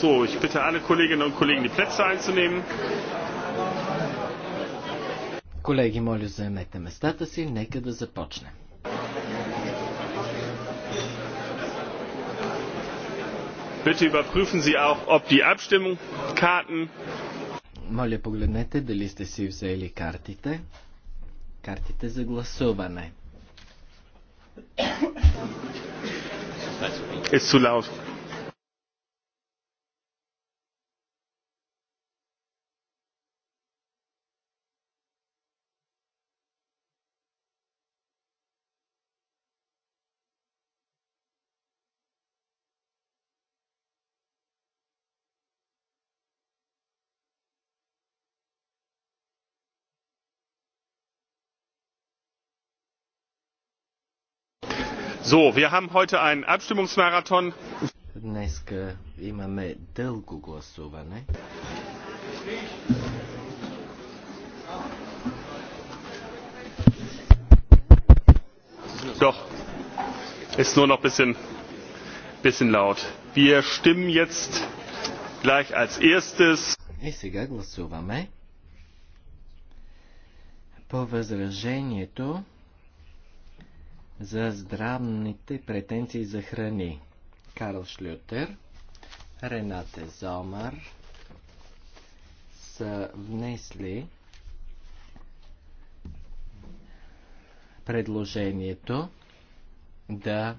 So, ich bitte alle Kolleginnen und Kollegen, die Plätze einzunehmen. Колеги, моля, заемете местата си. Нека да започнем. Bitte überprüfen Sie auch, ob die Abstimmungskarten. Моля, погледнете дали сте си взели картите. Картите за гласуване. Ist zu laut. So, wir haben heute einen Abstimmungsmarathon. Днес имаме дълго гласуване. Doch, ist nur noch ein bisschen, bisschen laut. Wir stimmen jetzt gleich als erstes. so war, гласуваме по възражението за здравните претенции за храни. Карл Шлютер, Ренате Зомар са внесли предложението да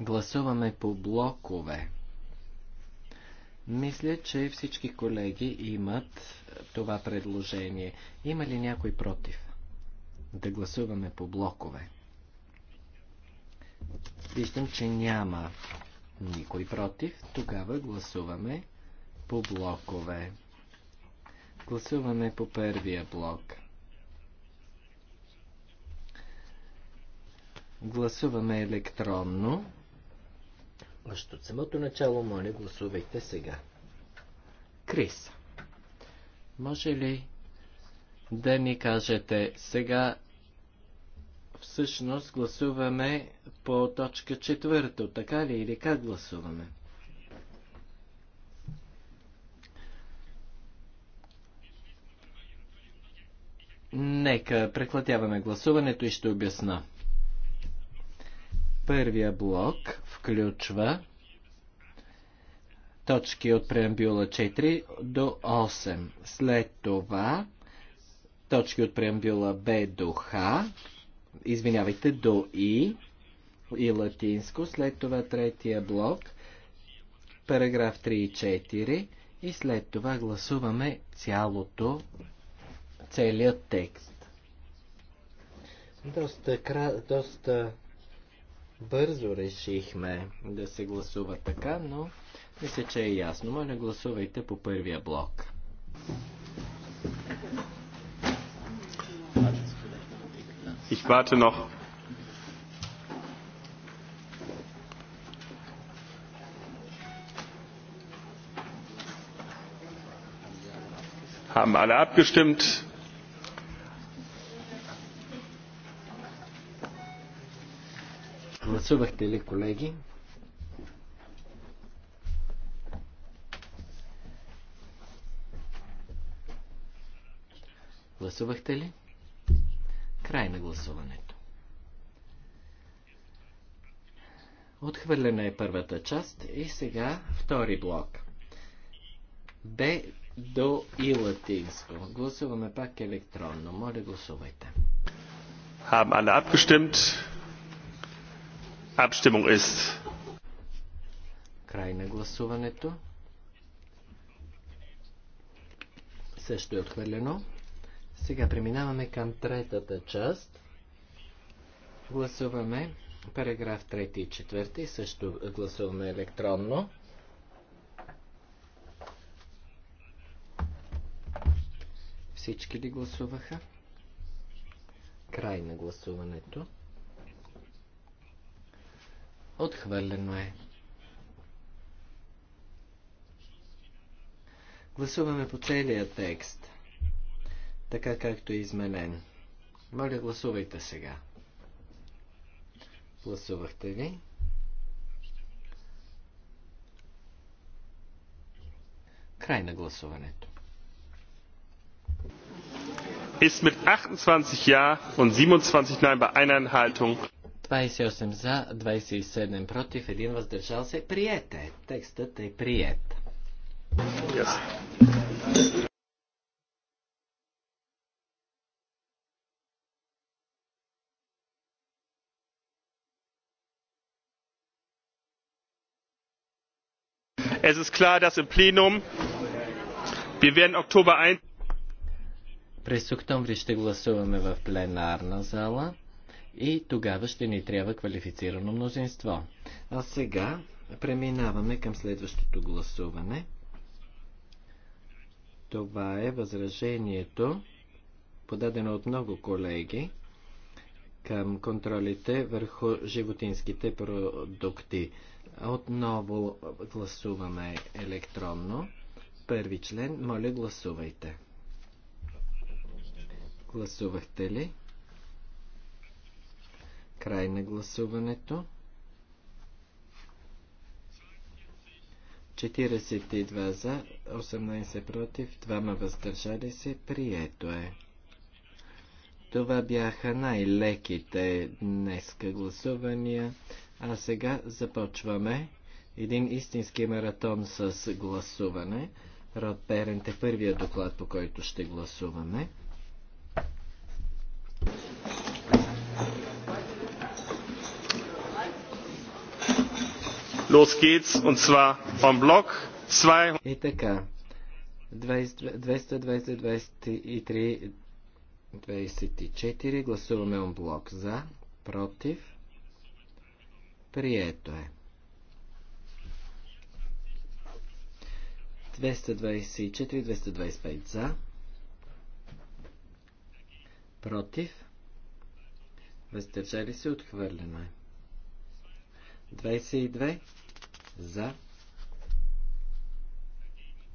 гласуваме по блокове. Мисля, че всички колеги имат това предложение. Има ли някой против? Да гласуваме по блокове. Виждам, че няма никой против. Тогава гласуваме по блокове. Гласуваме по първия блок. Гласуваме електронно. Още от самото начало, моля, гласувайте сега. Крис, може ли да ни кажете сега всъщност гласуваме по точка четвърта, така ли или как гласуваме? Нека прекратяваме гласуването и ще обясна. Първия блок включва точки от преамбюла 4 до 8. След това точки от преамбюла Б до Х извинявайте, до И и латинско, след това третия блок, параграф 3 и 4 и след това гласуваме цялото, целият текст. Доста, кра... доста бързо решихме да се гласува така, но мисля, че е ясно. Моля, гласувайте по първия блок. Ich warte noch. Haben alle abgestimmt? Гласувахте ли, колеги? Гласувахте ли? Край на гласуването. Отхвърлена е първата част и сега втори блок. Б до и латинско. Гласуваме пак електронно. Моля, гласувайте. Haben alle abgestimmt? Abstimmung ist. Край на гласуването. Също е отхвърлено. Сега преминаваме към третата част. Гласуваме параграф 3 и 4. и Също гласуваме електронно. Всички ли гласуваха? Край на гласуването. Отхвърлено е. Гласуваме по целия текст така както е изменен. Моля, гласувайте сега. Гласувахте ли? Край на гласуването. Ist mit 28 Ja und 27 Nein bei einer Enthaltung. 28 за, 27 против, 1 въздържал се. Приете. Текстът е прият. Yes. es ist klar dass im plenum wir werden oktober ein през октомври ще гласуваме в пленарна зала и тогава ще ни трябва квалифицирано мнозинство. А сега преминаваме към следващото гласуване. Това е възражението, подадено от много колеги, към контролите върху животинските продукти. Отново гласуваме електронно. Първи член, моля гласувайте. Гласувахте ли? Край на гласуването. 42 за, 18 против, 2 въздържали се, прието е. Това бяха най-леките днеска гласувания. А сега започваме един истински маратон с гласуване. Род Перент е първия доклад, по който ще гласуваме. Los geht's, und zwar vom Block 2. И така, 220, 23, 24, гласуваме он блок за, против, Прието е. 224-225 за. Против. Въздържали се отхвърлено е. 22 за.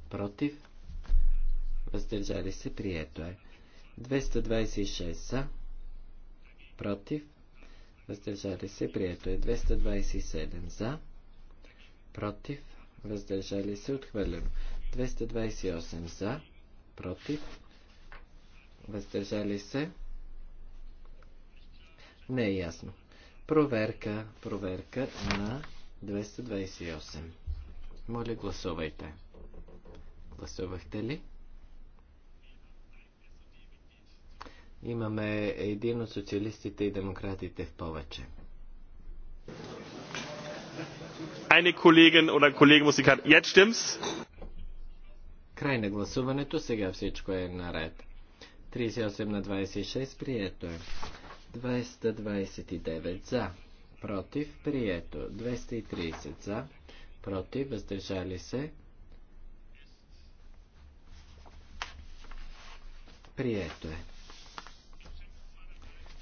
Против. Въздържали се прието е. 226 за. Против въздържали се, прието е 227 за, против, въздържали се, отхвърлено 228 за, против, въздържали се, не е ясно. Проверка, проверка на 228. Моля, гласувайте. Гласувахте ли? Имаме един от социалистите и демократите в повече. Eine Kollegin oder Kollege muss die Jetzt stimmt's. Край на гласуването, сега всичко е наред. 38 на 26 прието е. 229 за. Против прието. 230 за. Против въздържали се. Прието е.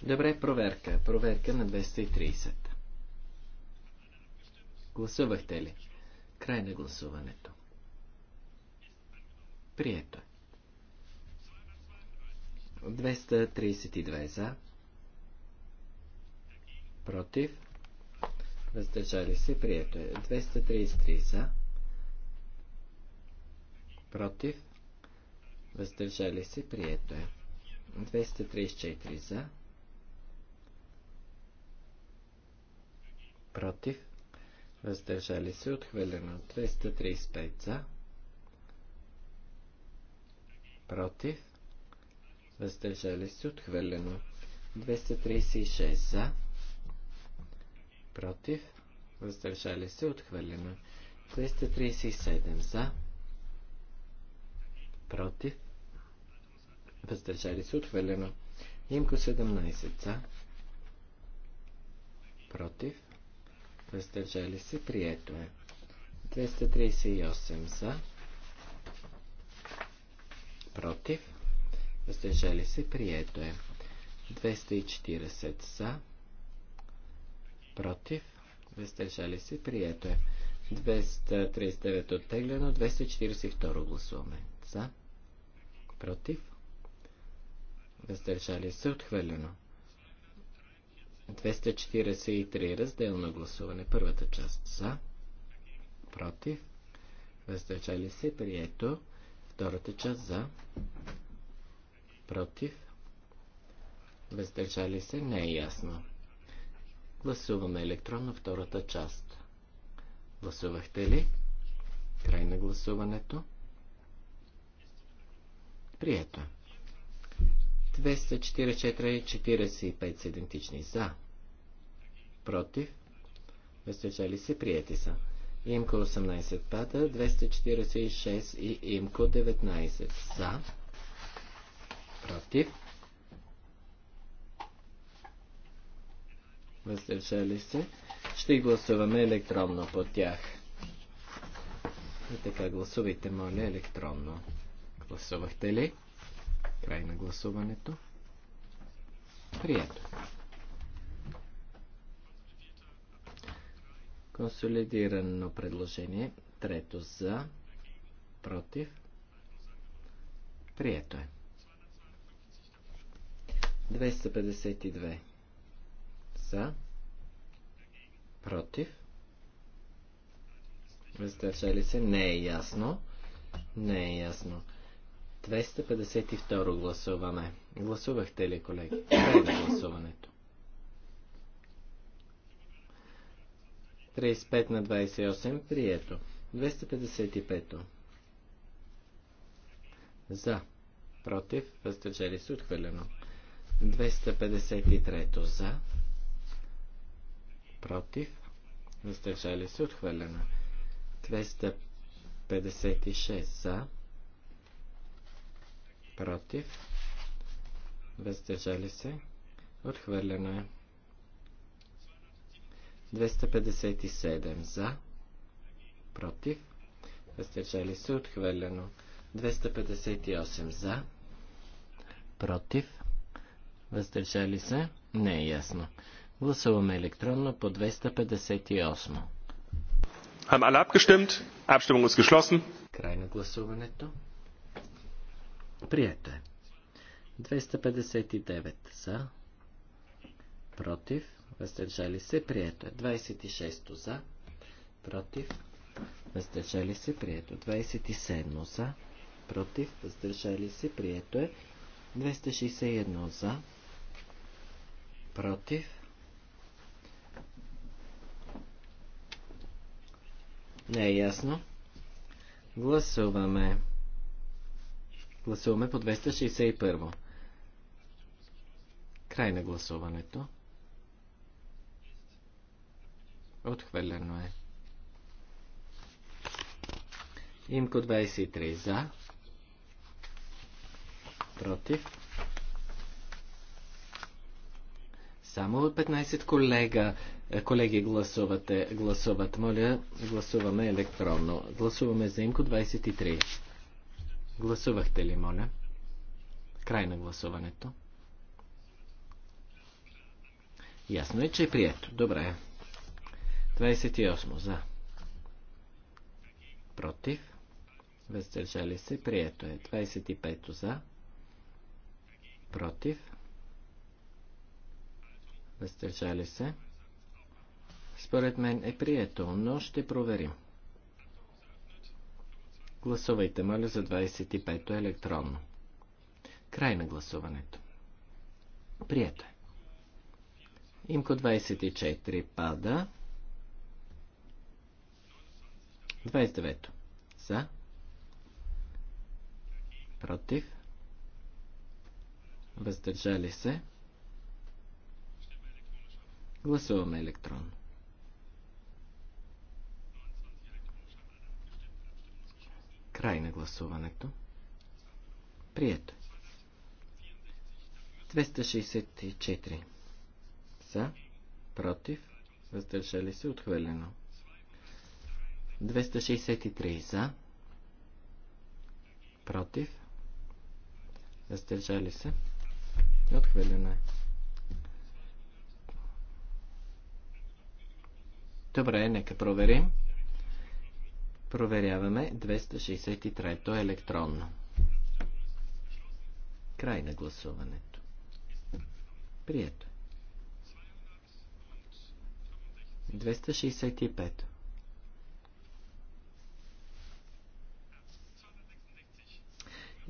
Добре, проверка. Проверка на 230. Гласувахте ли? Край на гласуването. Прието е. 232 за. Против. Въздържали се. Прието е. 233 за. Против. Въздържали се. Прието е. 234 за против, въздържали се, отхвърлено 235 за, против, въздържали се, отхвърлено 236 за, против, въздържали се, отхвърлено 237 за, против, въздържали се, отхвърлено Имко 17 за, против, въздържали се, прието е. 238 за, против, въздържали се, прието е. 240 за, против, въздържали се, прието е. 239 оттеглено, 242 гласуваме. За, против, въздържали се, отхвърлено. 243 разделно гласуване. Първата част за, против, въздържали се, прието. Втората част за, против, въздържали се, не е ясно. Гласуваме електронно втората част. Гласувахте ли? Край на гласуването. Прието е. 244 45 са идентични. За. Против. Въздържали се. Приети са. Имко 18 пада. 246 и Имко 19. За. Против. Въздържали се. Ще гласуваме електронно по тях. И така гласувайте, моля, електронно. Гласувахте ли? Край на гласуването. Прието. Консолидирано предложение. Трето за. Против. Прието е. 252 за. Против. Въздържали се. Не е ясно. Не е ясно. 252 гласуваме. Гласувахте ли, колеги? Край на гласуването. 35 на 28. Прието. 255. За. Против. Въздържали се. Отхвърлено. 253. За. Против. Въздържали се. Отхвърлено. 256. За против, въздържали се, отхвърлено е. 257 за, против, въздържали се, отхвърлено. 258 за, против, въздържали се, не е ясно. Гласуваме електронно по 258. Haben alle abgestimmt? Abstimmung ist geschlossen. Край на гласуването. Прието е. 259 за. Против. Въздържали се. Прието е. 26 за. Против. Въздържали се. Прието. 27 за. Против. Въздържали се. Прието е. 261 е. за. Против. Не е ясно. Гласуваме. Гласуваме по 261. Край на гласуването. Отхвърлено е. Имко 23 за. Против. Само 15 колега, колеги гласувате, гласуват. Моля, гласуваме електронно. Гласуваме за имко 23. Гласувахте ли, моля? Край на гласуването. Ясно е, че е прието. Добре. 28 за. Против. Въздържали се. Прието е. 25 за. Против. Въздържали се. Според мен е прието, но ще проверим. Гласувайте, моля, за 25-то електронно. Край на гласуването. Прието е. Имко 24 пада. 29. За. Против. Въздържали се. Гласуваме електронно. Край на гласуването. Прието. 264. За. Против. Въздържали се. Отхвърлено. 263. За. Против. Въздържали се. Отхвърлено е. Добре, нека проверим. Проверяваме 263-то електронно. Край на гласуването. Прието. 265.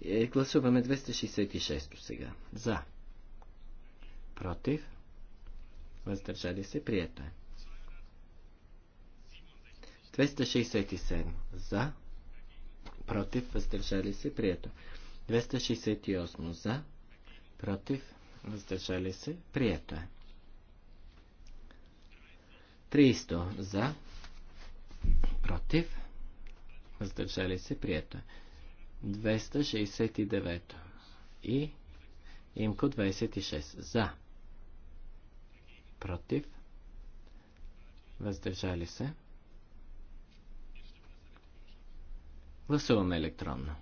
Е, гласуваме 266 сега. За. Против. Въздържали се. Прието е. 267 за, против, въздържали се, прието. 268 за, против, въздържали се, прието е. 300 за, против, въздържали се, прието е. 269 и имко 26 за, против, въздържали се, Гласуваме електронно.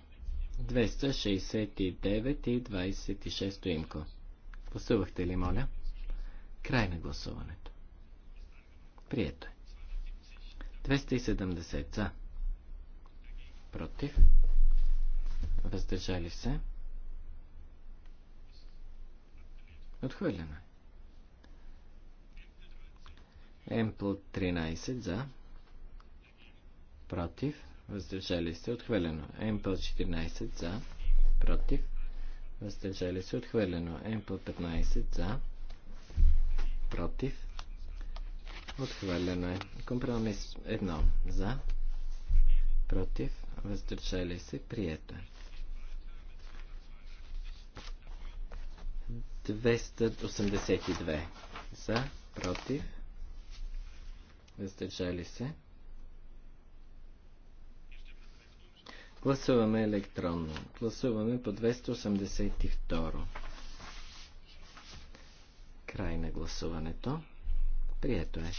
269 и 26 имко. Гласувахте ли, моля? Край на гласуването. Прието е. 270 за. Против. Въздържали се. Отхвърлено е. Емпл 13 за. Против въздържали се, отхвърлено. МП 14 за, против, въздържали се, отхвърлено. МПЛ 15 за, против, отхвърлено е. Компромис 1 за, против, въздържали се, прието. 282 е. за, против, въздържали се, Гласуваме електронно. Гласуваме по 282. Край на гласуването. Прието е.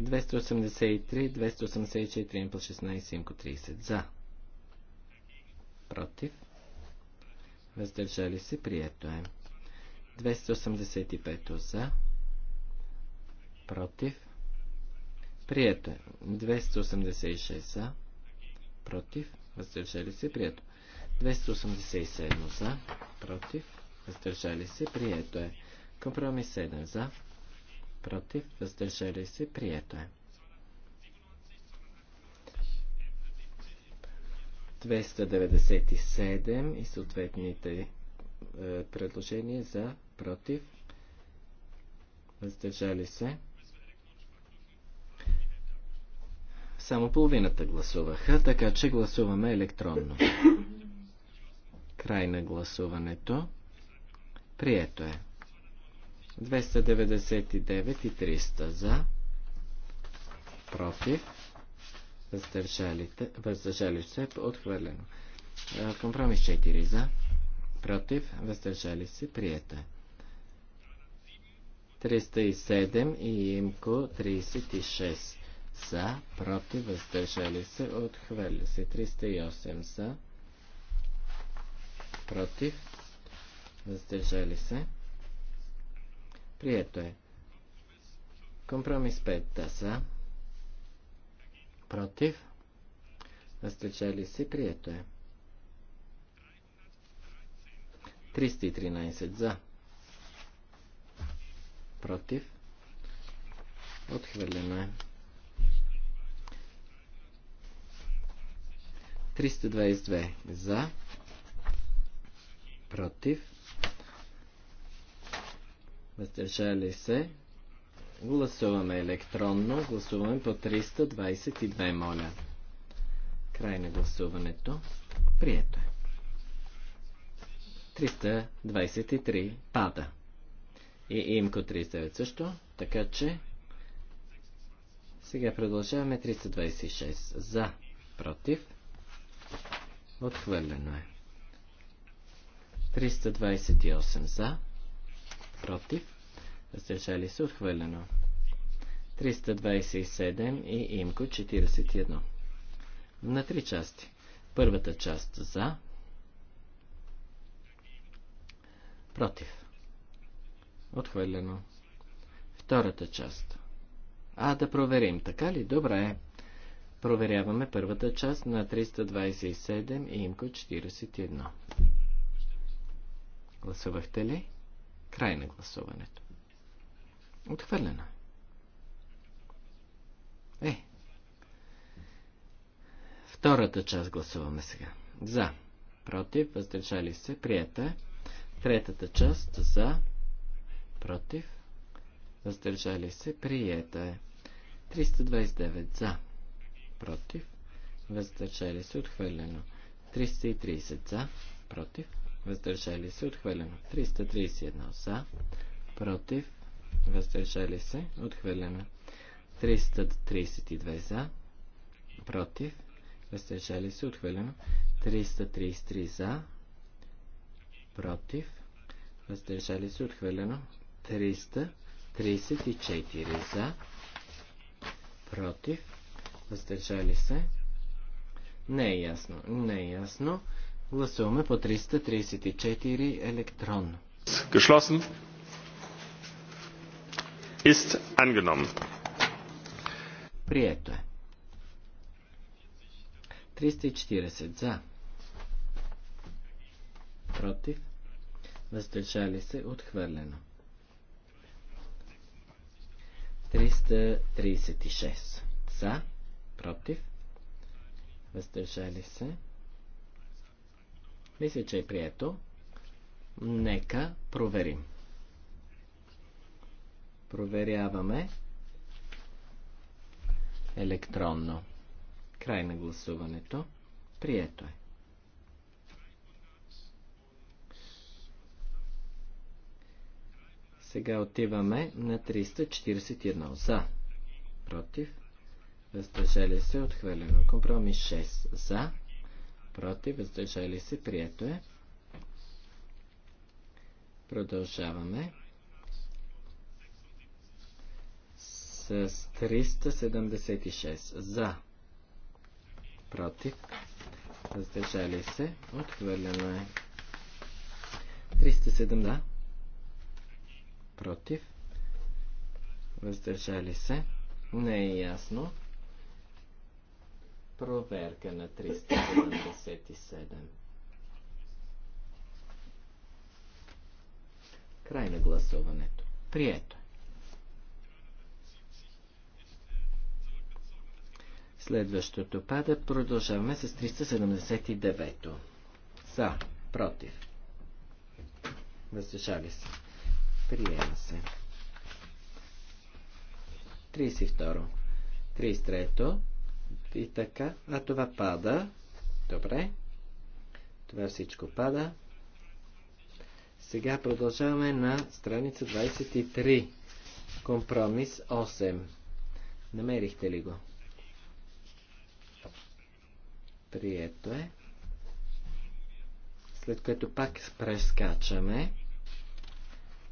283, 284, по 16, 730. За. Против. Въздържали се. Прието е. 285 за. Против. Прието. 286 е. за. Против. Въздържали се. Прието. 287 за. Против. Въздържали се. Прието е. Компромис 7 за. Против. Въздържали се. Прието е. 297 и съответните е, предложения за. Против. Въздържали се. Само половината гласуваха, така че гласуваме електронно. Край на гласуването. Прието е. 299 и 300 за. Против. Въздържали се. Отхвърлено. Компромис 4 за. Против. Въздържали се. Прието е. 307 и имко 36 за, против, въздържали се, отхвърля се. 308 за, против, въздържали се. Прието е. Компромис 5 да, са против, въздържали се, прието е. 313 за, против, отхвърлено е. 322 за, против, въздържали се. Гласуваме електронно. Гласуваме по 322, моля. Край на гласуването. Прието е. 323 пада. И имко 39 също, така че сега продължаваме 326 за, против, Отхвърлено е. 328 за, против, въздържали се, отхвърлено. 327 и имко 41. На три части. Първата част за, против, отхвърлено. Втората част. А, да проверим, така ли? Добре. Проверяваме първата част на 327 и имко 41. Гласувахте ли? Край на гласуването. Отхвърлена. Е. Втората част гласуваме сега. За. Против. Въздържали се. Прията. Третата част. За. Против. Въздържали се. Приета е. 329 за против, въздържали се, отхвърлено. 330 за, против, въздържали се, отхвърлено. 331 за, против, въздържали се, отхвърлено. 332 за, против, въздържали се, отхвърлено. 333 за, против, въздържали се, отхвърлено. 334 за, против, Въздържали се? Не е ясно. Не е ясно. Гласуваме по 334 електронно. Geschlossen. Ist angenommen. Прието е. 340 за. Против. Въздържали се. Отхвърлено. 336 за против, въздържали се. Мисля, че е прието. Нека проверим. Проверяваме електронно. Край на гласуването. Прието е. Сега отиваме на 341 за. Против въздържали се, отхвърлено. Компромис 6 за, против, въздържали се, прието е. Продължаваме с 376 за, против, въздържали се, отхвърлено е. 307 да, против, въздържали се, не е ясно. Проверка на 377. Край на гласуването. Прието. Следващото пада. Продължаваме с 379-то. За. Против. Въздържали се. Приема се. 32. 33. И така, а това пада. Добре. Това всичко пада. Сега продължаваме на страница 23. Компромис 8. Намерихте ли го? Прието е. След което пак прескачаме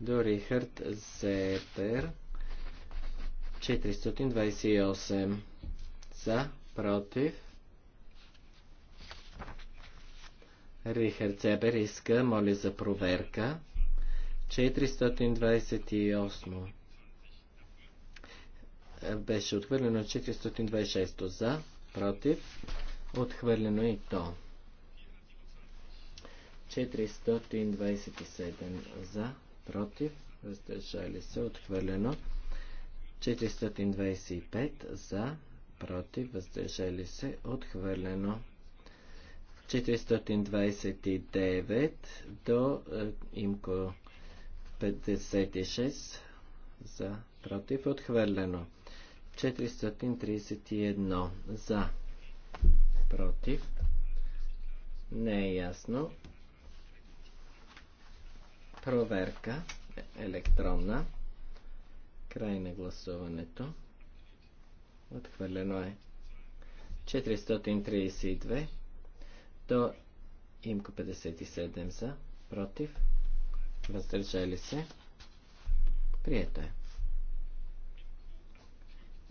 до Рихард Зетер 428 за против. Рихард Себер иска, моли за проверка. 428 беше отхвърлено 426 за, против, отхвърлено и то. 427 за, против, въздържали се, отхвърлено. 425 за, против, въздържали се, отхвърлено. 429 до е, имко 56 за против, отхвърлено. 431 за против. Не е ясно. Проверка е електронна. Край на гласуването. Отхвърлено е. 432 до имко 57 за, против, въздържали се, прието е.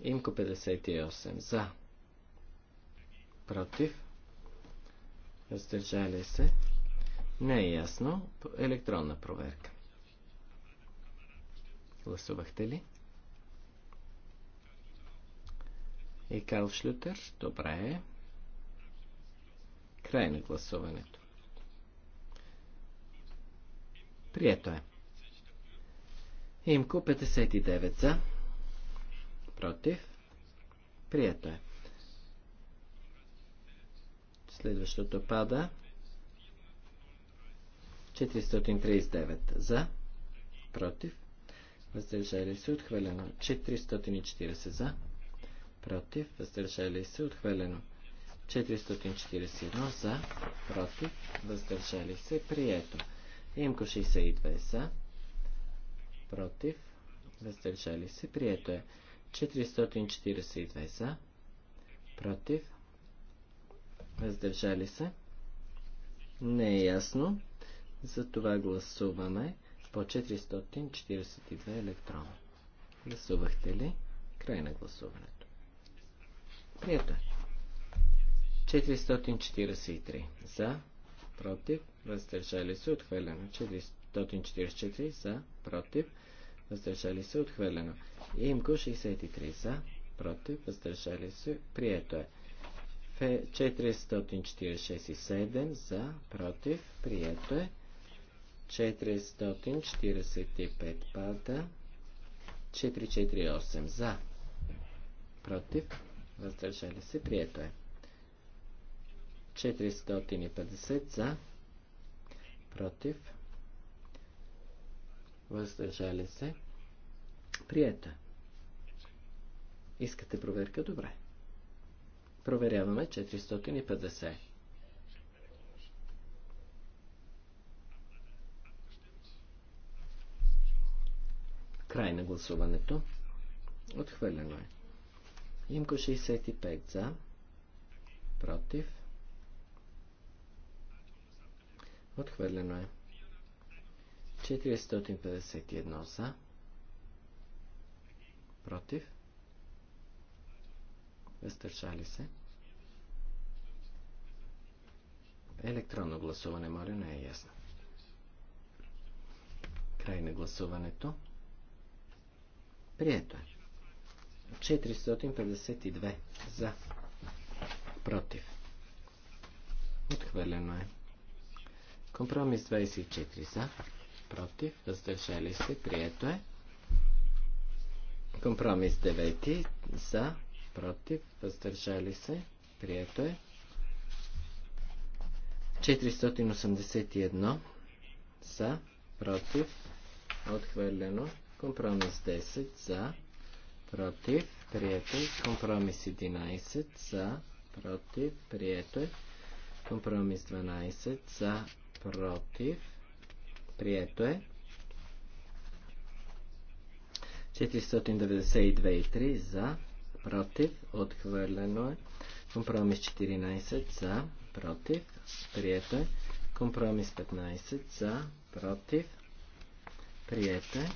Имко 58 за, против, въздържали се, не е ясно, електронна проверка. Гласувахте ли? и Калшлютер. Добре. Край на гласуването. Прието е. Имко 59 за. Против. Прието е. Следващото пада. 439 за. Против. Въздържали се. Отхвърлено. 440 за против, въздържали се, отхвърлено. 441 за, против, въздържали се, прието. Имко 62 за, против, въздържали се, прието е. 442 за, против, въздържали се. Не е ясно, затова гласуваме по 442 електрона. Гласувахте ли? Край на гласуването. Прието 443 е. за, против, въздържали се, отхвърлено. 444 за, против, въздържали се, отхвърлено. Имко 63 за, против, въздържали се, прието е. 447 за, против, прието е. 445 пада. 448 за, против, въздържали се, прието е. 450 за, против, въздържали се, прието е. Искате проверка? Добре. Проверяваме 450. Край на гласуването. Отхвърлено е. Имко 65 за, против, отхвърлено е. 451 за, против, въздържали се. Електронно гласуване, моля, не е ясно. Край на гласуването. Прието е. 452 за. Против. Отхвърлено е. Компромис 24 за. Против. Въздържали се. Прието е. Компромис 9 за. Против. Въздържали се. Прието е. 481 за. Против. Отхвърлено. Компромис 10 за против, прието е. Компромис 11 за, против, прието е. Компромис 12 за, против, прието е. 492 и 3 за, против, отхвърлено е. Компромис 14 за, против, прието е. Компромис 15 за, против, прието е.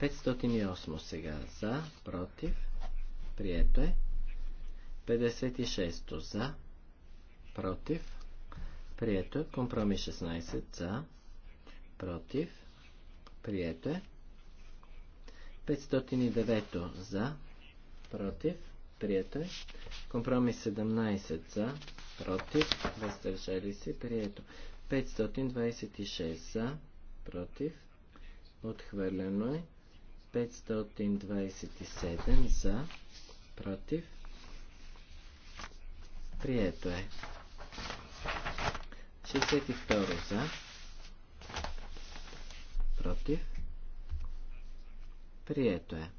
508 сега за, против, прието е. 56 за, против, прието е. Компромис 16 за, против, прието е. 509 за, против, прието е. Компромис 17 за, против, въздържали се, прието. 526 за, против, отхвърлено е. 527 за, против, прието е. 62 за, против, прието е.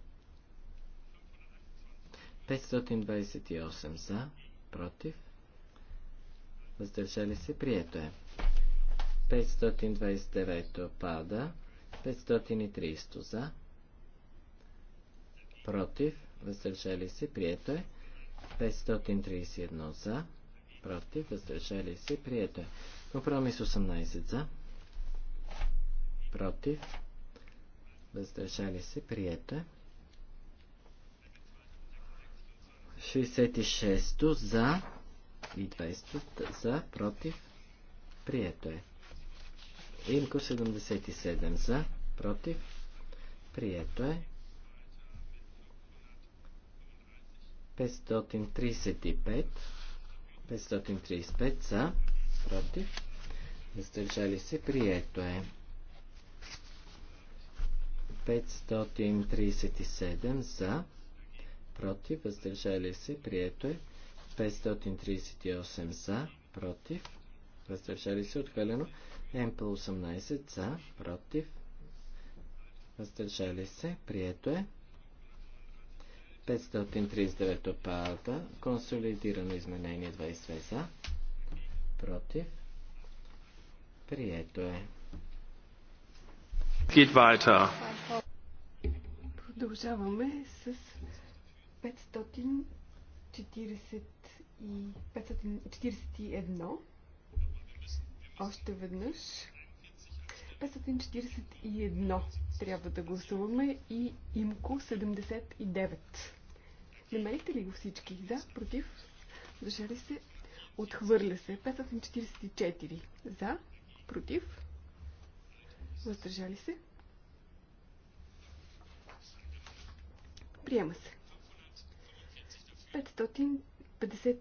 528 за, против, въздържали се, прието е. 529 пада, 530 за, против, въздържали се, прието е. 531 за, против, въздържали се, прието е. Компромис 18 за, против, въздържали се, прието е. 66 за и 20 за, против, прието е. Имко 77 за, против, прието е. 535. 535 за. Против. Въздържали се. Прието е. 537 за. Против. Въздържали се. Прието е. 538 за. Против. Въздържали се. Отхвърлено. МП 18 за. Против. Въздържали се. Прието е. 539 палата, Консолидирано изменение 22 за. Против. Прието е. Geht weiter. Продължаваме с 540 и 541. Още веднъж 541 трябва да гласуваме и имко 79. Намерихте ли го всички? За, против, въздържали се, отхвърля се. 544 за, против, въздържали се. Приема се. 550,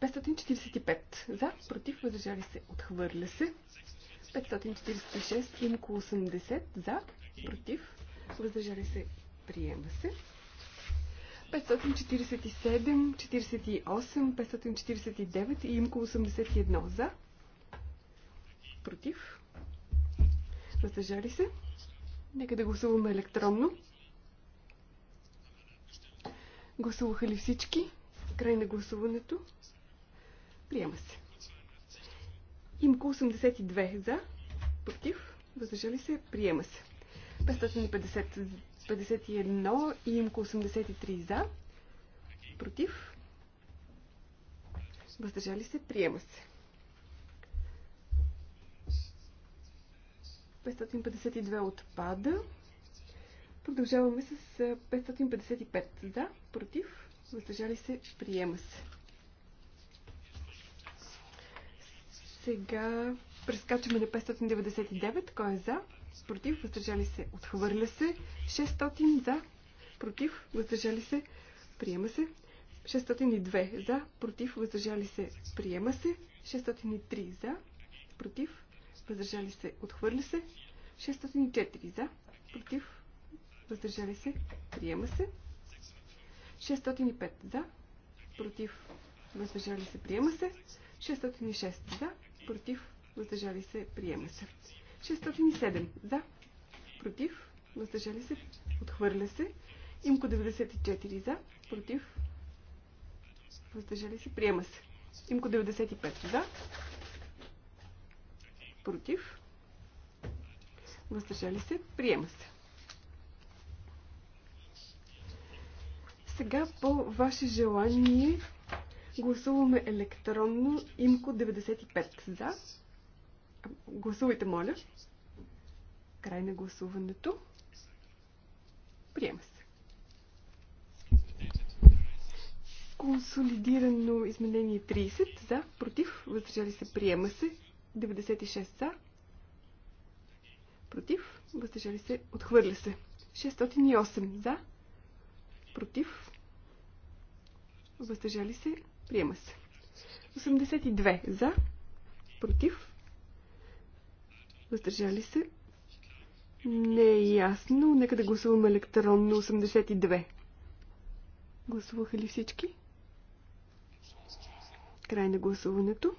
545 за, против, въздържали се, отхвърля се. 546 и около 80 за, против, въздържали се, приема се. 547, 48, 549 и имко 81 за. Против. Въздържали се. Нека да гласуваме електронно. Гласуваха ли всички? Край на гласуването. Приема се. Имко 82 за, против, въздържали се, приема се. 550, 51 и Имко 83 за, против, въздържали се, приема се. 552 отпада. Продължаваме с 555 за, против, въздържали се, приема се. Сега прескачаме на 599. Кой е за? Против? Въздържали се? Отхвърля се. 600 за. Против? Въздържали се? Приема се. 602 за. Против? Въздържали се? Приема се. 603 за. Против? Въздържали се? Отхвърля се. 604 за. Против? Въздържали се? Приема се. 605 за. Против? Въздържали се? Приема се. 606 за против, въздържали се, приема се. 607 за, против, въздържали се, отхвърля се. Имко 94 за, против, въздържали се, приема се. Имко 95 за, против, въздържали се, приема се. Сега по ваше желание Гласуваме електронно имко 95 за. Гласувайте, моля. Край на гласуването. Приема се. Консолидирано изменение 30 за, против, въздържали се, приема се. 96 за, против, въздържали се, отхвърля се. 608 за, против, въздържали се, Приема се. 82 за. Против. Въздържали се. Не е ясно. Нека да гласуваме електронно 82. Гласуваха ли всички? Край на гласуването.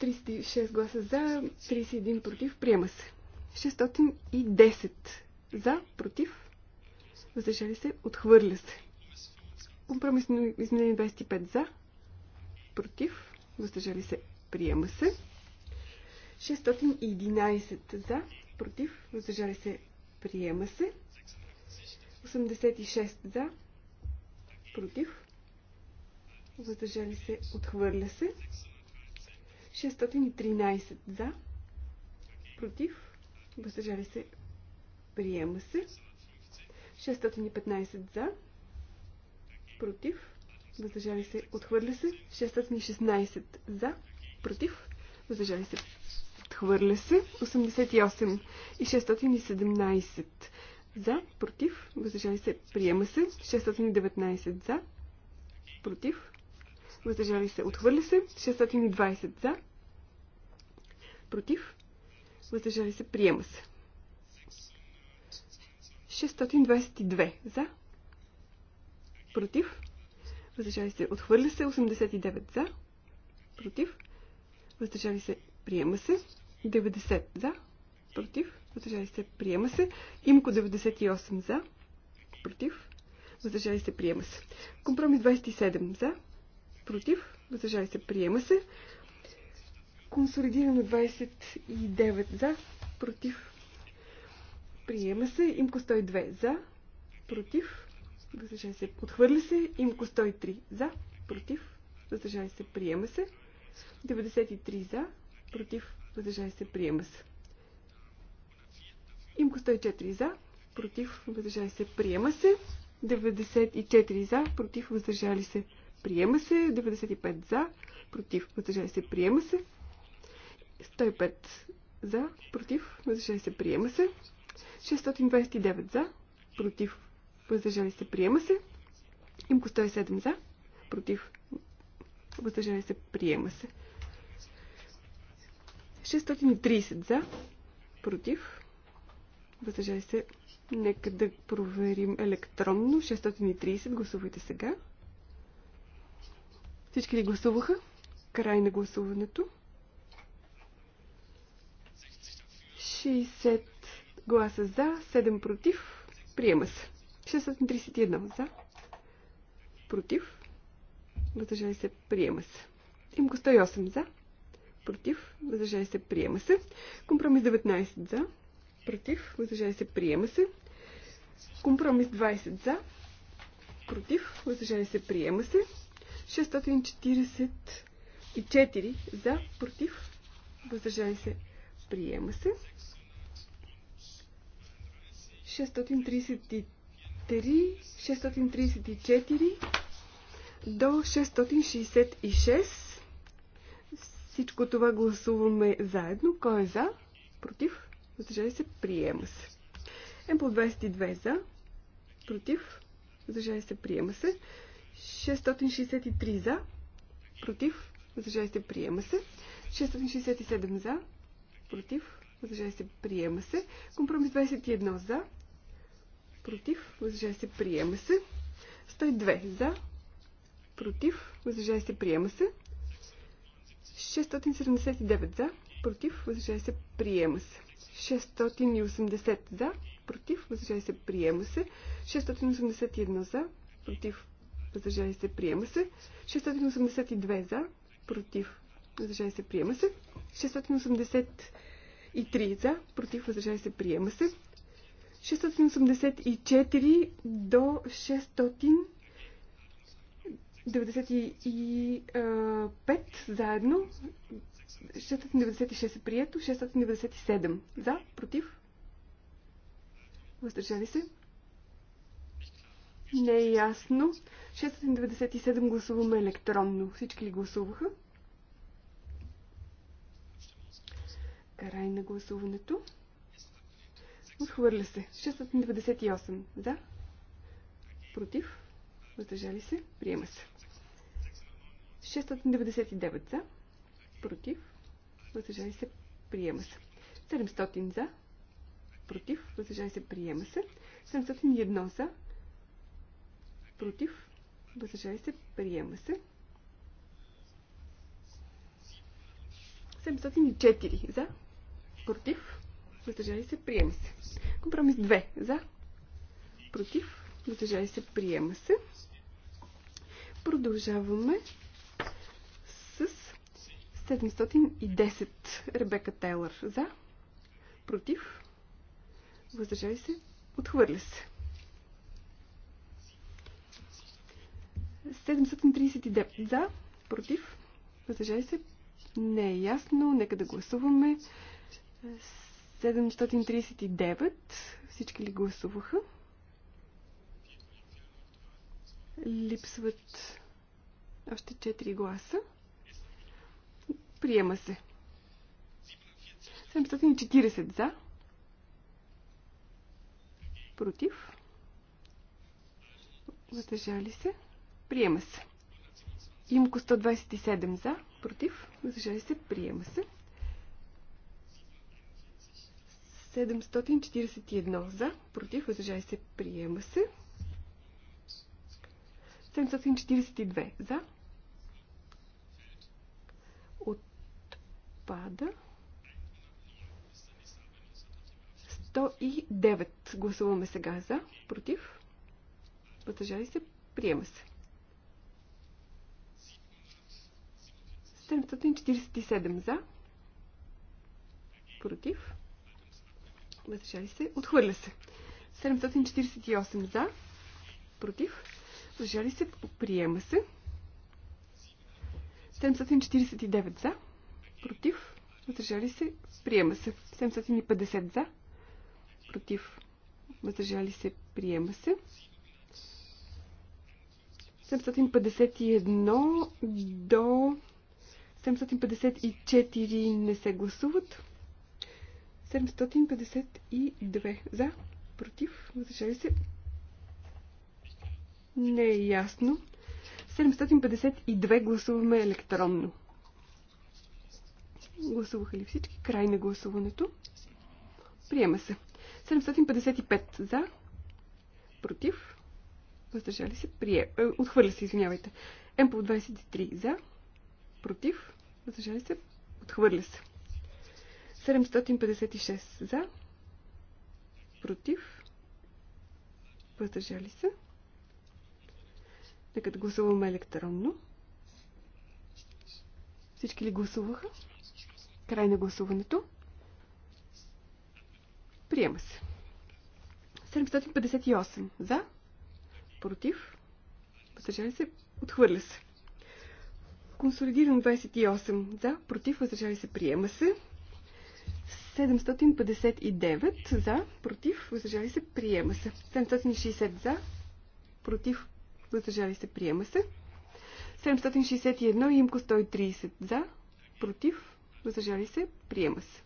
36 гласа за, 31 против. Приема се. 610 за, против. Въздържали се. Отхвърля се. Компромисно изменение 25 за. Против. Въздържали се. Приема се. 611 за. Против. Въздържали се. Приема се. 86 за. Против. Въздържали се. Отхвърля се. 613 за. Против. Въздържали се. Приема се. 615 за против, въздържали се, отхвърля се. 616 за, против, въздържали се, отхвърля се. 88 и 617 за, против, въздържали се, приема се. 619 за, против, въздържали се, отхвърля се. 620 за, против, въздържали се, приема се. 622 за, против, въздържали се, отхвърля се, 89 за, против, въздържали се, приема се, 90 за, против, въздържали се, приема се, имко 98 за, против, въздържали се, приема се. Компромис 27 за, против, въздържали се, приема се. Консолидирано 29 за, против, приема се. Имко 102 за, против, Въздържай се, отхвърля се, имко 103 за, против, Въздържай се, приема се, 93 за, против, Въздържай се, приема се. Имко 104 за, против, Въздържай се, приема се, 94 за, против, въздържали се, приема се, 95 за, против, Въздържай се, приема се, 105 за, против, Въздържай се, приема се, 629 за, против, въздържали се, приема се. Имко 107 за, против, въздържали се, приема се. 630 за, против, въздържали се, нека да проверим електронно. 630, гласувайте сега. Всички ли гласуваха? Край на гласуването. 60 гласа за, 7 против. Приема се. 631 за. Против. Въздържали се. Приема се. Имко 108 за. Против. Въздържали се. Приема се. Компромис 19 за. Против. Въздържали се. Приема се. Компромис 20 за. Против. Въздържали се. Приема се. 644 за. Против. Въздържали се. Приема се. 633 634 до 666. Всичко това гласуваме заедно. Кой е за? Против? Въздържали се? Приема се. М по 22 за. Против? Въздържали се? Приема се. 663 за. Против? Въздържали се? Приема се. 667 за. Против? Въздържали се? Приема се. Компромис 21 за против, въздържали се, приема се. 102 за, против, въздържали се, приема се. 679 за, против, въздържали се, приема се. 680 за, против, въздържали се, приема се. 681 за, против, въздържали се, приема се. 682 за, против, въздържали се, приема се. 683 за, против, въздържали се, приема се. 684 до 695 заедно. 696 е прието, 697 за, против. Въздържали се. Не е ясно. 697 гласуваме електронно. Всички ли гласуваха? Край на гласуването. Отхвърля се. 698. За. Против. Въздържали се. Приема се. 699 за. Против. Въздържали се. Приема се. 700 за. Против. Въздържали се. Приема се. 701 за. Против. Въздържали се. Приема се. 704 за. Против въздържали се, приема се. Компромис 2 за, против, въздържали се, приема се. Продължаваме с 710 Ребека Тейлър за, против, въздържали се, отхвърля се. 739 за, против, въздържали се, не е ясно, нека да гласуваме. 739. Всички ли гласуваха? Липсват още 4 гласа. Приема се. 740 за. Против. Въздържали се. Приема се. Имко 127 за. Против. Въздържали се. Приема се. 741 за, против, въздържали се, приема се. 742 за. Отпада. 109 гласуваме сега за, против, въздържали се, приема се. 747 за, против, въздържали се, отхвърля се. 748 за, против, въздържали се, приема се. 749 за, против, въздържали се, приема се. 750 за, против, въздържали се, приема се. 751 до 754 не се гласуват. 752 за, против, въздържали се. Не е ясно. 752 гласуваме електронно. Гласуваха ли всички? Край на гласуването. Приема се. 755 за, против, въздържали се, прие... Е, отхвърля се, извинявайте. М по 23 за, против, въздържали се, отхвърля се. 756 за, против, въздържали се. Нека да гласуваме електронно. Всички ли гласуваха? Край на гласуването. Приема се. 758 за, против, въздържали се, отхвърля се. Консолидиран 28 за, против, въздържали се, приема се. 759 за, против, въздържали се, приема се. 760 за, против, въздържали се, приема се. 761 и имко 130 за, против, въздържали се, приема се.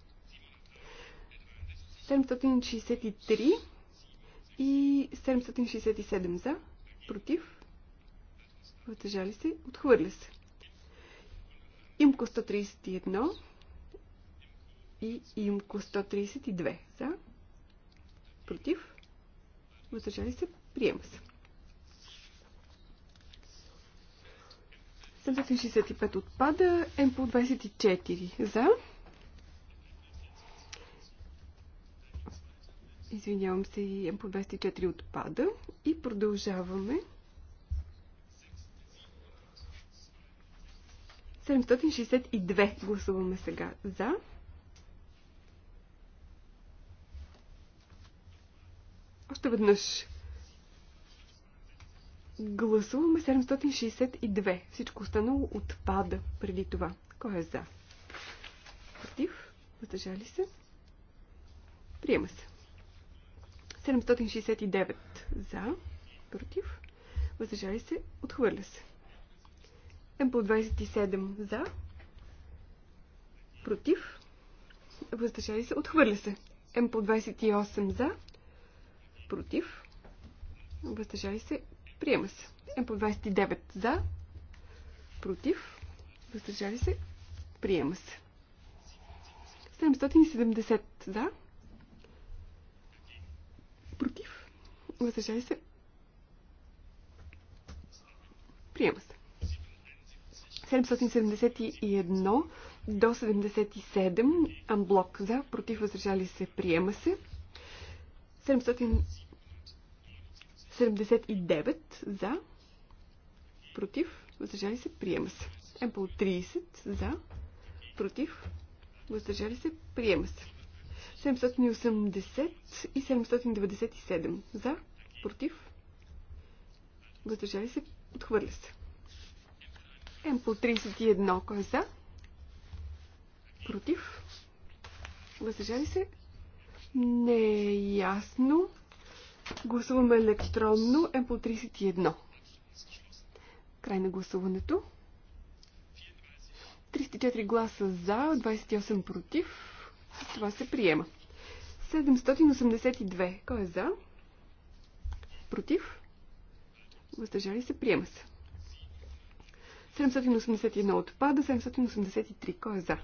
763 и 767 за, против, въздържали се, отхвърля се. Имко 131 и имко 132. За. Против. Въздържали се. Приема се. 765 отпада. МП 24. За. Извинявам се, и МП 24 отпада. И продължаваме. 762 гласуваме сега за. Още веднъж. Гласуваме 762. Всичко останало отпада преди това. Кой е за? Против? Въздържали се? Приема се. 769 за, против, въздържали се, отхвърля се. МПО 27 за, против, въздържали се, отхвърля се. МПО 28 за, против, въздържали се, приема се. по 29 за, против, въздържали се, приема се. 770 за, против, въздържали се, приема се. 771 до 77, амблок за, против, въздържали се, приема се. 700 79 за, против, въздържали се, приема се. МПЛ 30 за, против, въздържали се, приема се. 780 и 797 за, против, въздържали се, отхвърля се. МПЛ 31 кой е за, против, въздържали се, не е ясно. Гласуваме електронно М по 31. Край на гласуването. 304 гласа за, 28 против. Това се приема. 782. Кой е за? Против? Въздържали се? Приема се. 781 отпада. 783. Кой е за?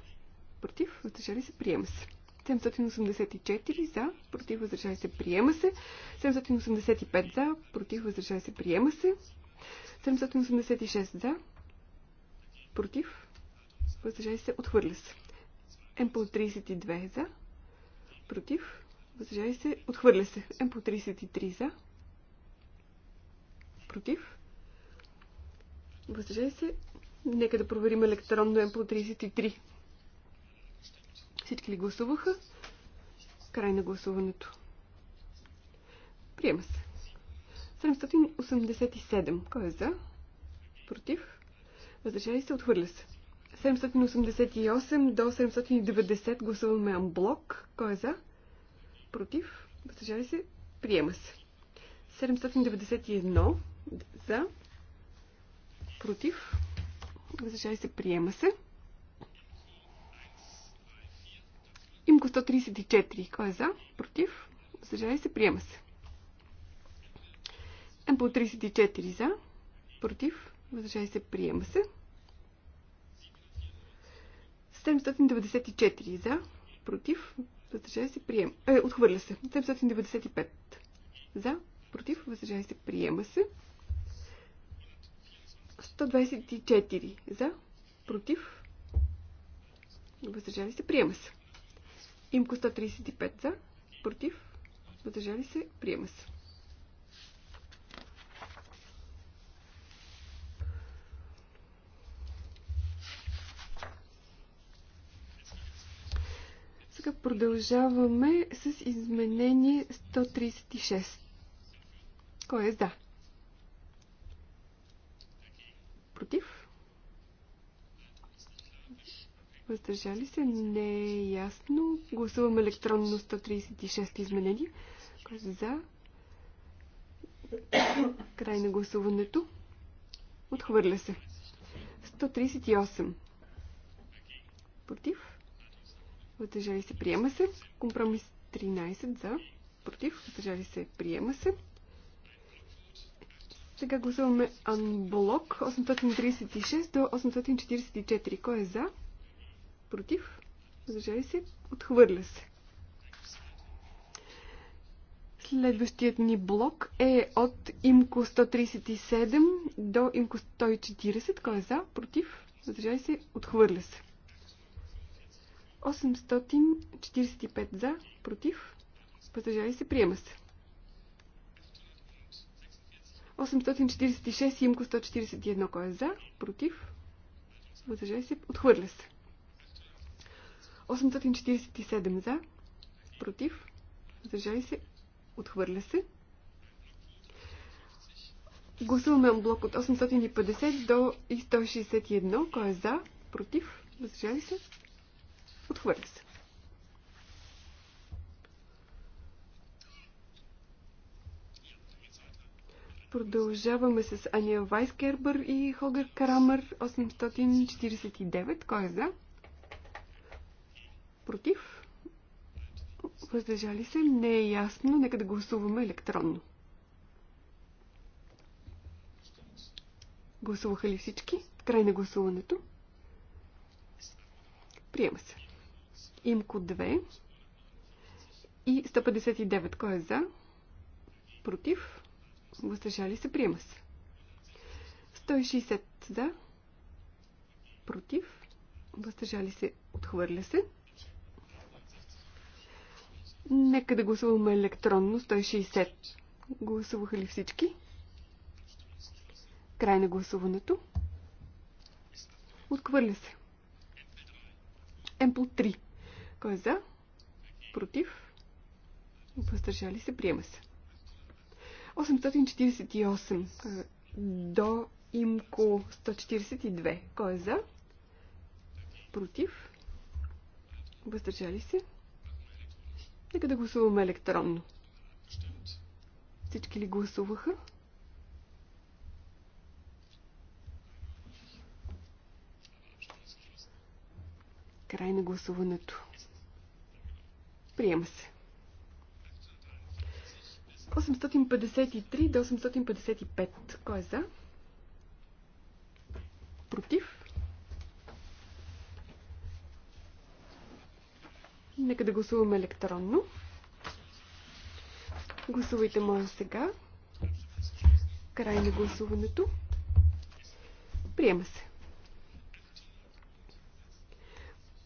Против? Въздържали се? Приема се. 784 за, против, възражай се, приема се. 785 за, против, възражай се, приема се. 786 за, против, възражай се, отхвърля се. М по 32 за, против, възражай се, отхвърля се. М по 33 за, против, възражай се. Нека да проверим електронно М по 33. Всички ли гласуваха? Край на гласуването. Приема се. 787. Кой е за? Против? Въздържали се? Отхвърля се. 788 до 790 гласуваме амблок. Кой е за? Против? Въздържали се? Приема се. 791 за. Против? Въздържали се? Приема се. Имко 134. Кой е за? Против? Съжалявай се? Приема се. М 34 за. Против? Въздържали се? Приема се. 794 за. Против? Въздържали се? Приема. Е, отхвърля се. 795 за. Против? Въздържали се? Приема се. 124 за. Против? Въздържали се? Приема се. Имко 135 за, против, въздържали се, приема се. Сега продължаваме с изменение 136. Кой е за? Против? Въздържали се? Не е ясно. Гласувам електронно 136 изменени. Е за? Край на гласуването. Отхвърля се. 138. Против? Въздържали се? Приема се. Компромис 13 за. Против? Въздържали се? Приема се. Сега гласуваме анблок 836 до 844. Кой е за? против, зажали се, отхвърля се. Следващият ни блок е от имко 137 до имко 140. Кой е за, против, Задържай се, отхвърля се. 845 за, против, Задържай се, приема се. 846 имко 141. Кой е за, против, Задържай се, отхвърля се. 847 за, против, задържали се, отхвърля се. Гласуваме блок от 850 до 161. Кой е за, против, задържали се, отхвърля се. Продължаваме с Ания Вайскербър и Хогър Карамър 849. Кой е за? против, въздържали се, не е ясно, нека да гласуваме електронно. Гласуваха ли всички? Край на гласуването. Приема се. Имко 2 и 159. Кой е за? Против? Въздържали се? Приема се. 160 за. Против? Въздържали се? Отхвърля се. Нека да гласуваме електронно 160. Гласуваха ли всички? Край на гласуването. Отхвърля се. Емпл 3. Кой е за? Против? Въздържали се? Приема се. 848 до имко 142. Кой е за? Против? Въздържали се? Нека да гласуваме електронно. Всички ли гласуваха? Край на гласуването. Приема се. 853 до 855. Кой е за? Против? Нека да гласуваме електронно. Гласувайте, моя сега. Край на гласуването. Приема се.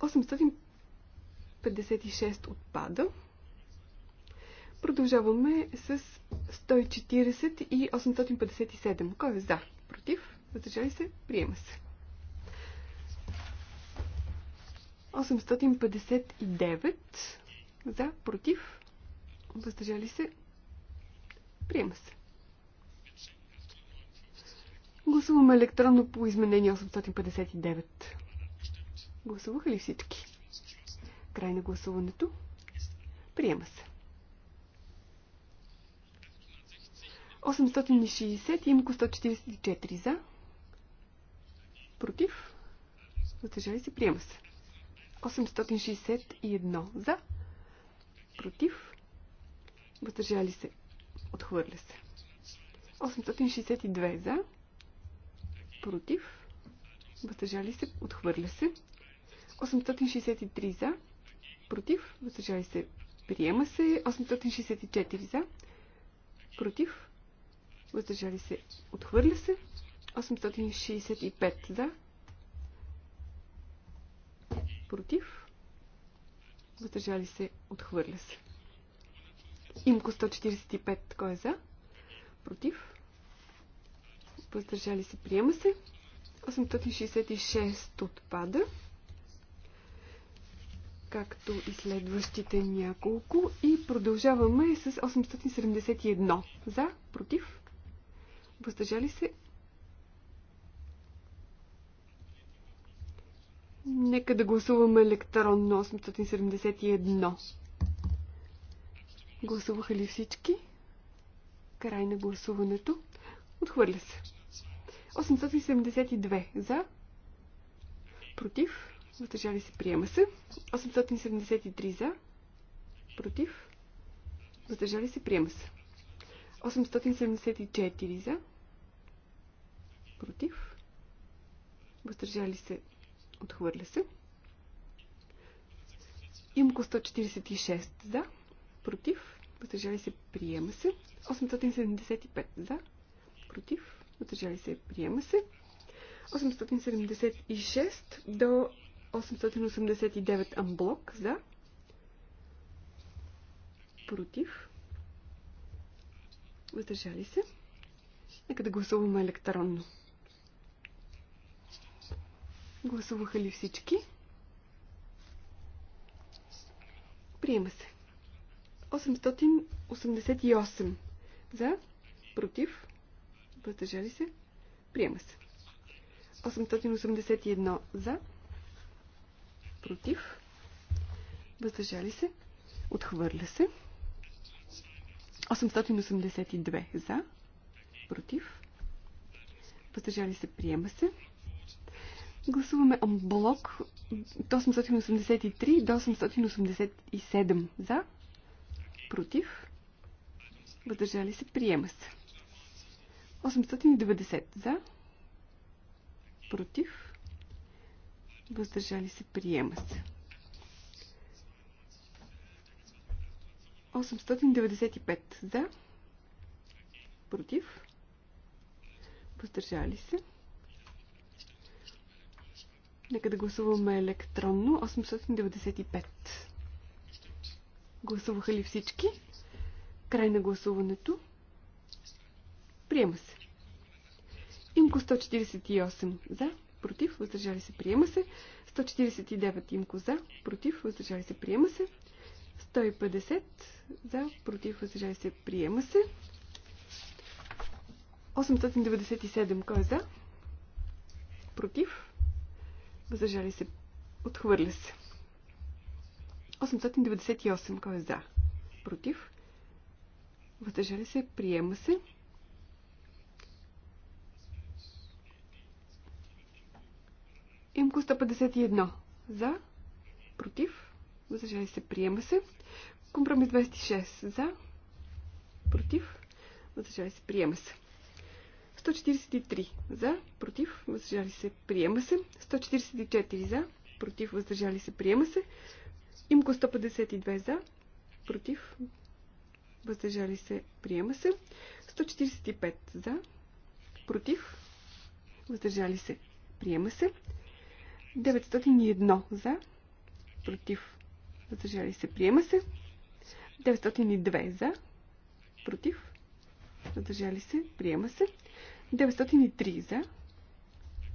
856 отпада. Продължаваме с 140 и 857. Кой е за? Против? Въздържали се? Приема се. 859 за, против, въздържали се, приема се. Гласуваме електронно по изменение 859. Гласуваха ли всички? Край на гласуването. Приема се. 860 и имко 144 за. Против. Въздържали се. Приема се. 861 за, против, въздържали се, отхвърля се. 862 за, против, въздържали се, отхвърля се. 863 за, против, въздържали се, приема се. 864 за, против, въздържали се, отхвърля се. 865 за, против, въздържали се, отхвърля се. Имко 145, кой е за, против, въздържали се, приема се. 866 отпада, както и следващите няколко. И продължаваме с 871. За, против, въздържали се, Нека да гласуваме електронно 871. Гласуваха ли всички? Край на гласуването. Отхвърля се. 872 за. Против. Въздържали се. Приема се. 873 за. Против. Въздържали се. Приема се. 874 за. Против. Въздържали се. Отхвърля се. Имко 146 за. Против. Въздържали се. Приема се. 875 за. Против. Въздържали се. Приема се. 876 до 889 амблок за. Против. Въздържали се. Нека да гласуваме електронно. Гласуваха ли всички? Приема се. 888 за, против, въздържали се, приема се. 881 за, против, въздържали се, отхвърля се. 882 за, против, въздържали се, приема се. Гласуваме блок от 883 до 887 за, против, въздържали се, приема се. 890 за, против, въздържали се, приема се. 895 за, против, въздържали се. Нека да гласуваме електронно. 895. Гласуваха ли всички? Край на гласуването. Приема се. Имко 148 за, против, въздържали се, приема се. 149 имко за, против, въздържали се, приема се. 150 за, против, въздържали се, приема се. 897 кой е за? Против, Въздържали се. Отхвърля се. 898. Кой е за? Против. Въздържали се. Приема се. Имко 151. За. Против. Въздържали се. Приема се. Компромис 26. За. Против. Въздържали се. Приема се. 143 за, против, въздържали се, приема се. 144 за, против, въздържали се, приема се. Имко 152 за, против, въздържали се, приема се. 145 за, против, въздържали се, приема се. 901 за, против, въздържали се, приема се. 902 за, против, въздържали се, приема се. 903 за.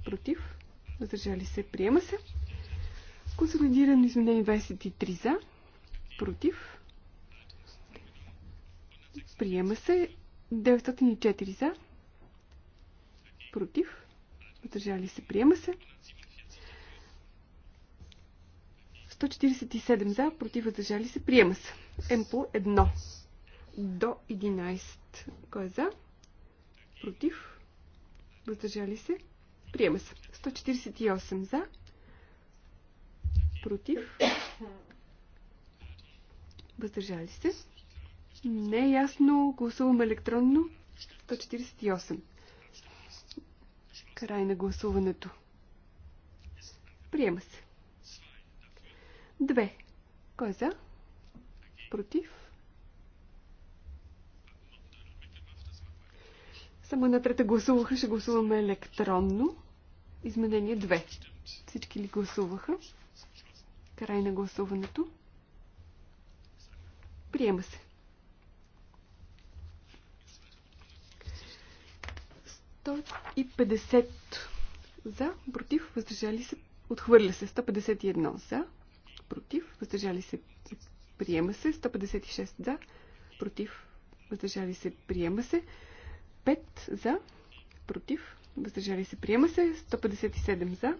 Против. Въздържали се. Приема се. Консолидирано изменение 23 за. Против. Приема се. 904 за. Против. Въздържали се. Приема се. 147 за. Против. Въздържали се. Приема се. М по 1. До 11. Кой е за? Против въздържали се, приема се. 148 за, против, въздържали се. Не е ясно, гласувам електронно. 148. Край на гласуването. Приема се. Две. Кой е за? Против? Само една трета гласуваха, ще гласуваме електронно. Изменение 2. Всички ли гласуваха? Край на гласуването. Приема се. 150 за, против, въздържали се, отхвърля се. 151 за, против, въздържали се, приема се. 156 за, против, въздържали се, приема се. 155 за, против, въздържали се, приема се. 157 за,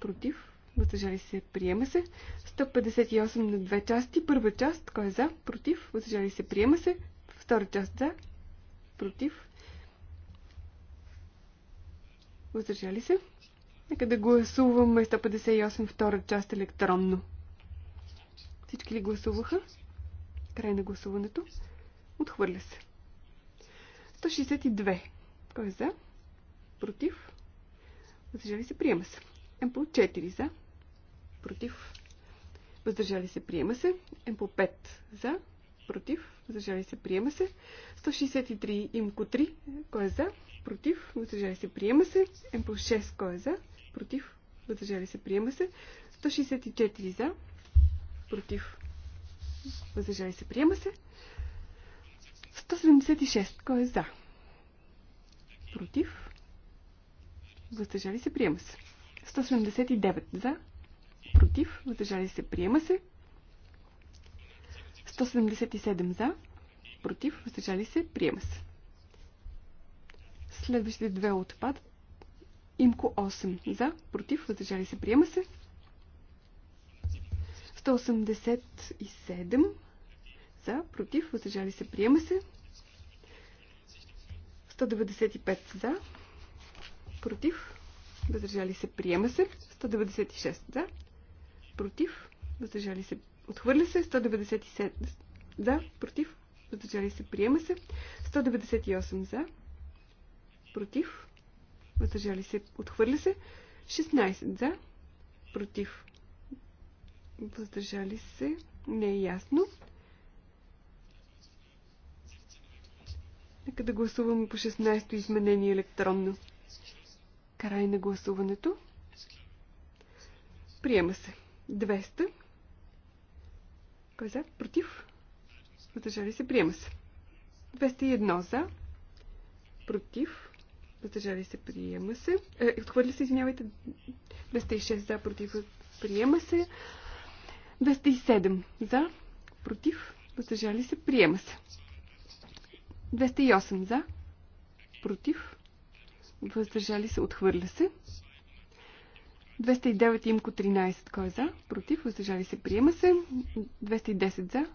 против, въздържали се, приема се. 158 на две части. Първа част, кой е за, против, въздържали се, приема се. Втора част за, против, въздържали се. Нека да гласуваме 158 втора част електронно. Всички ли гласуваха? Край на гласуването. Отхвърля се. 162. Кой е за? Против? Въздържали се, приема се. по 4 за. Против? Въздържали се, приема се. по 5 за. Против? Въздържали се, приема се. 163 имко 3. Кой е за? Против? Въздържали се, приема се. по 6. Кой е за? Против? Въздържали се, приема се. 164 за. Против? Въздържали се, приема се. 176. Кой е за? Против? Въздържали се, приема се. 179 за. Против? Въздържали се, приема се. 177 за. Против? Въздържали се, приема се. Следващите две отпад. Имко 8 за. Против? Въздържали се, приема се. 187 за, против, въздържали се, приема се. 195 за, против, въздържали се, приема се. 196 за, против, въздържали се, отхвърля се. 197 за, против, въздържали се, приема се. 198 за, против, въздържали се, отхвърля се. 16 за, против, въздържали се, не е ясно. Нека да гласуваме по 16-то изменение електронно. Край на гласуването. Приема се. 200. Кой е за? Против? Въздържали се? Приема се. 201 за. Против? Въздържали се? Приема се. Е, отхвърли се, извинявайте. 206 за. Против? Приема се. 207 за. Против? Въздържали се? Приема се. 208 за, против, въздържали се, отхвърля се. 209 имко 13, кой е за, против, въздържали се, приема се. 210 за,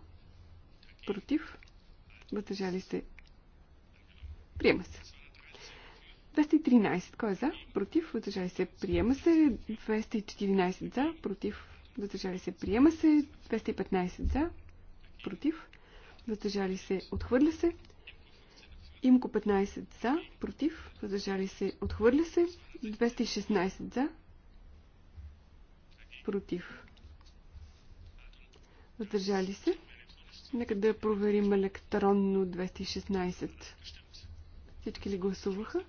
против, въздържали се, приема се. 213, кой е за, против, въздържали се, приема се. 214 за, против, въздържали се, приема се. 215 за, против, въздържали се, отхвърля се. Имко 15 за, против, въздържали се, отхвърля се. 216 за, против, въздържали се. Нека да проверим електронно 216. Всички ли гласуваха?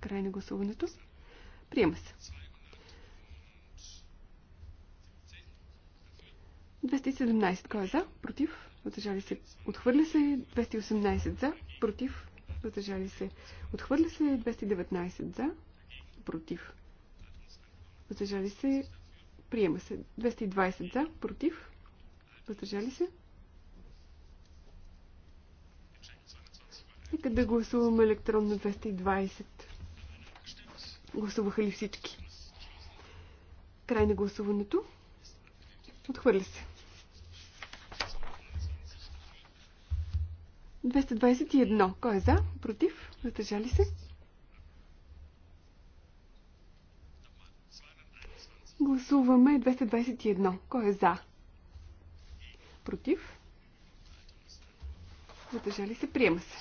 Край на гласуването. Приема се. 217. Кой е за? Против? Въздържали се. Отхвърля се. 218 за против, въздържали се. Отхвърля се 219 за, против, въздържали се. Приема се 220 за, против, въздържали се. Нека да гласуваме електронно 220. Гласуваха ли всички? Край на гласуването. Отхвърля се. 221. Кой е за? Против? Въздържали се? Гласуваме 221. Кой е за? Против? Въздържали се? Приема се.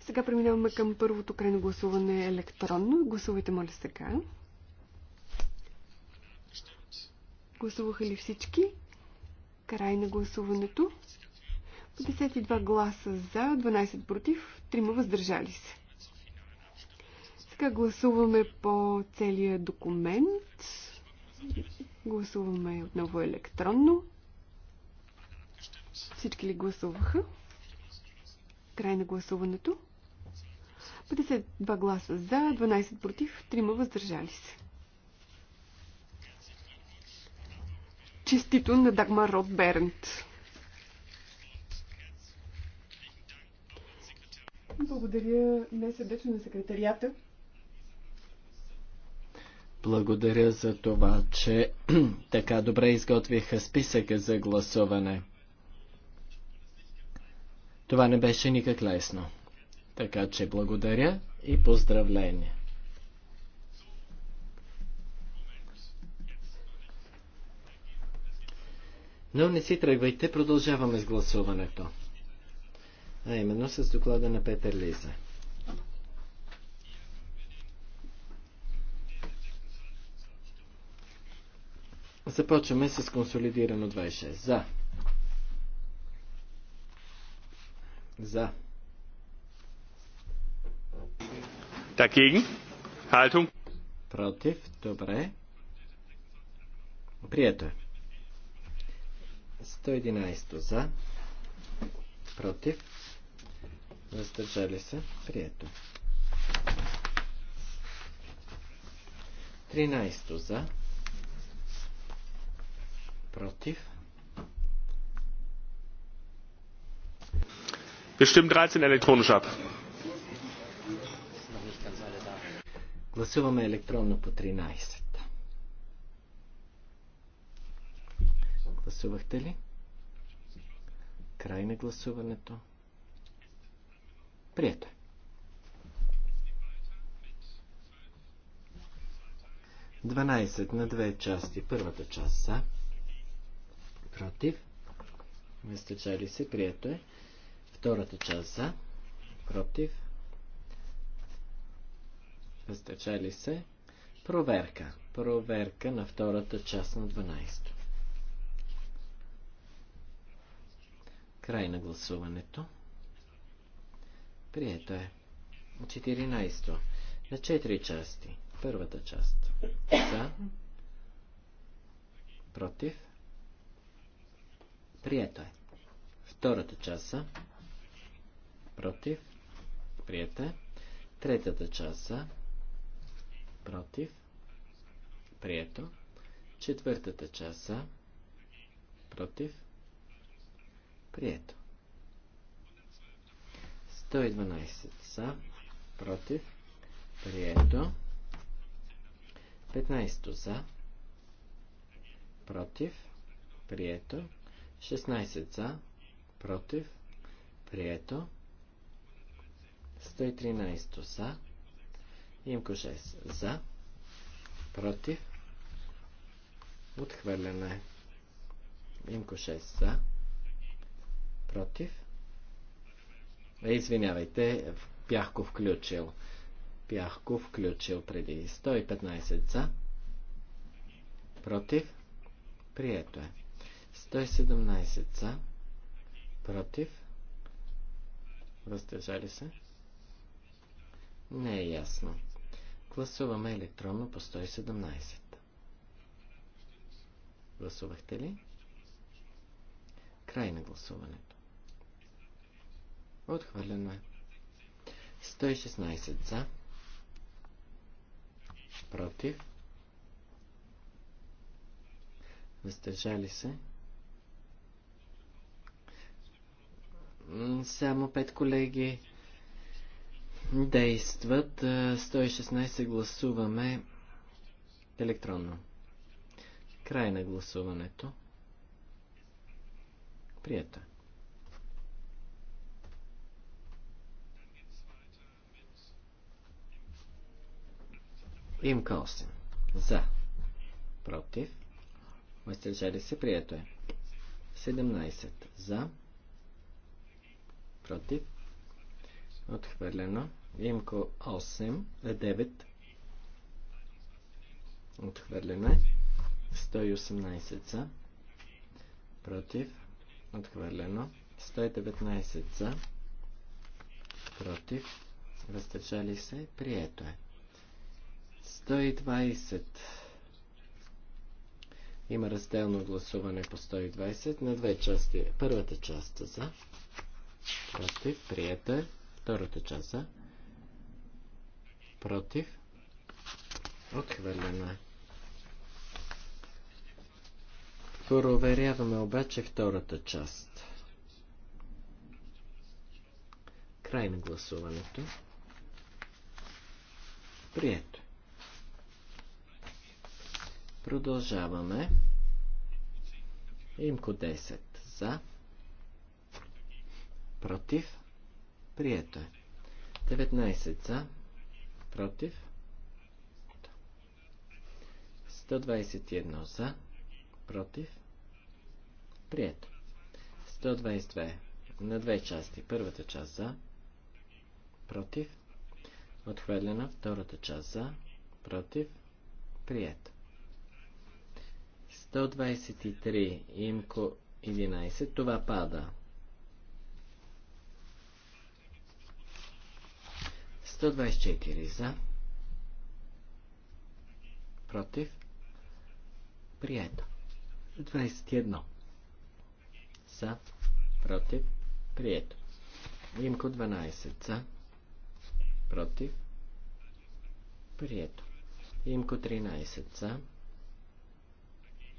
Сега преминаваме към първото крайно гласуване електронно. Гласувайте, моля, сега. Гласуваха ли всички? Край на гласуването. 52 гласа за, 12 против, 3 въздържали се. Сега гласуваме по целия документ. Гласуваме отново електронно. Всички ли гласуваха? Край на гласуването. 52 гласа за, 12 против, 3 въздържали се. Честито на Дагмар Рот Бернт. Благодаря най-сърдечно на секретарията. Благодаря за това, че така добре изготвиха списъка за гласуване. Това не беше никак лесно. Така че благодаря и поздравления. Но не си тръгвайте, продължаваме с гласуването а именно с доклада на Петър Лиза. Започваме с консолидирано 26. За. За. Дагеген. Haltung? Против. Добре. Прието е. 111 за. Против въздържали се, прието. 13 за, против. Bestimmt 13 elektronisch ab. Гласуваме електронно по 13. Гласувахте ли? Край на гласуването. Прието е. Дванайсет на две части. Първата част са против. чали се. Прието е. Втората част за. Против. чали се. Проверка. Проверка на втората част на 12. Край на гласуването. Прието е. 14. На 4 части. Първата част. За. Против. Прието е. Втората част Против. Прието е. Третата част Против. Прието. Четвъртата часа, Против. Прието. 112 за, против, прието. 15 за, против, прието. 16 за, против, прието. 113 за, имко 6 за, против, отхвърляне. Имко 6 за, против, е, извинявайте, бях го включил. Бях го включил преди 115 за. Против. Прието е. 117 за. Против. Въздържали се. Не е ясно. Гласуваме електронно по 117. Гласувахте ли? Край на гласуването. Отхвърлено е. 116 за. Против. Въздържали се. Само пет колеги действат. 116 е, гласуваме електронно. Край на гласуването. Приятел. Имка 8. За. Против. Въздържали се. Прието е. 17. За. Против. Отхвърлено. Имко 8. 9. Е, Отхвърлено е. 118 за. Против. Отхвърлено. 119 за. Против. Въздържали се. Прието е. 120. Има разделно гласуване по 120 на две части. Първата част за. Против. Приета. Е. Втората част за. Против. Отхвърлена. Е. Проверяваме обаче втората част. Край на гласуването. Прието. Продължаваме. Имко 10 за. Против. Прието е. 19 за. Против. 121 за. Против. Прието. 122 на две части. Първата част за. Против. Отхвърлена. Втората част за. Против. Прието. 123, имко 11, това пада. 124 за. Против. Прието. 21. За. Против. Прието. Имко 12. За. Против. Прието. Имко 13. За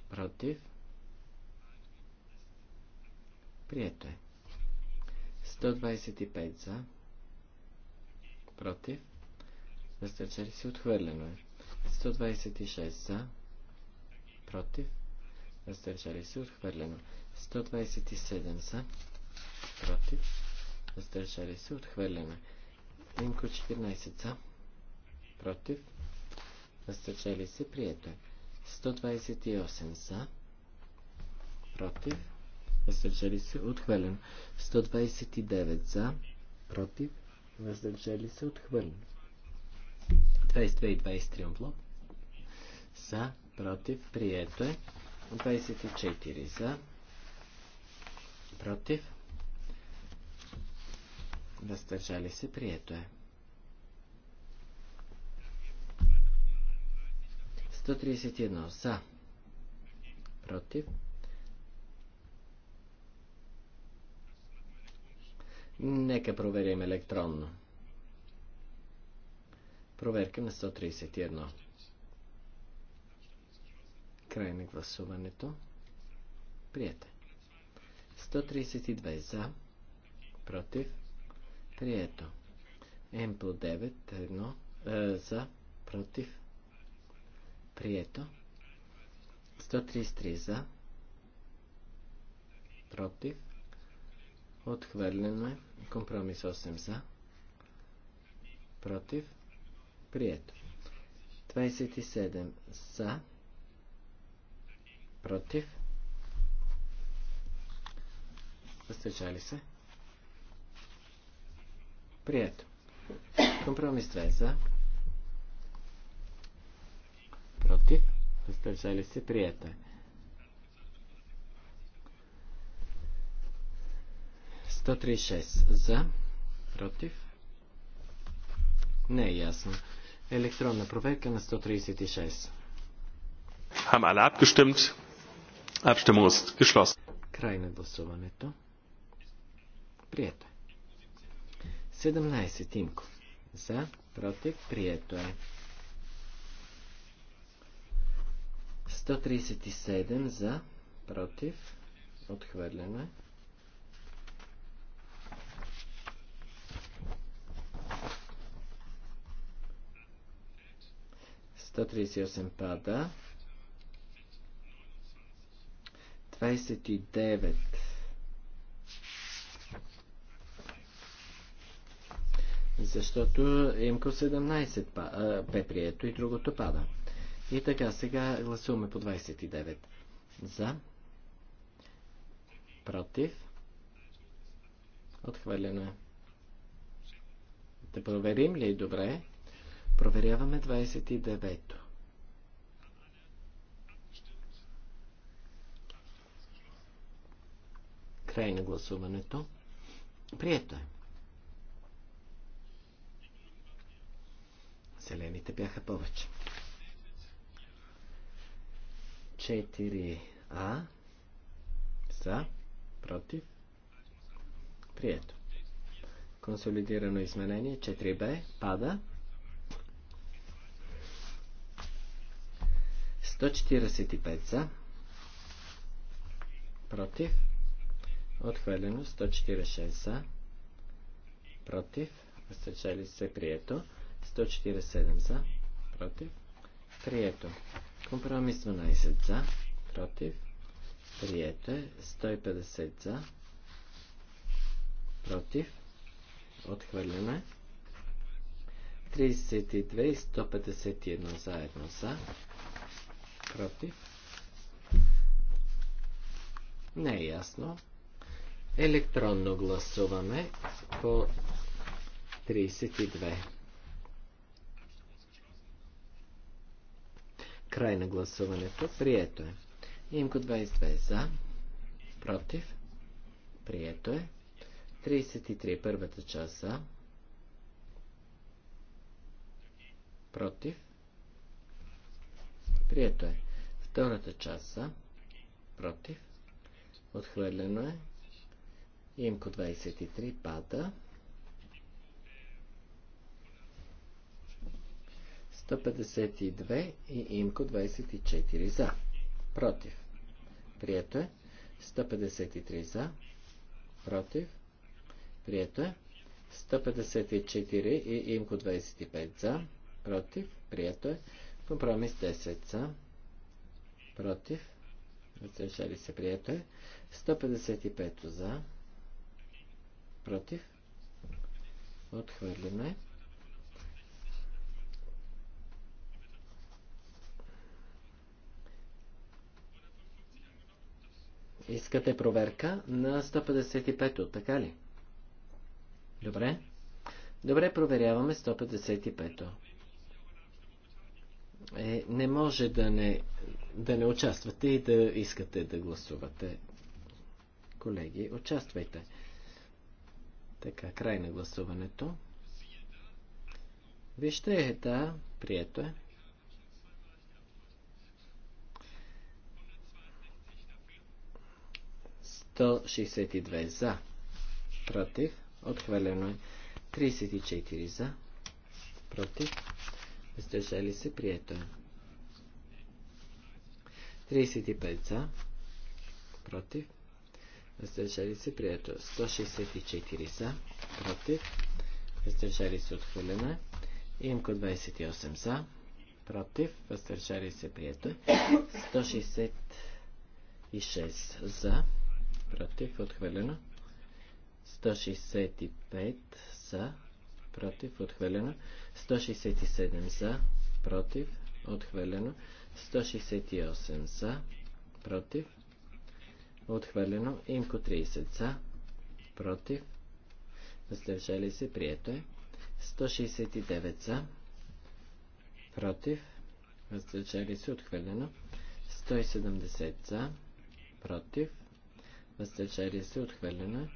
против, прието е. 125 за, против, въздържали се, отхвърлено е. 126 за, против, въздържали се, отхвърлено. 127 за, против, въздържали се, отхвърлено. Инко 14 за, против, въздържали се, прието е. 128 за, против, въздържали се, отхвърлен. 129 за, против, въздържали се, отхвърлен. 22 и 23 блок. За, против, прието е. 24 за, против, въздържали се, прието е. 131 за. Против. Нека проверим електронно. Проверка на 131. Край на гласуването. Приете. 132 за. Против. Прието. М по 9. 1. Е, за. Против. Прието. 133 за. Против. Отхвърлено е. Компромис 8 за. Против. Прието. 27 за. Против. Въздържали се. Прието. Компромис 2 за против, въздържали се, прието е. 136 за, против, не е ясно. Електронна проверка на 136. Haben alle abgestimmt? Abstimmung ist geschlossen. Край на гласуването. Прието е. 17 Тимко. За, против, прието е. 137 за, против, отхвърляме. пада. 29. Защото имко 17 бе прието и другото пада. И така, сега гласуваме по 29. За. Против. Отхвърлено е. Да проверим ли? Добре. Проверяваме 29-то. Край на гласуването. Прието е. Зелените бяха повече. 4А за, против, прието. Консолидирано изменение 4Б пада. 145 за, против, отхвърлено 146 за, против, въздържали се, прието, 147 за, против, прието. Компромис 12 за, против, прието е. 150 за, против, отхвърляме. 32 и 151 заедно за, против. Не е ясно. Електронно гласуваме по 32. Край на гласуването. Прието е. Имко 22 за. Против. Прието е. 33 първата част за. Против. Прието е. Втората част за. Против. Отхвърлено е. Имко 23 пада. 152 и имко 24 за. Против. Прието е. 153 за. Против. Прието е. 154 и имко 25 за. Против. Прието е. Компромис 10 за. Против. Разрешали се. Прието е. 155 за. Против. Отхвърляме. Искате проверка на 155-то, така ли? Добре. Добре, проверяваме 155-то. Е, не може да не, да не участвате и да искате да гласувате. Колеги, участвайте. Така, край на гласуването. Вижте, е, да, прието е. 162 за. Против. Отхвърлено е. 34 за. Против. Въздържали се. Прието е. 35 за. Против. Въздържали се. Прието е. 164 за. Против. Въздържали се. Отхвърлено е. Имко 28 за. Против. Въздържали се. Прието е. 166 за против, отхвърлено. 165 за, против, отхвърлено. 167 за, против, отхвърлено. 168 за, против, отхвърлено. Имко 30 за, против, въздържали се, прието е. 169 за, против, въздържали се, отхвърлено. 170 за, против, въздържали се, отхвърлено.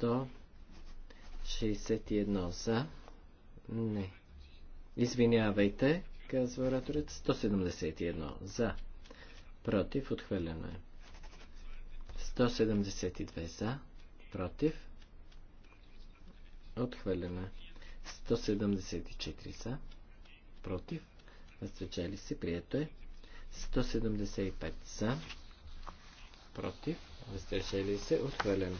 161 за. Не. Извинявайте, казва ораторът. 171 за. Против, отхвърлено е. 172 за. Против. Отхвърлено е. 174 за. Против. Въздържали се, прието е. 175 за. Против въздържали се, отхвърлен.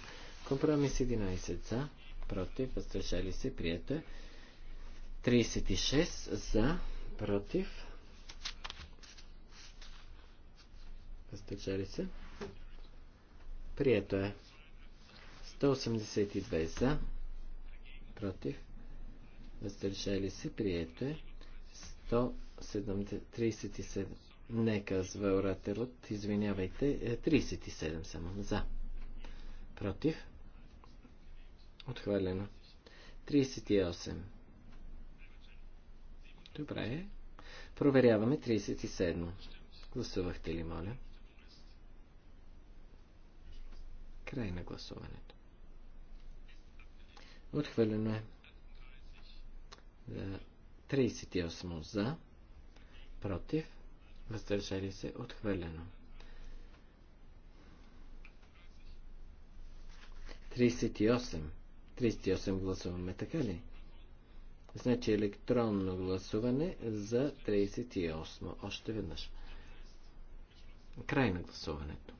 Компромис 11 за, против, въздържали се, прието. 36 за, против, въздържали се. Прието е. 182 за, против, въздържали се, прието е. 177. Не, казва орателът, извинявайте, 37 е, само. За. Против. Отхвърлено. 38. Добре. Проверяваме 37. Гласувахте ли, моля? Край на гласуването. Отхвърлено е. 38 е, за, против, въздържали се, отхвърлено. 38. 38 гласуваме, така ли? Значи електронно гласуване за 38. Още веднъж. Край на гласуването.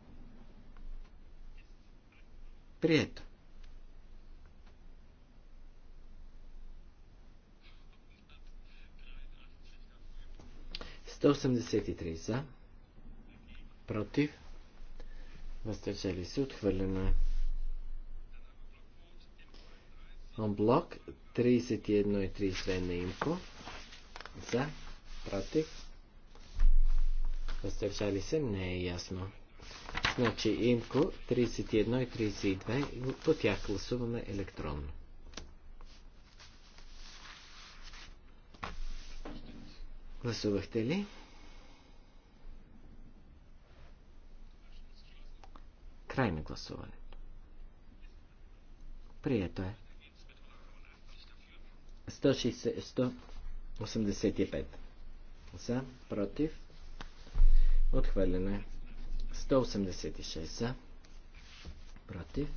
Прието. 183 за, против, въздържали се, отхвърлено е. Блок 31 и 32 на имко, за, против, въздържали се, не е ясно. Значи имко 31 и 32, по тях гласуваме електронно. Гласувахте ли? Край на гласуването. Прието е. 160, 185. За, против. е. 186 за. Против.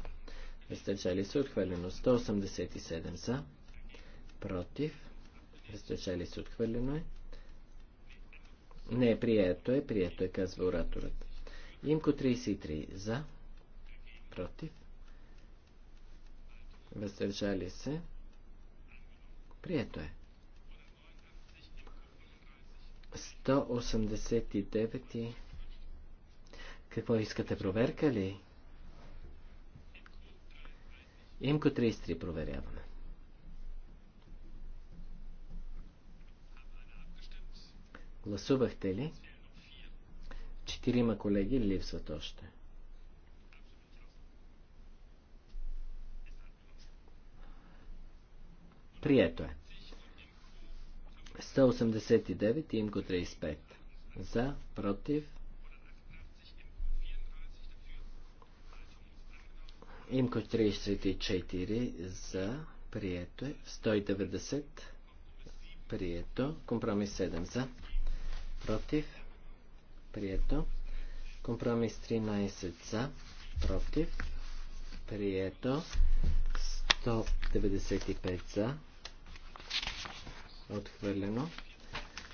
Въздържали се отхвърлено. 187 за. Против. Въздържали се отхвърлено е. Не, прието е, прието е, казва ораторът. Имко 33 за, против, въздържали се, прието е. 189 и... Какво искате, проверка ли? Имко 33 проверяваме. Гласувахте ли? Четирима колеги липсват още. Прието е. 189 и имко 35. За, против. Имко 34 за, прието е. 190 прието. Компромис 7 за против, прието. Компромис 13 за, против, прието. 195 за, отхвърлено.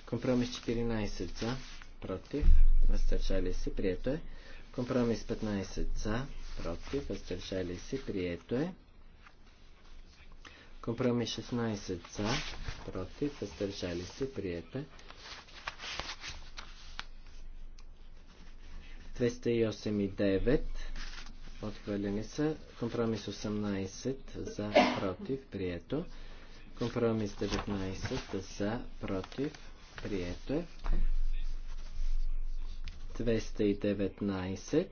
Компромис 14 за, против, въздържали се, прието е. Компромис 15 за, против, въздържали се, прието е. Компромис 16 за, против, въздържали се, прието е. 208 отхвърлени са. Компромис 18 за против. Прието. Компромис 19 за против. Прието е. 219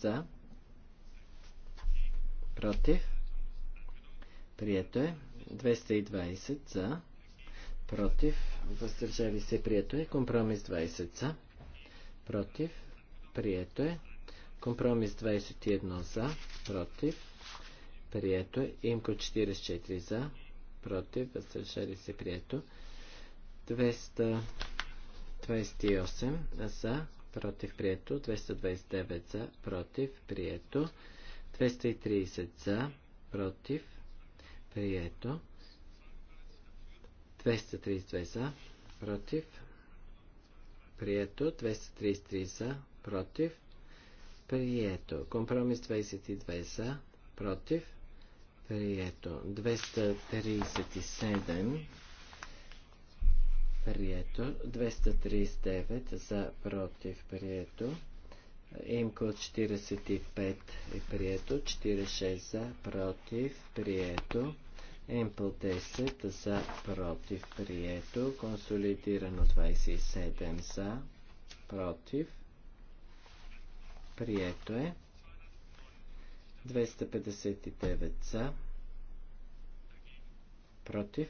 за против. Прието е. 220 за против. Въздържали се. Прието е. Компромис 20 за против, прието е. Компромис 21 за, против, прието е. Имко 44 за, против, въздържали се, прието. 228 за, против, прието. 229 за, против, прието. 230 за, против, прието. 232 за, против, Прието. 233 за. Против. Прието. Компромис 22 за. Против. Прието. 237. Прието. 239 за. Против. Прието. Имко 45 е прието. 46 за. Против. Прието. Емпл 10 за против прието. Консолидирано 27 за против. Прието е. 259 за против.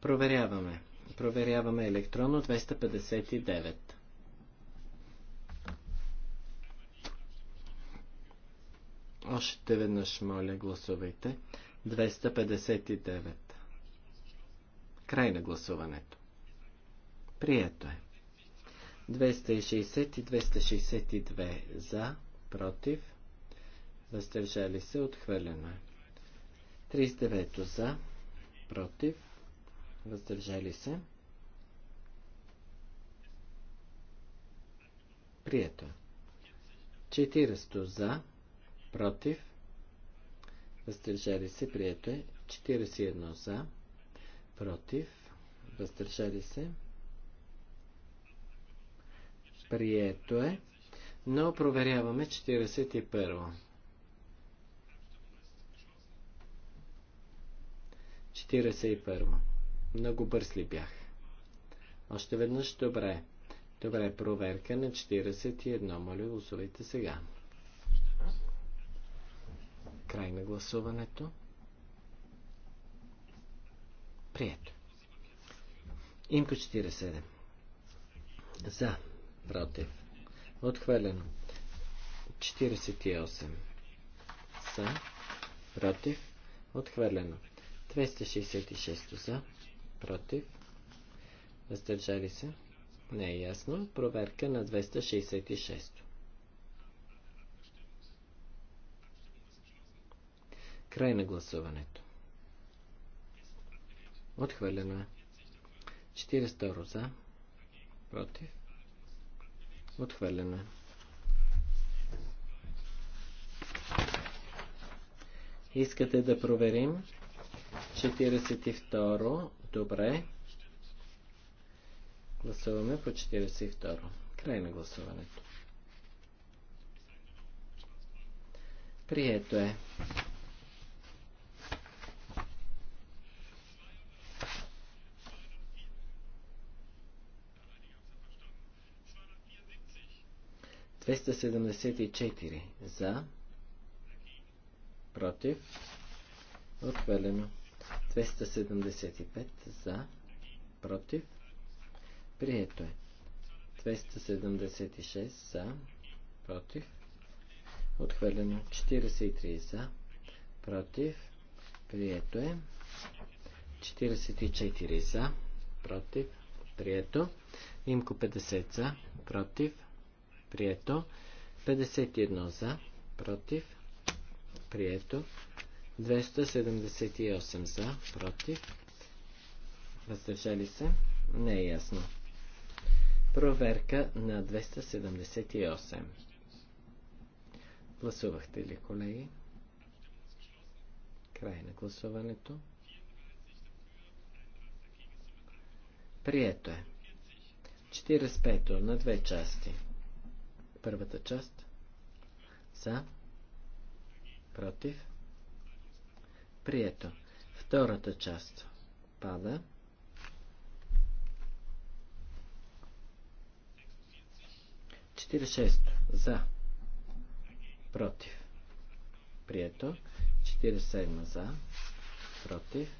Проверяваме. Проверяваме електронно 259. Още веднъж, моля, гласувайте. 259. Край на гласуването. Прието е. 260 и 262 за, против, въздържали се, отхвърлено е. 39 за, против, въздържали се. Прието е. 40 за, против, въздържали се, прието е. 41 за, против, въздържали се, прието е. Но проверяваме 41. 41. Много бърз ли бях? Още веднъж добре. Добре, проверка на 41. Моля, гласувайте сега. Край на гласуването. Прието. Имко 47. За. Против. Отхвърлено. 48. За. Против. Отхвърлено. 266 за. Против. Въздържали се. Не е ясно. Проверка на 266. Край на гласуването. Отхвърлено е. 42 за. Против. Отхвърлено е. Искате да проверим? 42. Добре. Гласуваме по 42. Край на гласуването. Прието е. 274 за, против, отхвърлено. 275 за, против, прието е. 276 за, против, отхвърлено. 43 за, против, прието е. 44 за, против, прието. Имко 50 за, против, Прието. 51 за. Против. Прието. 278 за. Против. Въздържали се. Не е ясно. Проверка на 278. Гласувахте ли, колеги? Край на гласуването. Прието е. 45 на две части. Първата част. За. Против. Прието. Втората част. Пада. четири шесто. За. Против. Прието. 47 за. Против.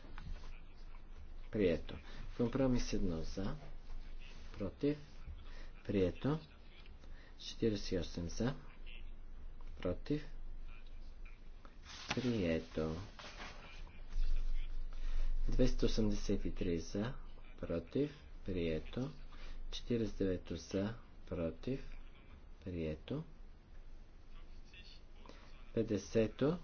Прието. Компромис 1 за. Против. Прието. 48 за. Против. Прието. 283 за. Против. Прието. 49 за. Против. Прието. 50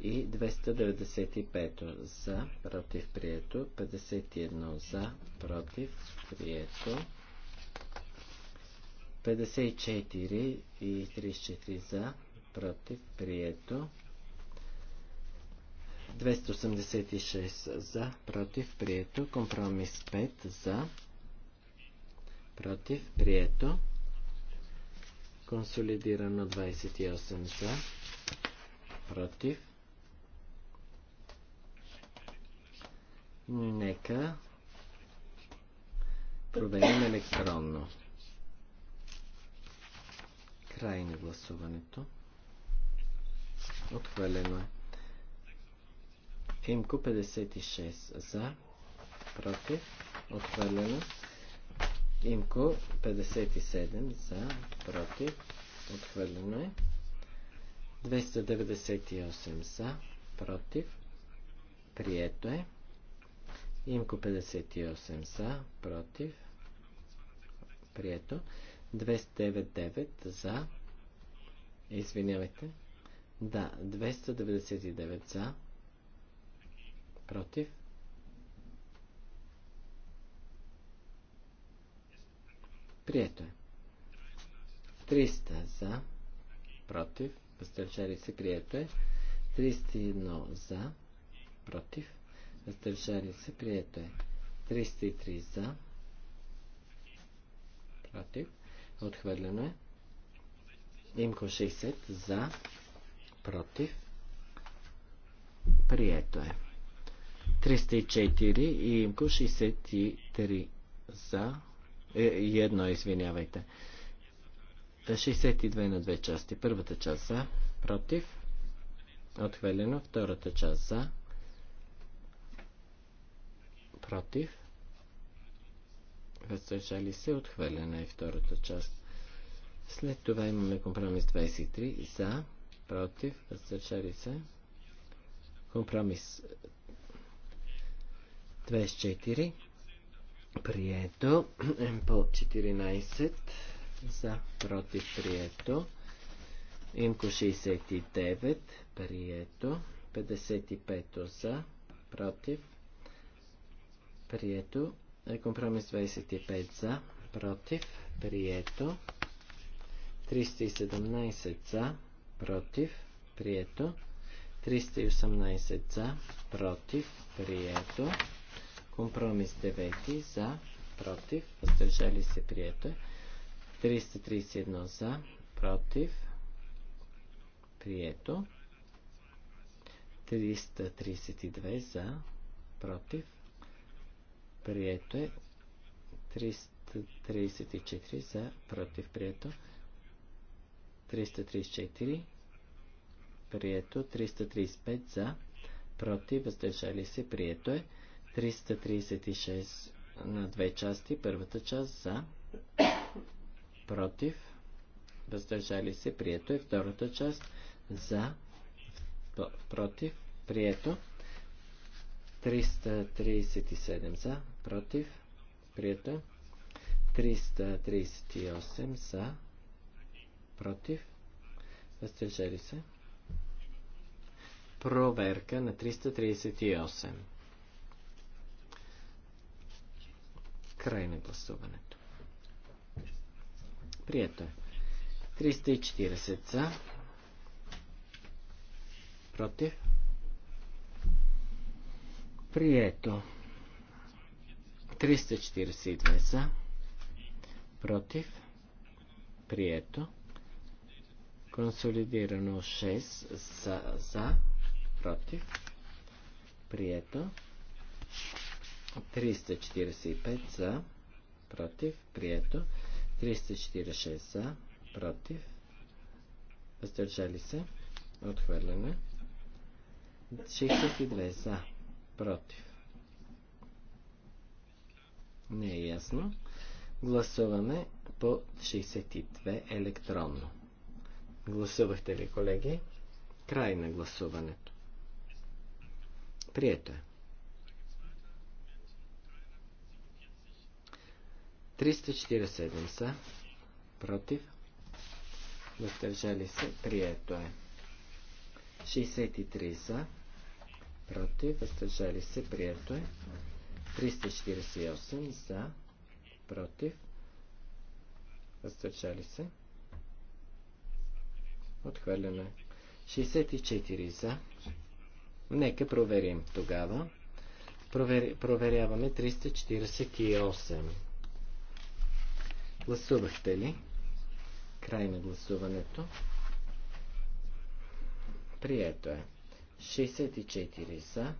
и 295 за. Против. Прието. 51 за. Против. Прието. 54 и 34 за, против, прието. 286 за, против, прието. Компромис 5 за, против, прието. Консолидирано 28 за, против. Нека проверим електронно. Край на гласуването. Отхвърлено е. Имко 56 за, против, отхвърлено. Имко 57 за, против, отхвърлено е. 298 за, против, прието е. Имко 58 за, против, прието. 299 за. Извинявайте. Да, 299 за. Против. Прието е. 300 за. Против. Въздържали се. Прието е. 301 за. Против. Въздържали се. Прието е. 303 за. Против. Отхвърлено е. Имко 60 за, против. Прието е. 304 и Имко 63 за. Е, едно, извинявайте. 62 на две части. Първата част за, против. Отхвърлено. Втората част за, против въздържали се, отхвърлена е втората част. След това имаме компромис 23 за, против, въздържали се. Компромис 24 прието. Емпл 14 за, против, прието. Имко 69 прието. 55 за, против, прието. Компромис 25 за, против, прието. 317 за, против, прието. 318 за, против, прието. Компромис 9 за, против, въздържали се, прието. 331 за, против, прието. 332 за, против, Прието е 334 за против. Прието 334. Прието 335 за против. Въздържали се. Прието е 336 на две части. Първата част за против. Въздържали се. Прието е втората част за против. Прието. 337 за, против, прието. 338 за, против, въздържали се. Проверка на 338. Край на гласуването. Прието е. 340 за, против, Прието. 342 за. Против. Прието. Консолидирано 6 за. за против. Прието. 345 за. Против. Прието. 346 за. Против. Въздържали се. Отхвърляне. 62 за Против. Не е ясно. Гласуваме по 62 електронно. Гласувахте ли, колеги? Край на гласуването. Прието е. 347 са против. Въздържали се. Прието е. 63 са против, въздържали се, прието е. 348 за, против, въздържали се. Отхвърляме. 64 за. Нека проверим тогава. Провер... Проверяваме 348. Гласувахте ли? Край на гласуването. Прието е. 64 за,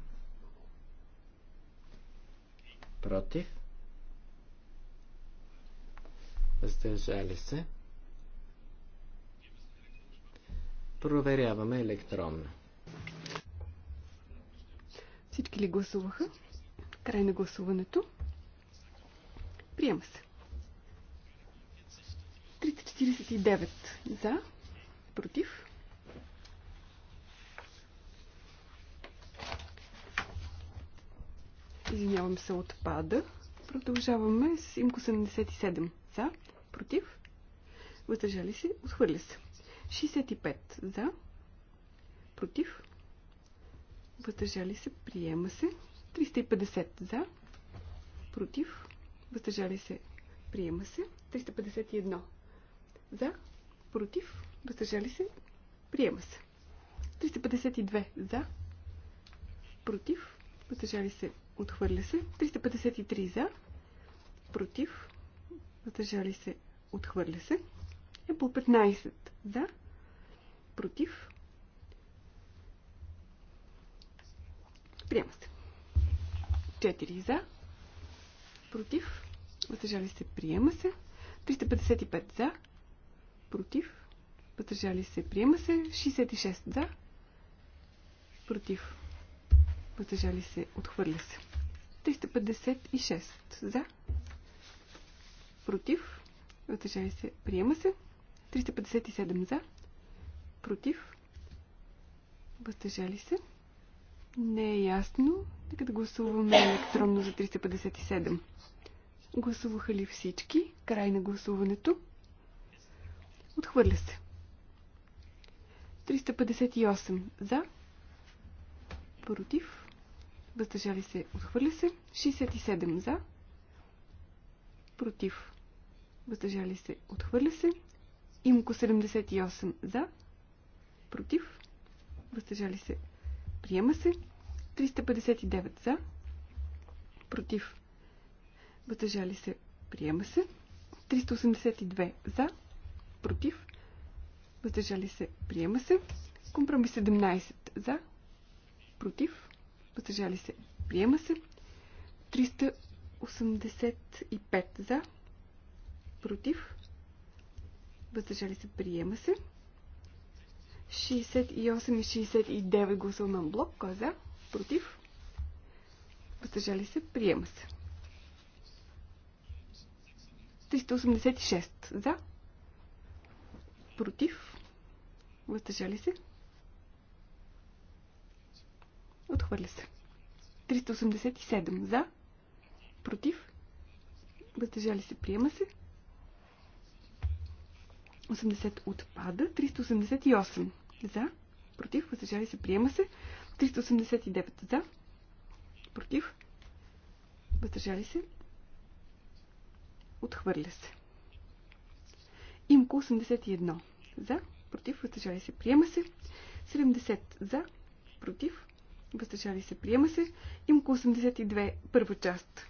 против, въздържали се. Проверяваме електронно. Всички ли гласуваха? Край на гласуването. Приема се. 349 за, против, Извинявам се, отпада. Продължаваме с имко 77. За, против, въздържали се, отхвърля се. 65. За, против, въздържали се, приема се. 350. За, против, въздържали се, приема се. 351. За, против, въздържали се, приема се. 352. За, против, въздържали се, Отхвърля се. 353 за. Против. Въздържали се. Отхвърля се. Е по 15 за. Против. Приема се. 4 за. Против. Въздържали се. Приема се. 355 за. Против. Въздържали се. Приема се. 66 за. Против въздържали се, отхвърля се. 356 за, против, въздържали се, приема се. 357 за, против, въздържали се. Не е ясно. Нека да гласуваме електронно за 357. Гласуваха ли всички? Край на гласуването. Отхвърля се. 358 за, против, въздържали се, отхвърля се. 67 за, против, въздържали се, отхвърля се. Имко 78 за, против, въздържали се, приема се. 359 за, против, въздържали се, приема се. 382 за, против, въздържали се, приема се. Компромис 17 за, против, въздържали се, приема се. 385 за, против, въздържали се, приема се. 68 и 69 гласуваме блок, кой е за, против, въздържали се, приема се. 386 за, против, въздържали се, Отхвърля се. 387 за. Против. Въздържали се. Приема се. 80 отпада. 388 за. Против. Въздържали се. Приема се. 389 за. Против. Въздържали се. Отхвърля се. Имко 81 за. Против. Въздържали се. Приема се. 70 за. Против Възстрашали се, приема се. Имко 82, първа част.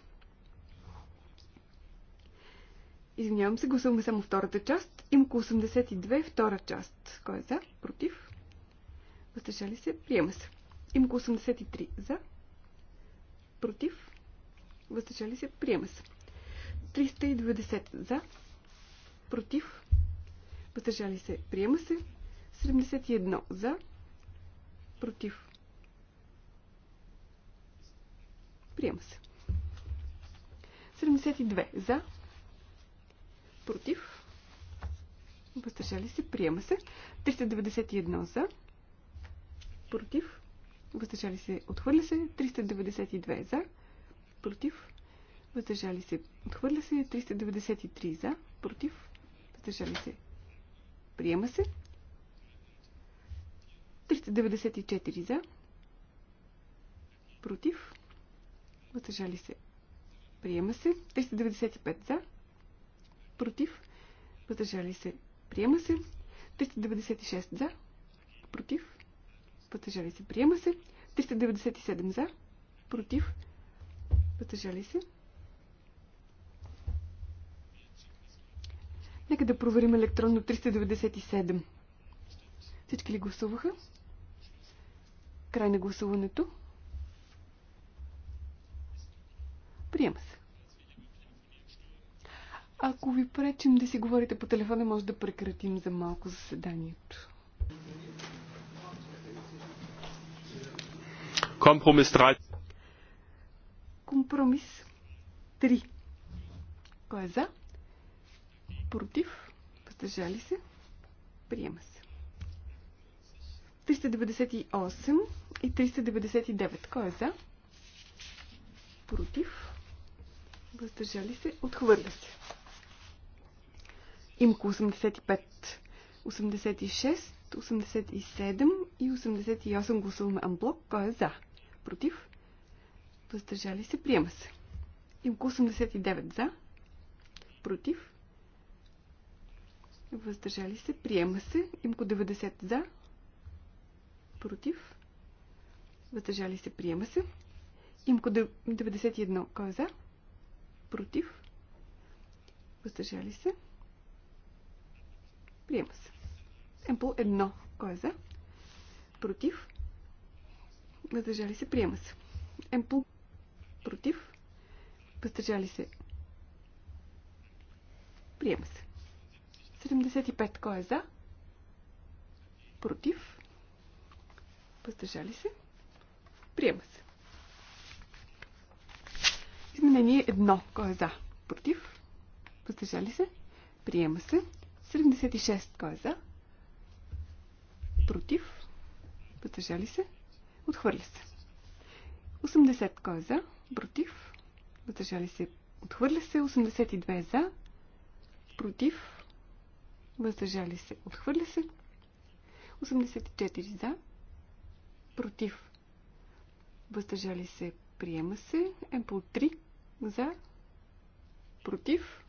Извинявам се, гласуваме само втората част. Имко 82, втора част. Кой е за? Против? Въздържали се, приема се. Имко 83, за? Против? Въздържали се, приема се. 390 за, против, въздържали се, приема се, 71 за, против, Приема се. 72. За. Против. Въздържали се. Приема се. 391 за. Против. Въздържали се. Отхвърля се. 392 за. Против. Въздържали се. Отхвърля се. 393 за. Против. Въздържали се. Приема се. 394 за. Против. Въздържали се. Приема се. 395 за. Против. Въздържали се. Приема се. 396 за. Против. Въздържали се. Приема се. 397 за. Против. Въздържали се. Нека да проверим електронно 397. Всички ли гласуваха? Край на гласуването. Приема се. Ако ви пречим да си говорите по телефона, може да прекратим за малко заседанието. Компромис 3. Компромис 3. Кой е за? Против? Въздържали се? Приема се. 398 и 399. Кой е за? Против? въздържали се, отхвърля се. Имко 85, 86, 87 и 88 гласуваме амблок. Кой е за? Против? Въздържали се, приема се. Имко 89 за. Против? Въздържали се, приема се. Имко 90 за. Против? Въздържали се, приема се. Имко 91. Кой е за? против, въздържали се, приема се. Емпл едно, кой е за, против, въздържали се, приема се. Емпл против, въздържали се, приема се. 75, кой е за, против, въздържали се, приема се. Изменение едно, Кой е за? Против? Въздържали се? Приема се. 76. Кой е за? Против? Въздържали се? Отхвърля се. 80. Кой е за? Против? Въздържали се? Отхвърля се. 82 за. Против? Въздържали се? Отхвърля се. 84 за. Против? Въздържали се? Приема се. Емпл 3 за. Против.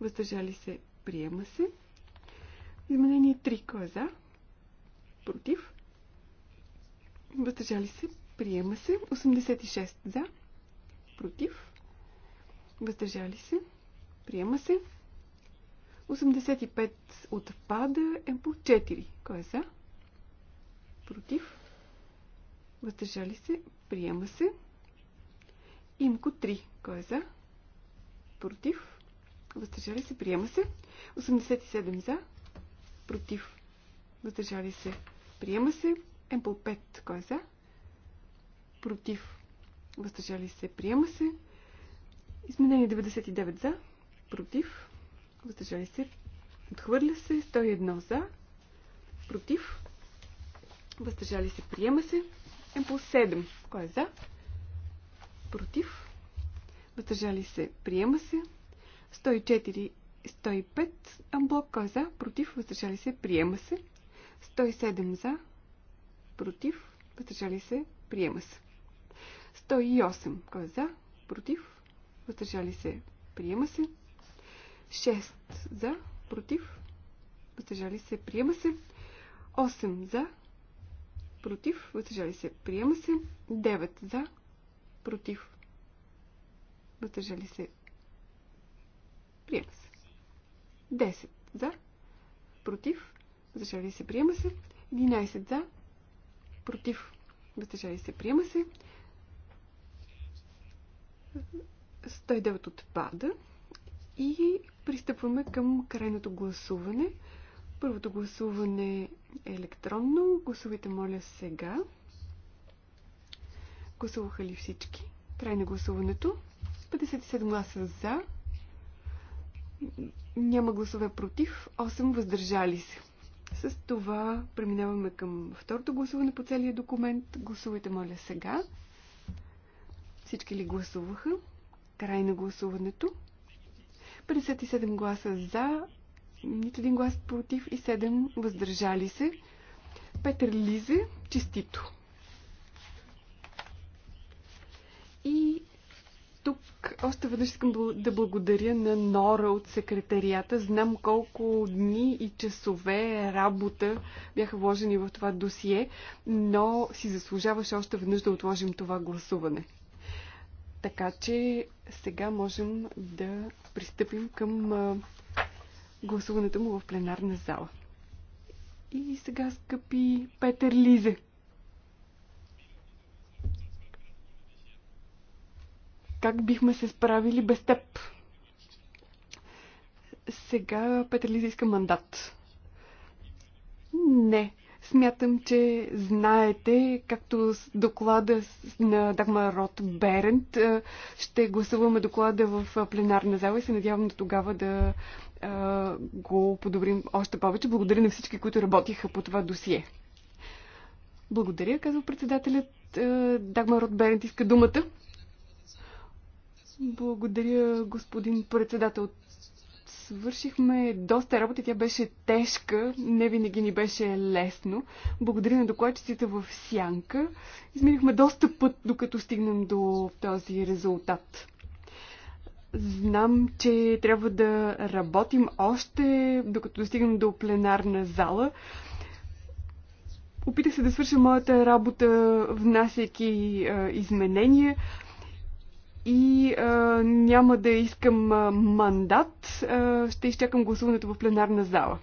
Въздържали се. Приема се. Изменение 3. Кой е за? Против. Въздържали се. Приема се. 86 за. Против. Въздържали се. Приема се. 85 отпада. Емпл 4. Кой е за? Против. Въздържали се. Приема се. Имко 3. Кой е за? Против. Въздържали се. Приема се. 87 за. Против. Въздържали се. Приема се. Емпл 5. Кой е за? Против. Въздържали се. Приема се. Изменение 99 за. Против. Въздържали се. Отхвърля се. 101 за. Против. Въздържали се. Приема се. Е по 7. Кой е за? Против. Въздържали се. Приема се. 104 105 амблок. Кой е за? Против. Въздържали се. Приема се. 107 за. Против. Въздържали се. Приема се. 108. Кой е за? Против. Въздържали се. Приема се. 6 за. Против. Въздържали се. Приема се. 8 за против, въздържали се, приема се. 9 за, против, въздържали се, приема се. 10 за, против, въздържали се, приема се. 11 за, против, въздържали се, приема се. 109 отпада и пристъпваме към крайното гласуване. Първото гласуване е електронно. Гласувайте, моля, сега. Гласуваха ли всички? Край на гласуването. 57 гласа за. Няма гласове против. 8 въздържали се. С това преминаваме към второто гласуване по целия документ. Гласувайте, моля, сега. Всички ли гласуваха? Край на гласуването. 57 гласа за, нито един глас против и 7 въздържали се. Петър Лизе, честито. И тук още веднъж искам да благодаря на Нора от секретарията. Знам колко дни и часове работа бяха вложени в това досие, но си заслужаваше още веднъж да отложим това гласуване. Така че сега можем да пристъпим към гласуването му в пленарна зала. И сега, скъпи Петър Лизе. Как бихме се справили без теб? Сега Петър Лиза иска мандат. Не. Смятам, че знаете, както с доклада на Дагма Рот Берент, ще гласуваме доклада в пленарна зала и се надявам до тогава да го подобрим още повече. Благодаря на всички, които работиха по това досие. Благодаря, казва председателят. Дагмар от Берент иска думата. Благодаря, господин председател. Свършихме доста работа. Тя беше тежка. Не винаги ни беше лесно. Благодаря на докладчиците в Сянка. Изминахме доста път, докато стигнем до този резултат. Знам, че трябва да работим още, докато достигнем до пленарна зала. Опитах се да свърша моята работа, внасяйки е, изменения и е, няма да искам мандат. е, ще изчакам гласуването в пленарна зала.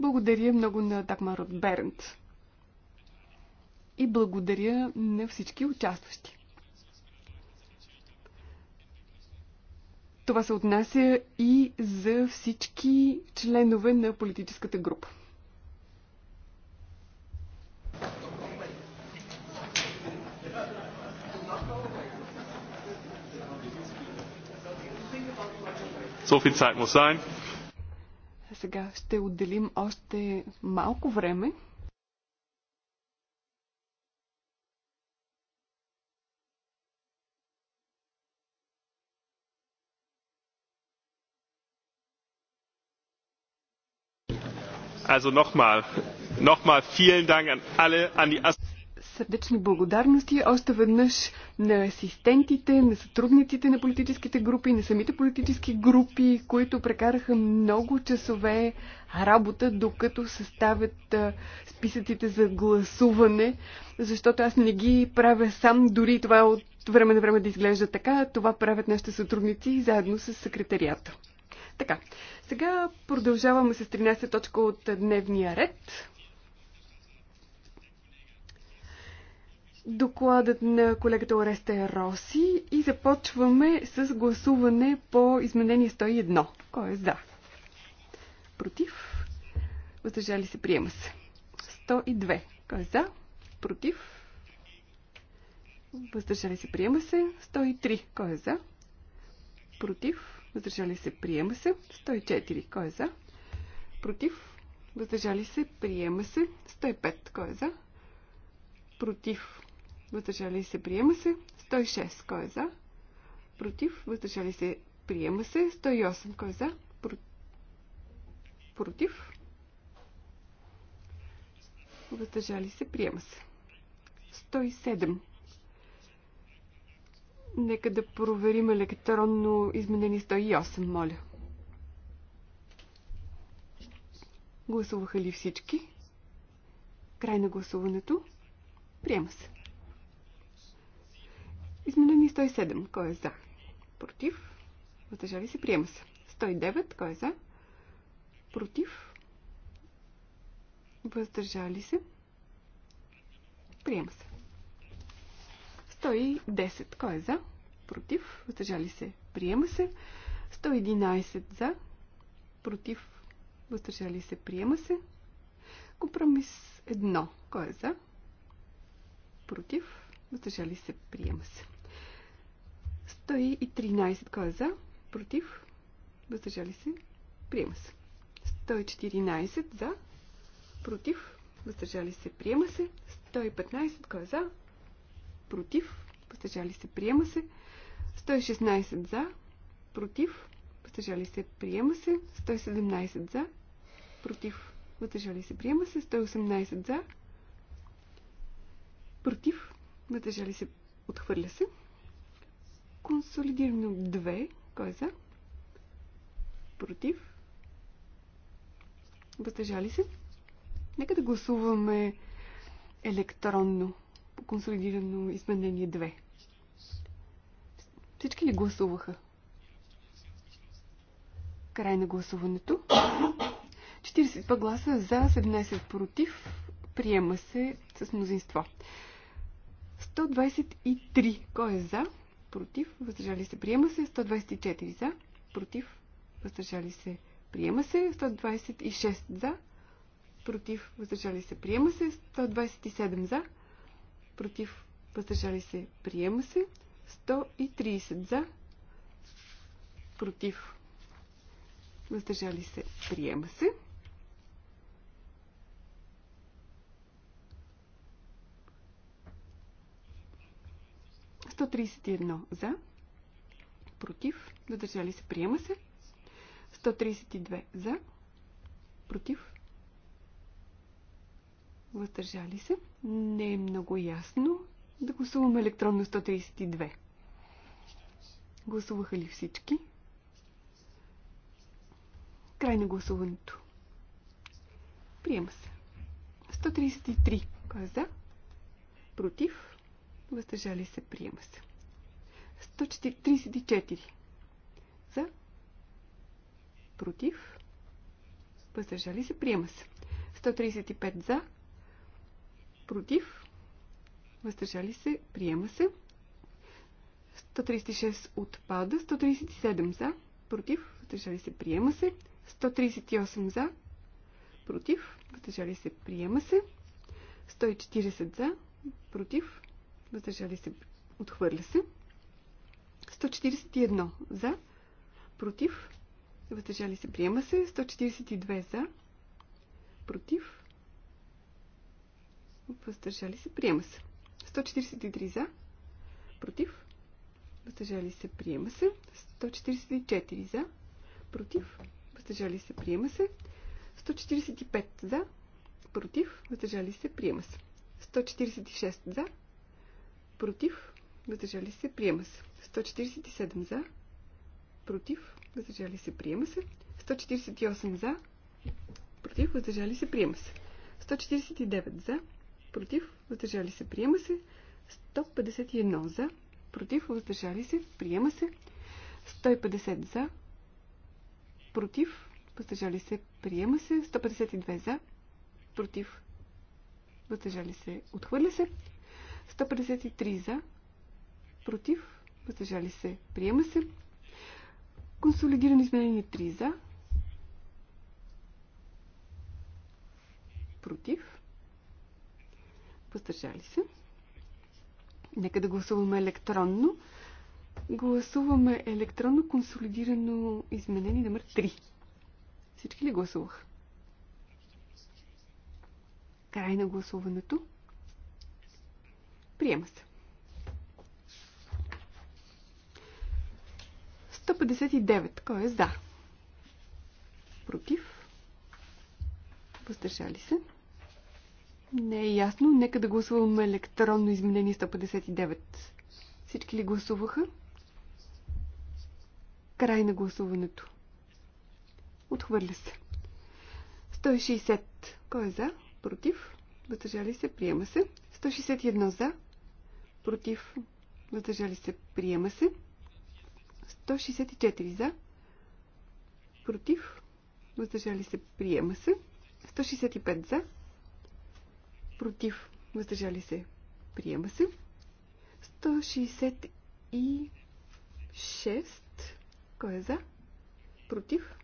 Благодаря много на Дагмар от Бернт. И благодаря на всички участващи. Това се отнася и за всички членове на политическата група. Сега ще отделим още малко време. Also nochmal, nochmal vielen Dank an alle, an die Сърдечни благодарности още веднъж на асистентите, на сътрудниците на политическите групи, на самите политически групи, които прекараха много часове работа, докато съставят списъците за гласуване, защото аз не ги правя сам, дори това от време на време да изглежда така, това правят нашите сътрудници заедно с секретарията. Така, сега продължаваме с 13 точка от дневния ред. Докладът на колегата е Роси и започваме с гласуване по изменение 101. Кой е за? Против? Въздържали се, приема се. 102. Кой е за? Против? Въздържали се, приема се. 103. Кой е за? Против? въздържали се, приема се. 104, кой е за? Против, въздържали се, приема се. 105, кой е за? Против, въздържали се, приема се. 106, кой е за? Против, въздържали се, приема се. 108, кой е за? Против, въздържали се, приема се. 107, Нека да проверим електронно изменени 108, моля. Гласуваха ли всички? Край на гласуването. Приема се. Изменени 107. Кой е за? Против? Въздържали се? Приема се. 109. Кой е за? Против? Въздържали се? Приема се. 110. Кой е за? Против. Въздържали се. Приема се. 111 за. Против. Въздържали се. Приема се. Компромис 1. Кой е за? Против. Въздържали се. Приема се. 113. Кой е за? Против. Въздържали се. Приема се. 114 за. Против. Въздържали се. Приема се. 115. Кой е за? против, въздържали се, приема се. 116 за, против, въздържали се, приема се. 117 за, против, въздържали се, приема се. 118 за, против, въздържали се, отхвърля се. Консолидирано 2, кой е за? Против, въздържали се. Нека да гласуваме електронно консолидирано изменение 2. Всички ли гласуваха? Край на гласуването. 42 гласа за, 17 против. Приема се с мнозинство. 123. Кой е за? Против. Въздържали се. Приема се. 124 за. Против. Въздържали се. Приема се. 126 за. Против. Въздържали се. Приема се. 127 за против, въздържали се, приема се. 130 за, против, въздържали се, приема се. за, против, въздържали се, приема се. 132 за, против, Въздържали се. Не е много ясно. Да гласуваме електронно 132. Гласуваха ли всички? Край на гласуването. Приема се. 133 е за. Против. Въздържали се. Приема се. 134 за. Против. Въздържали се. Приема се. 135 за против, въздържали се, приема се. 136 отпада, 137 за, против, въздържали се, приема се. 138 за, против, въздържали се, приема се. 140 за, против, въздържали се, отхвърля се. 141 за, против, въздържали се, приема се. 142 за, против, въздържали се, приема се. 143 за, против, въздържали се, приема се. 144 за, против, въздържали се, приема се. 145 за, против, въздържали се, приема се. 146 за, против, въздържали се, приема се. 147 за, против, въздържали се, приема се. 148 за, против, въздържали се, приема се. 149 за, против, въздържали се, приема се. 151 за, против, въздържали се, приема се. 150 за, против, въздържали се, приема се. 152 за, против, въздържали се, отхвърля се. 153 за, против, въздържали се, приема се. Консолидирани изменение 3 за, против, Въздържали се. Нека да гласуваме електронно. Гласуваме електронно консолидирано изменение номер 3. Всички ли гласувах? Край на гласуването. Приема се. 159. Кой е за? Против? Въздържали се? Не е ясно. Нека да гласуваме електронно изменение 159. Всички ли гласуваха? Край на гласуването. Отхвърля се. 160. Кой е за? Против? Въздържали се? Приема се. 161 за. Против? Въздържали се? Приема се. 164 за. Против? Въздържали се? Приема се. 165 за против, въздържали се, приема се. 166, кой е за, против,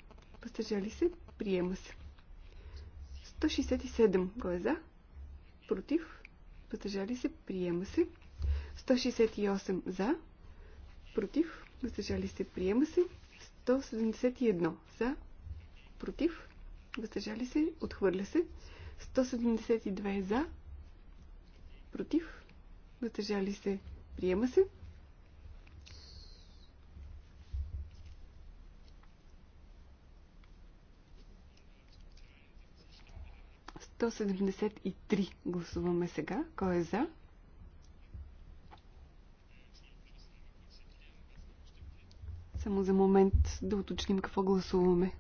въздържали се, приема се. 167, кой е за, против, въздържали се, приема се. 168 за, против, въздържали се, приема се. 171 за, против, въздържали се, отхвърля се. 172 е за, против, натъжали се, приема се. То 73 гласуваме сега. Кой е за? Само за момент да уточним какво гласуваме.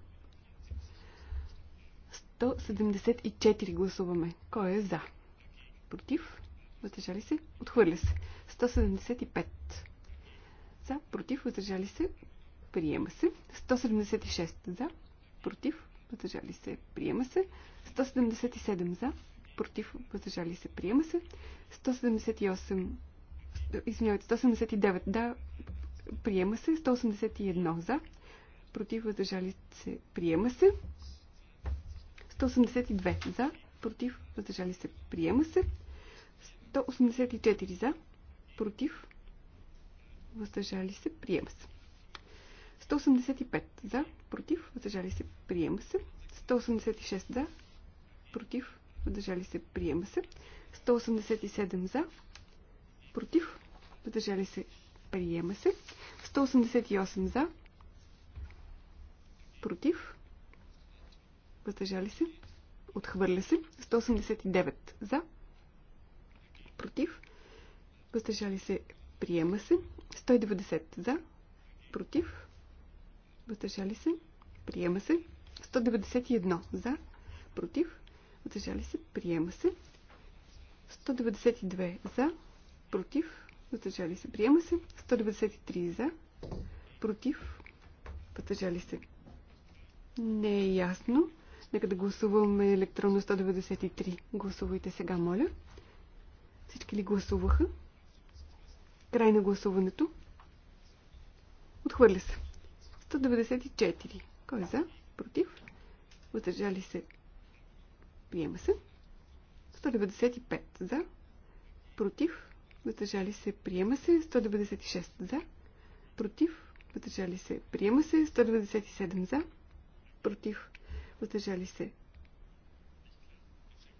174 гласуваме. Кой е за? Против? Въздържали се? Отхвърля се. 175. За, против, въздържали се? Приема се. 176 за, против, въздържали се? Приема се. 177 за, против, въздържали се? Приема се. 178. Извинявайте, 179 да, приема се. 181 за, против, въздържали се? Приема се. 182 за, против, въздържали се, приема се. 184 за, против, въздържали се, приема се. 185 за, против, въздържали се, приема се. 186 за, против, въздържали се, приема се. 187 за, против, въздържали се, приема се. 188 за, против, Въздържали се. Отхвърля се. 189 за. Против. Въздържали се. Приема се. 190 за. Против. Въздържали се. Приема се. 191 за. Против. Въздържали се. Приема се. 192 за. Против. Въздържали се. Приема се. 193 за. Против. Въздържали се. Не е ясно. Нека да гласуваме електронно 193. Гласувайте сега, моля. Всички ли гласуваха? Край на гласуването. Отхвърля се. 194. Кой е за? Против? Въздържали се? Приема се. 195 за. Против? Въздържали се? Приема се. 196 за. Против? Въздържали се? Приема се. 197 за. Против? въздържали се.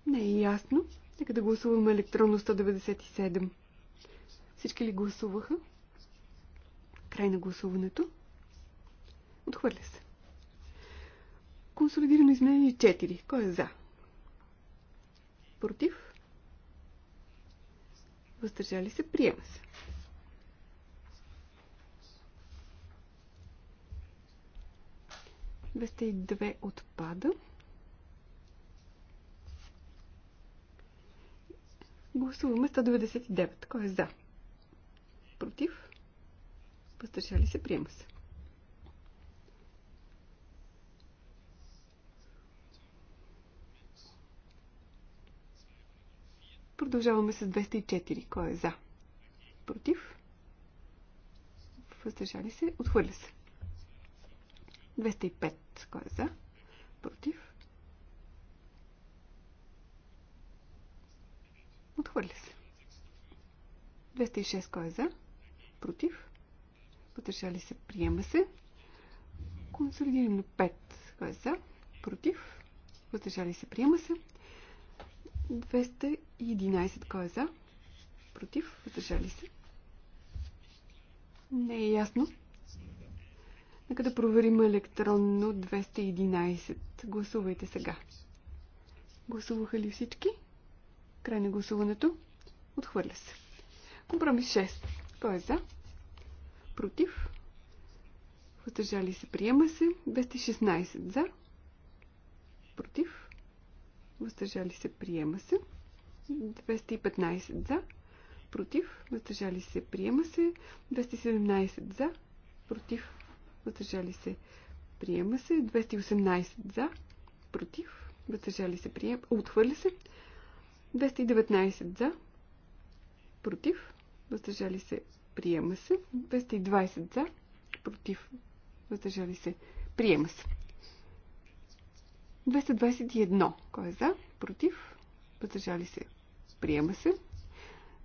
Не е ясно. Нека да гласуваме електронно 197. Всички ли гласуваха? Край на гласуването. Отхвърля се. Консолидирано изменение 4. Кой е за? Против? Въздържали се? Приема се. 202 отпада. Гласуваме 199. Кой е за? Против? Въздържали се? Приема се. Продължаваме с 204. Кой е за? Против? Въздържали се? Отхвърля се. 205. Кой е за? Против? Отхвърля се. 206. Кой е за? Против? Въздържали се. Приема се. на 5. Кой е за? Против? Въздържали се. Приема се. 211. Кой е за? Против? Въздържали се. Не е ясно. Нека да проверим електронно 211. Гласувайте сега. Гласуваха ли всички? Край на гласуването. Отхвърля се. Компромис 6. Кой е за? Против? Въздържали се. Приема се. 216 за. Против? Въздържали се. Приема се. 215 за. Против? Въздържали се. Приема се. 217 за. Против? въздържали се, приема се. 218 за, против, въздържали се, приема, отхвърля се. 219 за, против, въздържали се, приема се. 220 за, против, въздържали се, приема се. 221. Кой е за? Против? Въздържали се. Приема се.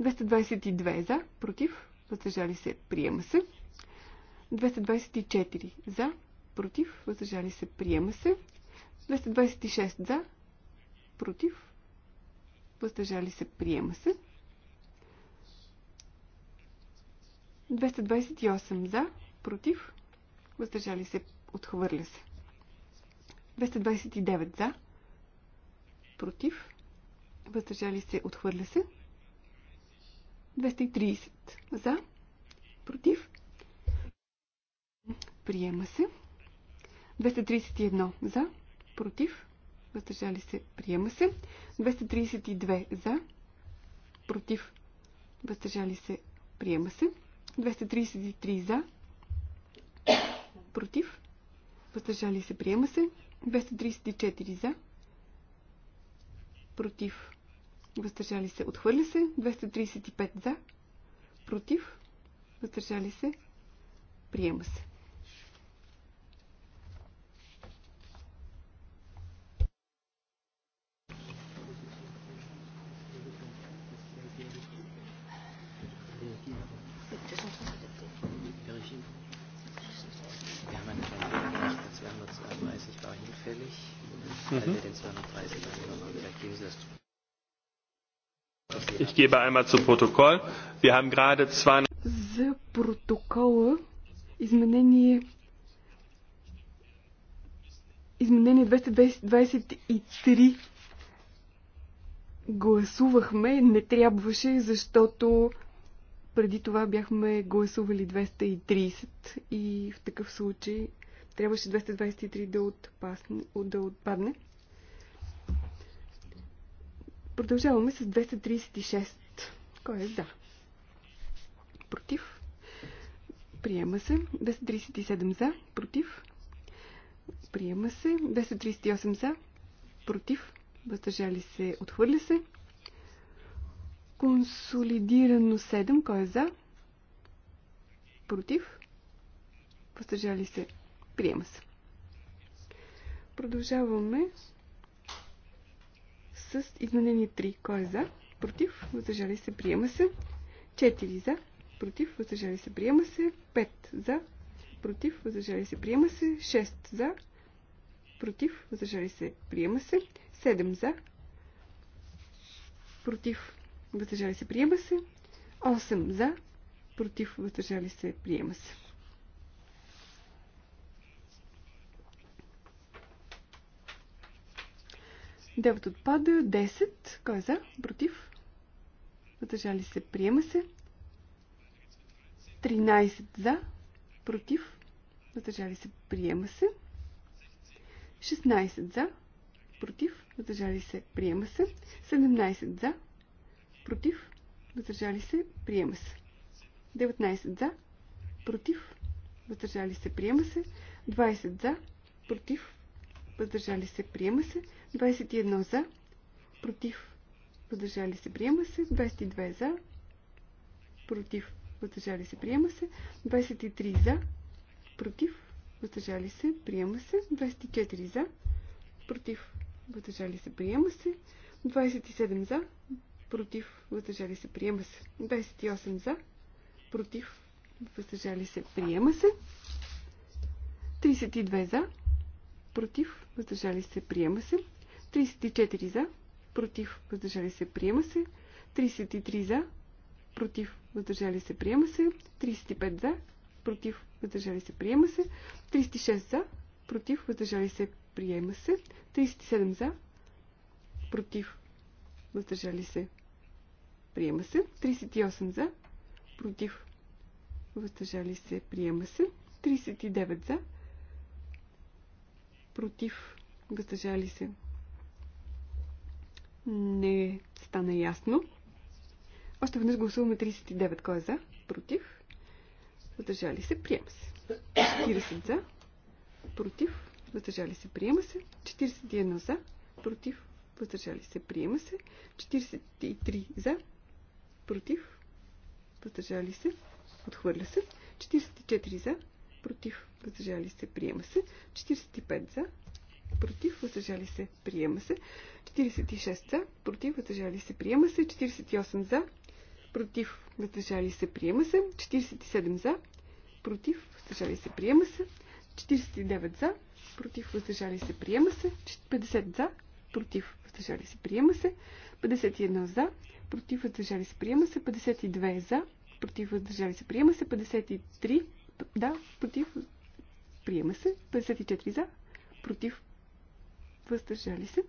222 за. Против? Въздържали се. Приема се. 224 за, против, въздържали се, приема се. 226 за, против, въздържали се, приема се. 228 за, против, въздържали се, отхвърля се. 229 за, против, въздържали се, отхвърля се. 230 за, против, Приема се. 231 за. Против. Въздържали се. Приема се. 232 за. Против. Въздържали се. Приема се. 233 за. Против. Въздържали се. Приема се. 234 за. Против. Въздържали се. Отхвърля се. 235 за. Против. Въздържали се. Приема се. Mhm. Ich gebe einmal zu Protokoll. Wir haben gerade zwei... За протокола изменение изменение 223 гласувахме, не трябваше, защото преди това бяхме гласували 230 и в такъв случай Трябваше 223 да, отпасне, да отпадне. Продължаваме с 236. Кой е за? Против. Приема се. 237 за. Против. Приема се. 238 за. Против. Въздържали се. Отхвърля се. Консолидирано 7. Кой е за? Против. Въздържали се. Приема се. Продължаваме с изменение 3. Кой е за? Против? Въздържали се? Приема се. 4 за? Против? Въздържали се? Приема се. 5 за? Против? Въздържали се? Приема се. 6 за? Против? Въздържали се? Приема се. 7 за? Против? Въздържали се? Приема се. 8 за? Против? Въздържали се? Приема се. 9 отпада. 10. Кой е за? Против? Въздържали се. Приема се. 13 за. Против? Въздържали се. Приема се. 16 за. Против? Въздържали се. Приема се. 17 за. Против? Въздържали се. Приема се. 19 за. Против? Въздържали се. Приема се. 20 за. Против? въздържали се, приема се. 21 за, против, въздържали се, приема се. 22 за, против, въздържали се, приема се. 23 за, против, въздържали се, приема се. 24 за, против, въздържали се, приема се. 27 за, против, въздържали се, приема се. 28 за, против, въздържали се, приема се. 32 за, против, въздържали се, приема се. 34 за, против, въздържали се, приема се. 33 за, против, въздържали се, приема се. 35 за, против, въздържали се, приема се. 36 за, против, въздържали се, приема се. 37 за, против, въздържали се, приема се. 38 за, против, въздържали се, приема се. 39 за, против, въздържали се. Не стана ясно. Още веднъж гласуваме 39. Кой е за? Против. Въздържали се. Приема се. 40 за. Против. Въздържали се. Приема се. 41 за. Против. Въздържали се. Приема се. 43 за. Против. Въздържали се. Отхвърля се. 44 за против, въздържали се, приема се. 45 за, против, въздържали се, приема се. 46 за, против, въздържали се, приема се. 48 за, против, въздържали се, приема се. 47 за, против, въздържали се, приема се. 49 за, против, въздържали се, приема се. 50 за, против, въздържали се, приема се. 51 за, против, въздържали се, приема се. 52 за, против, въздържали се, приема се. 53 да, против. Приема се. 54 за. Против. Въздържали се.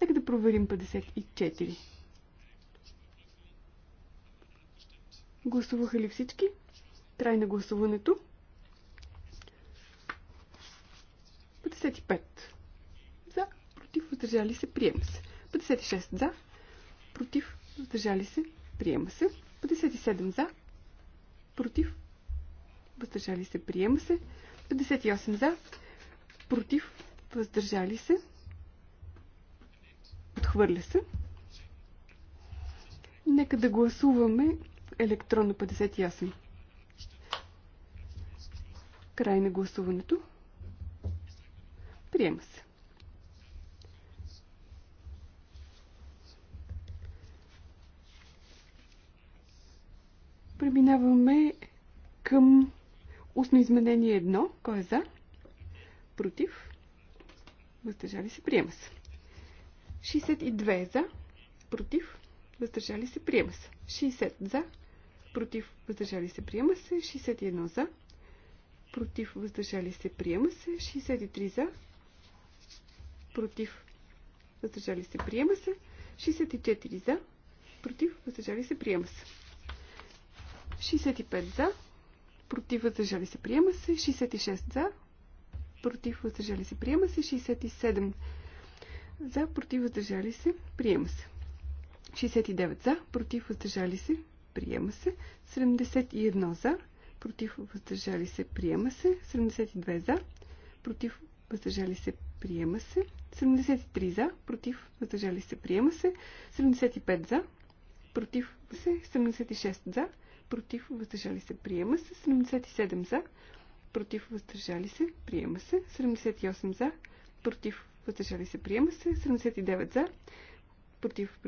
Нека да проверим 54. Гласуваха ли всички? Трай на гласуването. 55. За. Против. Въздържали се. Приема се. 56. За. Против. Въздържали се. Приема се. 57. За против, въздържали се, приема се. 58 за, против, въздържали се, отхвърля се. Нека да гласуваме електронно 58. Край на гласуването. Приема се. Преминаваме към устно изменение 1. Кой е за? Против? Въздържали се? Приема се. 62 е за. Против? Въздържали се? Приема се. 60 за. Против? Въздържали се? Приема се. 61 за. Против? Въздържали се? Приема се. 63 за. Против? Въздържали се? Приема се. 64 за. Против? Въздържали се? Приема се. 65 за, против въздържали се, приема се. 66 за, против въздържали се, приема се. 67 за, против въздържали се, приема се. 69 за, против въздържали се, приема се. 71 за, против въздържали се, приема се. 72 за, против въздържали се, приема се. 73 за, против въздържали се, приема се. 75 за, против се, 76 за, против, въздържали се, приема се. 77 за, против, въздържали се, приема се. 78 за, против, въздържали се, приема се. 79 за, против,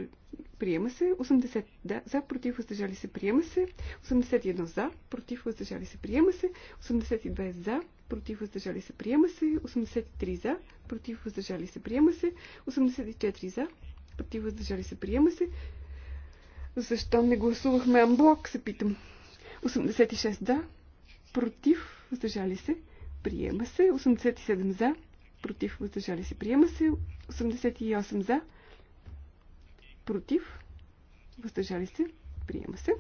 приема се. 80 да, за, против, въздържали се, приема се. 81 за, против, въздържали се, приема се. 82 за, против, въздържали се, приема се. 83 за, против, въздържали се, приема се. 84 за, против, въздържали се, приема се. Защо не гласувахме амблок, се питам. 86 за, да, против, въздържали се, приема се. 87 за, против, въздържали се, приема се. 88 за, против, въздържали се, приема се.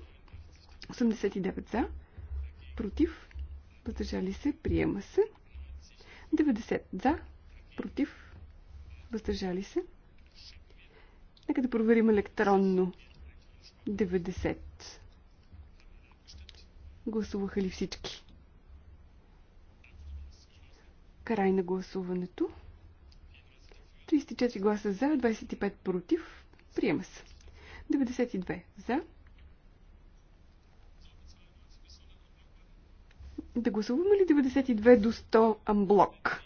89 за, против, въздържали се, приема се. 90 за, против, въздържали се. Нека да проверим електронно. 90. Гласуваха ли всички? Край на гласуването. 34 гласа за, 25 против. Приема се. 92 за. Да гласуваме ли 92 до 100 амблок?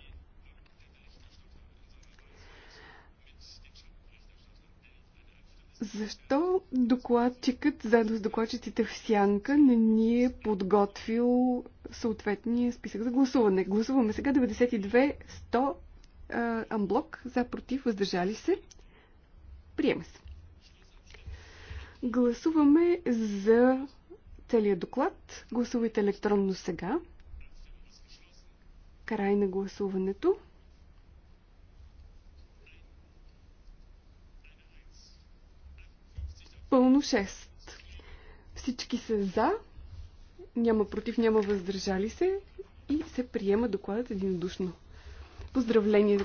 Защо докладчикът, заедно с докладчиците в Сянка, не ни е подготвил съответния списък за гласуване? Гласуваме сега 92-100 амблок, за, против, въздържали се. Приема се. Гласуваме за целият доклад. Гласувайте електронно сега. Край на гласуването. пълно 6. Всички са за, няма против, няма въздържали се и се приема докладът единодушно. Поздравление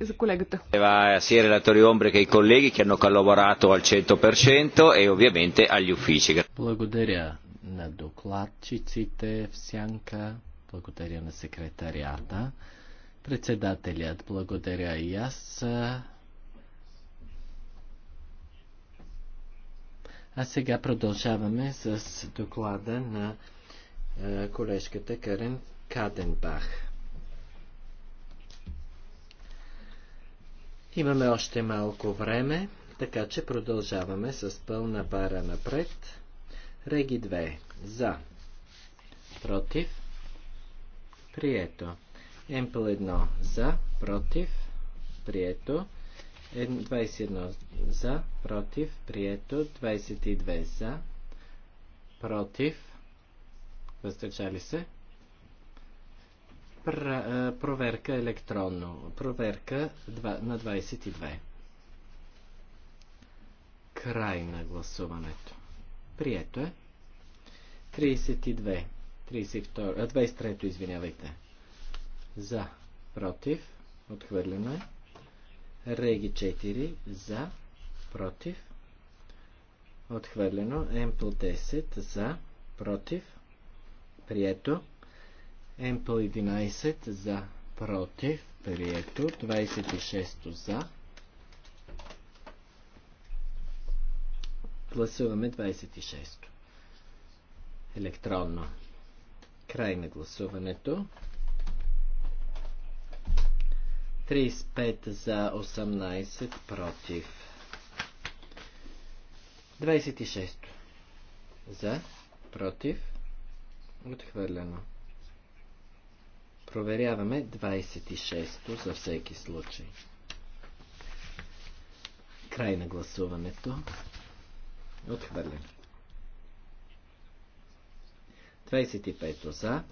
за колегата. Е, sia е релатори che и колеги, ке hanno collaborato ал 100% и ovviamente ал uffici. Благодаря на докладчиците в Сянка, благодаря на секретарията, председателят, благодаря и аз А сега продължаваме с доклада на е, колежката Карен Каденбах. Имаме още малко време, така че продължаваме с пълна пара напред. Реги 2. За. Против. Прието. Емпл 1. За. Против. Прието. 21 за, против, прието, 22 за, против, въздържали се. проверка електронно. Проверка на 22. Край на гласуването. Прието е. 32. 32 23, извинявайте. За, против, отхвърлено е. Реги 4 за, против, отхвърлено. Емпл 10 за, против, прието. Емпл 11 за, против, прието. 26 за. Гласуваме 26 електронно. Край на гласуването. 35 за 18 против. 26 за против. Отхвърлено. Проверяваме 26 за всеки случай. Край на гласуването. Отхвърлено. 25 за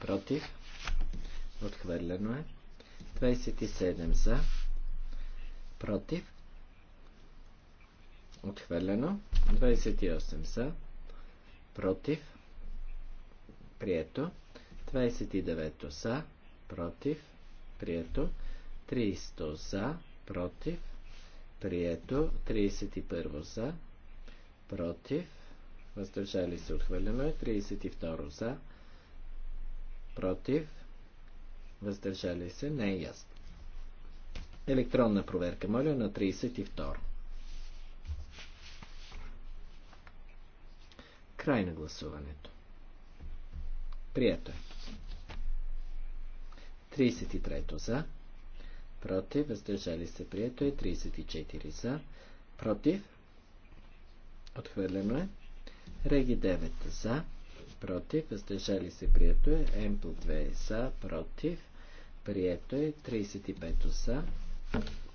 против. Отхвърлено е. 27 за, против, отхвърлено, 28 за, против, прието, 29 за, против, прието, 300 за, против, прието, 31 за, против, въздържали се отхвърлено е, 32 за, против, въздържали се, не е ясно. Електронна проверка, моля, на 32. Край на гласуването. Прието е. 33 за, против, въздържали се, прието е, 34 за, против, отхвърлено е, Реги 9 за, против, въздържали се, прието е, Емпл 2 за, против, Прието е 35 са,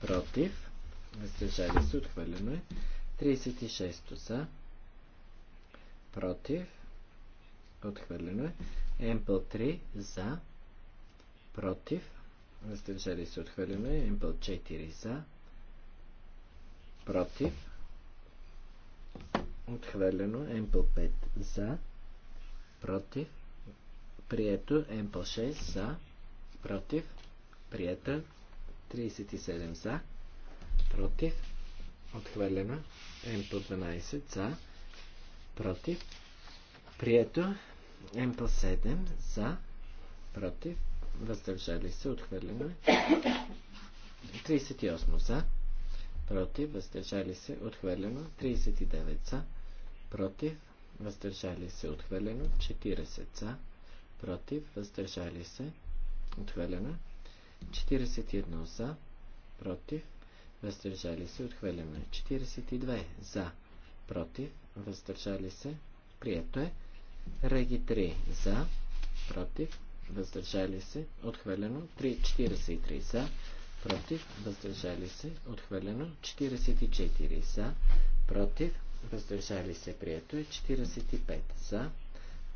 против, въздържали се, отхвърлено е 36 са, против, отхвърлено е МПЛ 3 за, против, въздържали се, отхвърлено е Емпл 4 за, против, отхвърлено е. Емпл 5 за, против, прието Емпл 6 за, против, прията, 37 за, против, отхвърлена, М по 12 за, против, прието, М по 7 за, против, въздържали се, Отхвърлена. 38 за, против, въздържали се, отхвърлено, 39 за, против, въздържали се, отхвърлено, 40 за, против, въздържали се, Хвелена, 41 за. Против. Въздържали се. Хвелена, 42 за. Против. Въздържали се. Прието е. Реги 3 за. Против. Въздържали се. Отхвърлено. 3. 43 за. Против. Въздържали се. Отхвърлено. 44 за. Против. Въздържали се. Прието е. 45 за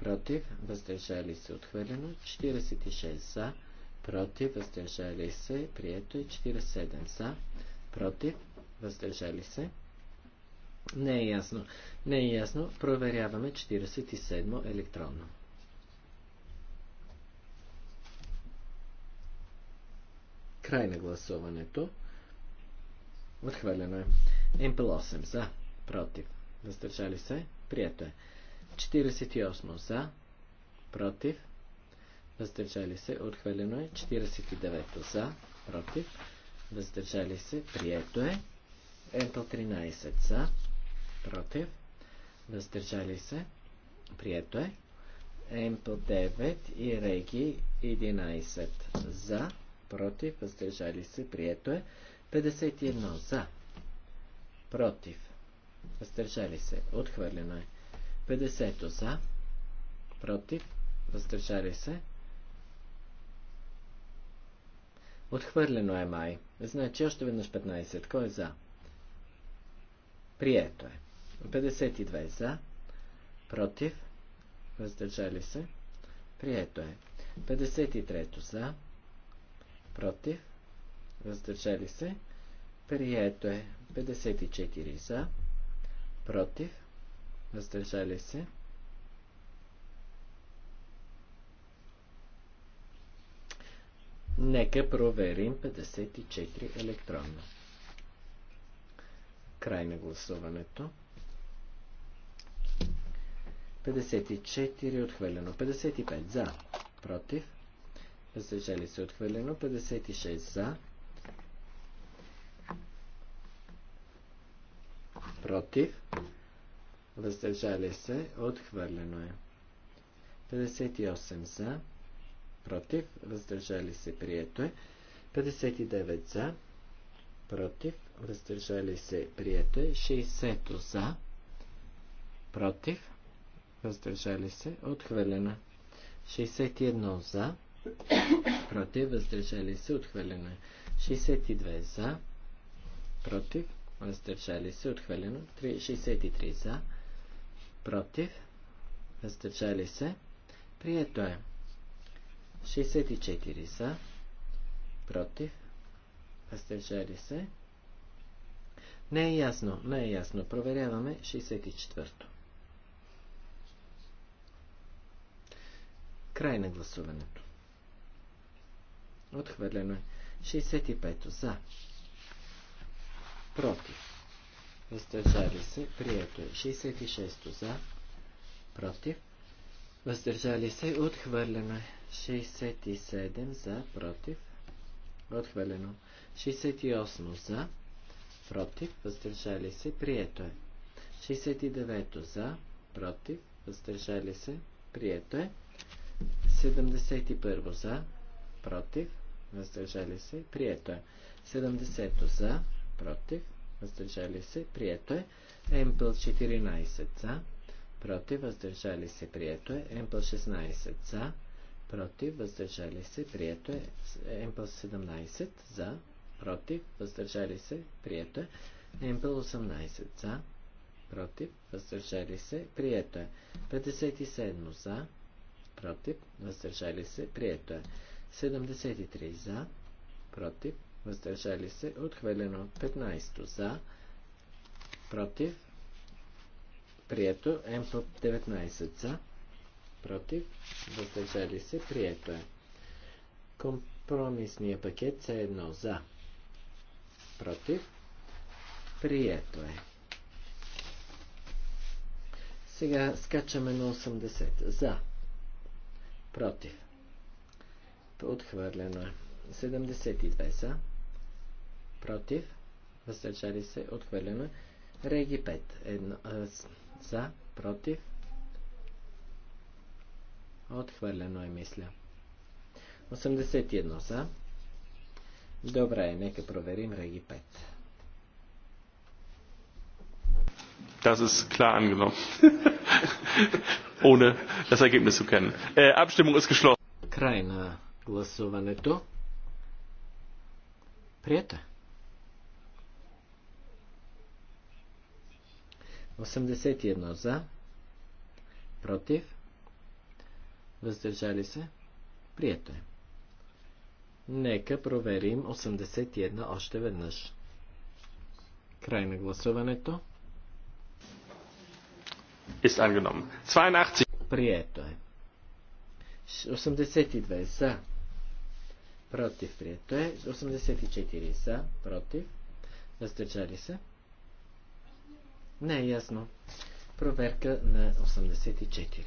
против, въздържали се отхвърлено, 46 за, против, въздържали се, прието е 47 за, против, въздържали се. Не е ясно. Не е ясно. Проверяваме 47 електронно. Край на гласуването. Отхвърлено е. МПЛ 8 за, против, въздържали се, прието е. 48 за, против, въздържали се, отхвърлено е. 49 за, против, въздържали се, прието е. ето 13 за, против, въздържали се, прието е. Емпл 9 и Реги 11 за, против, въздържали се, прието е. 51 за, против, въздържали се, отхвърлено е. 50 за, против, въздържали се, Отхвърлено е май. Значи още веднъж 15. Кой е за? Прието е. 52 за. Против. Въздържали се. Прието е. 53 за. Против. Въздържали се. Прието е. 54 за. Против. Въздържали се. Нека проверим 54 електронно. Край на гласуването. 54 е отхвърлено. 55 за. Против. Въздържали се отхвърлено. 56 за. Против. Въздържали се. Отхвърлено е. 58 за против, въздържали се, прието е. 59 за, против, въздържали се, прието е. 60 за, против, въздържали се, отхвърлена. 61 за, против, въздържали се, отхвърлена. 62 за, против, въздържали се, отхвърлено. 63 за, против, въздържали се, прието е. 64 за, против, въздържали се. Не е ясно, не е ясно. Проверяваме 64-то. Край на гласуването. Отхвърлено е 65 за. Против. Въздържали се. Прието е 66 за. Против. Въздържали се. Отхвърлено е 67 за, против, отхвърлено. 68 за, против, въздържали се, прието е. 69 за, против, въздържали се, прието е. 71 за, против, въздържали се, прието е. 70 за, против, въздържали се, прието е. Емпл 14 за, против, въздържали се, прието е. Емпл 16 за, против, въздържали се, прието е. Емпъл 17 за, против, въздържали се, прието е. Емпъл 18 за, против, въздържали се, прието е. 57 за, против, въздържали се, прието е. 73 за, против, въздържали се, отхвърлено 15 за, против, прието, МП 19 за, против, въздържали се, прието е. Компромисния пакет са едно за, против, прието е. Сега скачаме на 80. За. Против. Отхвърлено е. 72 за. Против. Въздържали се. Отхвърлено е. Реги 5. Едно, а, за. Против Отхвърлено е, мисля. 81 за. Добре, нека проверим Реги 5. Das ist klar angenommen. Ohne das Ergebnis zu kennen. Äh, Abstimmung ist geschlossen. Край на гласуването. Прието. 81 за. Против въздържали се, прието е. Нека проверим 81 още веднъж. Край на гласуването. Ist angenommen. 82. Прието е. 82 за. Против прието е. 84 за. Против. Въздържали се. Не е ясно. Проверка на 84.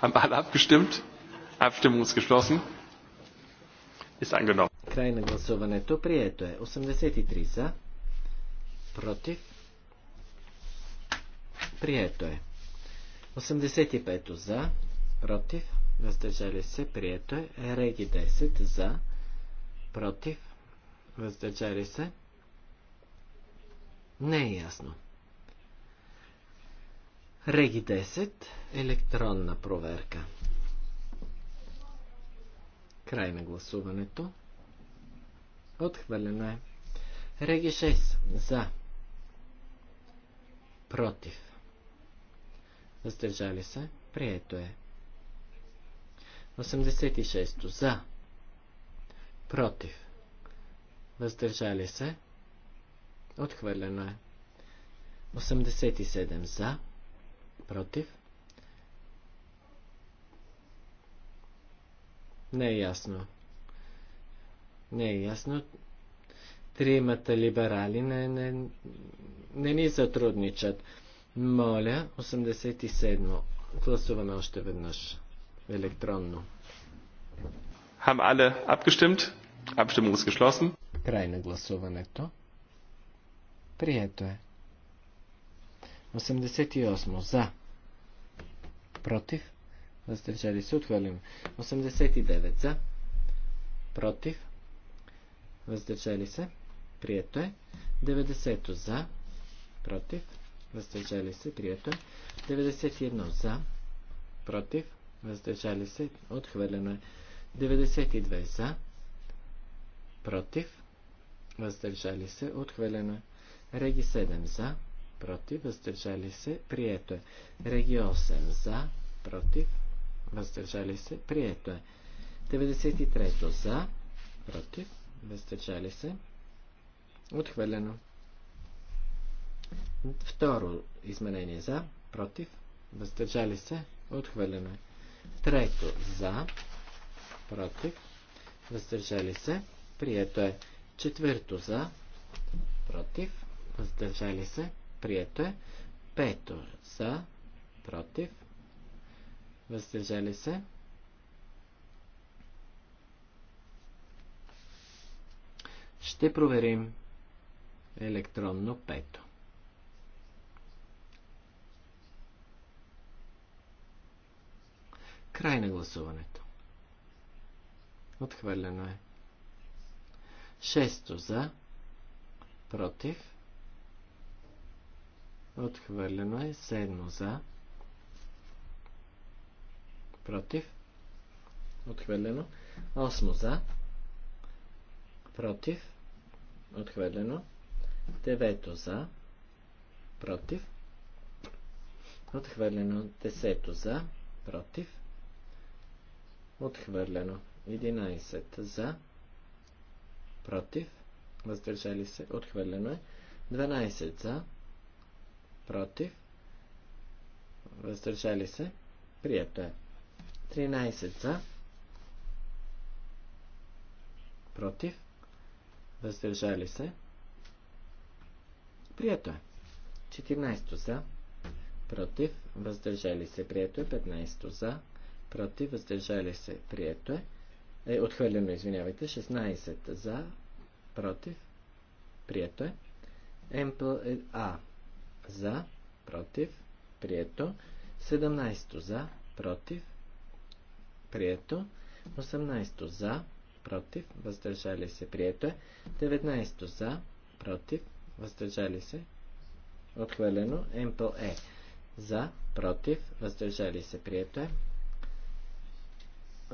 Haben alle abgestimmt? Abstimmung ist geschlossen. Ist angenommen. Край на гласуването. Прието е. 83 за. Против. Прието е. 85 за. Против. Въздържали се. Прието е. Реги 10 за. Против. Въздържали се. Не е ясно. Реги 10. Електронна проверка. Край на гласуването. Отхвърлено е. Реги 6. За. Против. Въздържали се. Прието е. 86. За. Против. Въздържали се. Отхвърлено е. 87. За против. Не е ясно. Не е ясно. Тримата либерали не, не, не ни затрудничат. Моля, 87. Гласуваме още веднъж. Електронно. Хам але abgestimmt? Abstimmung ist geschlossen. Край на гласуването. Прието е. 88. За против, въздържали се, отхвърлим. 89 за, против, въздържали се, прието е. 90 за, против, въздържали се, прието е. 91 за, против, въздържали се, отхвърлено е. 92 за, против, въздържали се, отхвърлено е. Реги 7 за, против, въздържали се, прието е. Реги 8 за, против, въздържали се, прието е. 93 за, против, въздържали се, отхвърлено. Второ изменение за, против, въздържали се, отхвърлено е. Трето за, против, въздържали се, прието е. Четвърто за, против, въздържали се, Прието е. Пето за, против, въздържали се. Ще проверим електронно пето. Край на гласуването. Отхвърлено е. Шесто за, против, Отхвърлено е. Седмо за. Против. Отхвърлено. Осмо за. Против. Отхвърлено. Девето за. Против. Отхвърлено. Десето за. Против. Отхвърлено. 11 за. Против. Въздържали се. Отхвърлено е. 12 за против, въздържали се, прието е. 13 за, против, въздържали се, прието е. 14 за, против, въздържали се, прието е. 15 за, против, въздържали се, прието е. е отхвърлено, извинявайте, 16 за, против, прието е. Емпл е А за, против, прието. 17 за, против, прието. 18 за, против, въздържали се, прието е. 19 за, против, въздържали се, отхвърлено. Емпъл е за, против, въздържали се, прието е.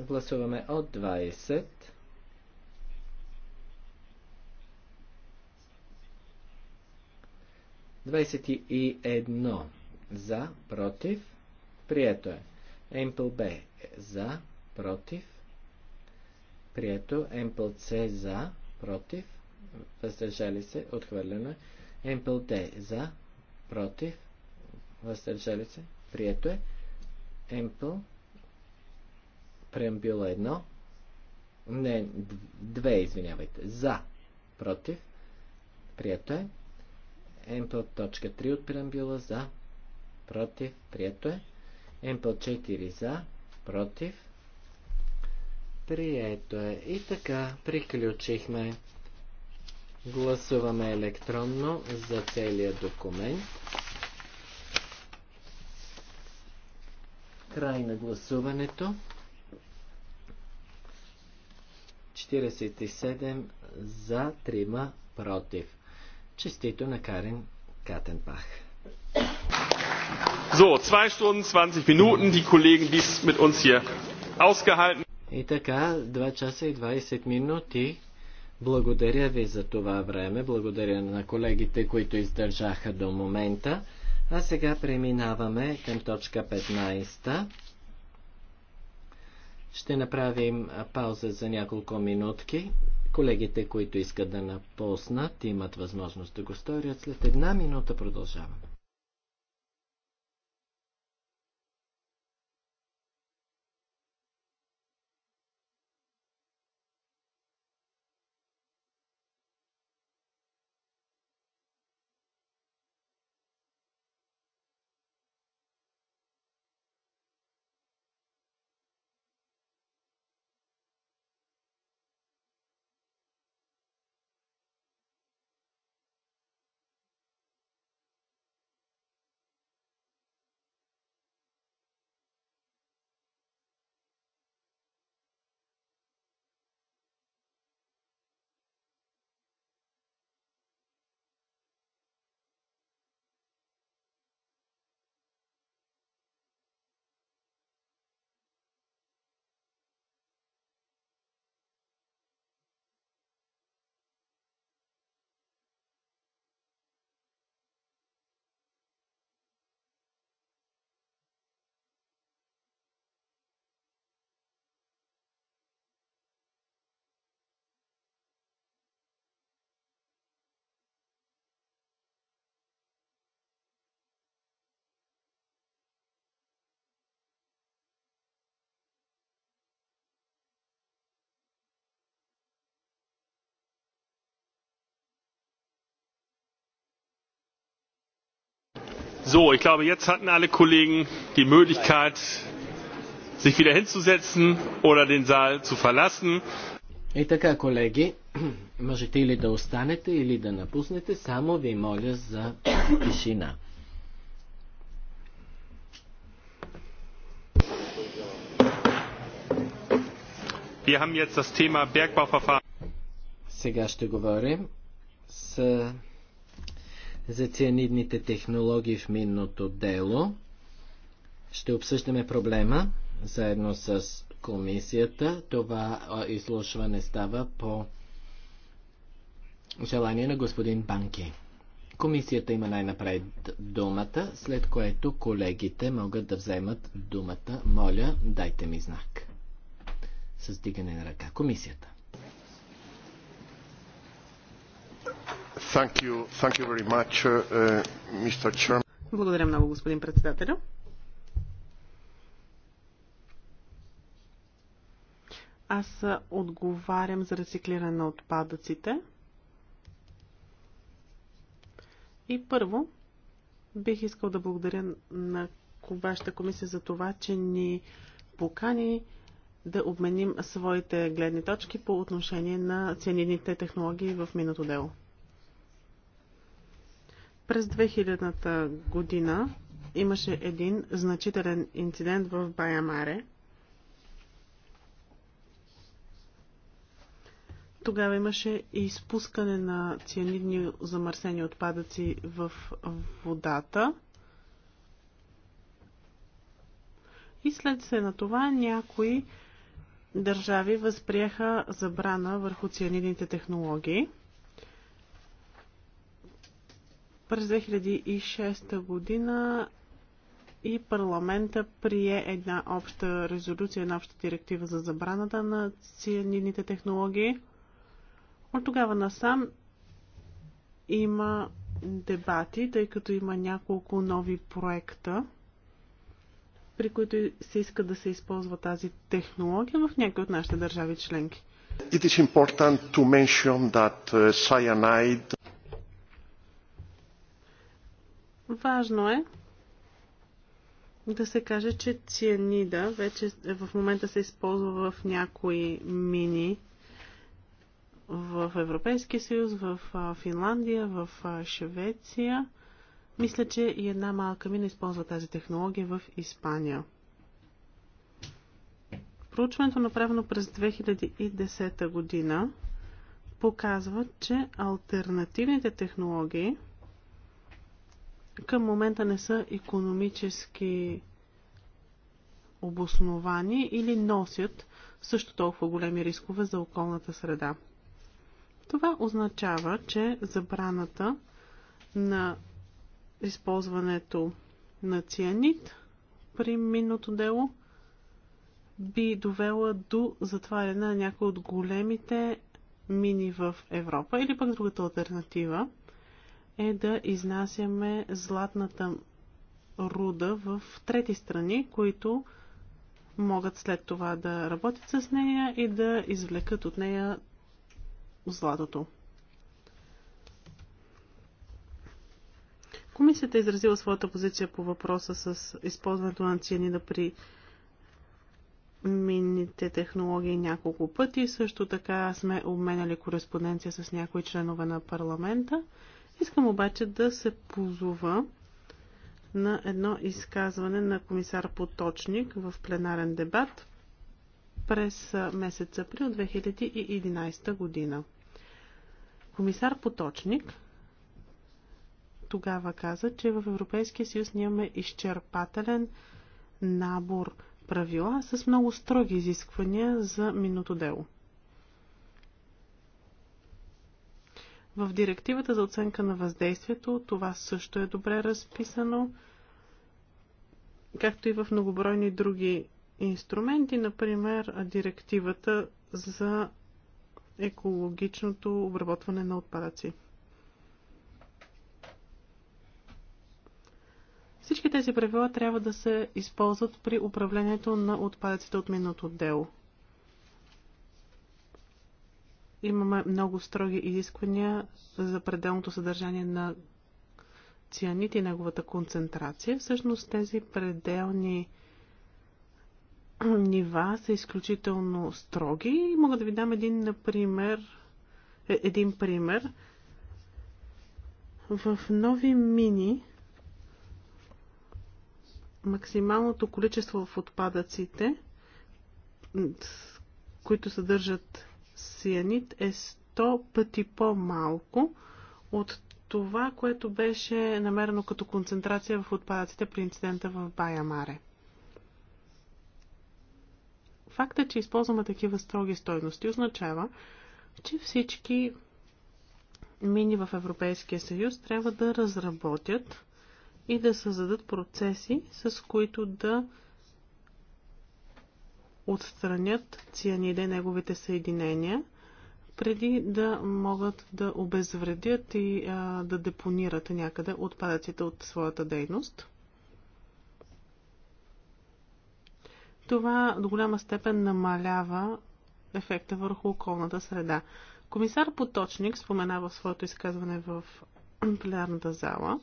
Гласуваме от 20 21 за, против, прието е. Емпл Б за, против, прието. Емпл С за, против, въздържали се, отхвърлено е. Емпл Д за, против, въздържали се, прието е. Емпл преамбюла 1, не, 2, извинявайте, за, против, прието е. МПЛ точка 3 от преамбюла за, против, прието е. МПЛ 4 за, против, прието е. И така, приключихме. Гласуваме електронно за целия документ. Край на гласуването. 47 за, 3 против. Честито на Карен Катенбах. So, 2 Stunden 20 Minuten, die Kollegen, die es mit uns hier ausgehalten. И така, 2 часа и 20 минути. Благодаря ви за това време. Благодаря на колегите, които издържаха до момента. А сега преминаваме към точка 15. Ще направим пауза за няколко минутки. Колегите, които искат да напуснат, имат възможност да го сторят. След една минута продължаваме. So, ich glaube, jetzt hatten alle Kollegen die Möglichkeit, sich wieder hinzusetzen oder den Saal zu verlassen. И така, колеги, можете или да останете, или да напуснете, само ви моля за тишина. Wir haben jetzt das Thema Сега ще говорим с за цианидните технологии в минното дело. Ще обсъждаме проблема заедно с комисията. Това изслушване става по желание на господин Банки. Комисията има най-напред думата, след което колегите могат да вземат думата. Моля, дайте ми знак. С дигане на ръка. Комисията. Uh, uh, благодаря много, господин председател. Аз отговарям за рециклиране на отпадъците. И първо, бих искал да благодаря на вашата комисия за това, че ни покани да обменим своите гледни точки по отношение на цианидните технологии в миното дело. През 2000-та година имаше един значителен инцидент в Баямаре. Тогава имаше изпускане на цианидни замърсени отпадъци в водата. И след се на това някои държави възприеха забрана върху цианидните технологии. През 2006 година и парламента прие една обща резолюция, една обща директива за забраната на цианидните технологии. От тогава насам има дебати, тъй като има няколко нови проекта, при които се иска да се използва тази технология в някои от нашите държави членки. It is important to mention that uh, cyanide Важно е да се каже, че цианида вече в момента се използва в някои мини в Европейския съюз, в Финландия, в Швеция. Мисля, че и една малка мина използва тази технология в Испания. Проучването, направено през 2010 година, показва, че альтернативните технологии към момента не са економически обосновани или носят също толкова големи рискове за околната среда. Това означава, че забраната на използването на цианид при минното дело би довела до затваряне на някои от големите мини в Европа или пък другата альтернатива – е да изнасяме златната руда в трети страни, които могат след това да работят с нея и да извлекат от нея златото. Комисията е изразила своята позиция по въпроса с използването на цианида при минните технологии няколко пъти. Също така сме обменяли кореспонденция с някои членове на парламента. Искам обаче да се позова на едно изказване на комисар Поточник в пленарен дебат през месец април 2011 година. Комисар Поточник тогава каза, че в Европейския съюз имаме изчерпателен набор правила с много строги изисквания за минуто дело. В директивата за оценка на въздействието това също е добре разписано, както и в многобройни други инструменти, например директивата за екологичното обработване на отпадъци. Всички тези правила трябва да се използват при управлението на отпадъците от минното дело. Имаме много строги изисквания за пределното съдържание на цианит и неговата концентрация. Всъщност тези пределни нива са изключително строги. Мога да ви дам един, например, е, един пример. В нови мини максималното количество в отпадъците, които съдържат сианит е 100 пъти по-малко от това, което беше намерено като концентрация в отпадъците при инцидента в Баямаре. Факта, че използваме такива строги стойности означава, че всички мини в Европейския съюз трябва да разработят и да създадат процеси, с които да отстранят цианида и неговите съединения, преди да могат да обезвредят и а, да депонират някъде отпадъците от своята дейност. Това до голяма степен намалява ефекта върху околната среда. Комисар Поточник споменава в своето изказване в пленарната зала,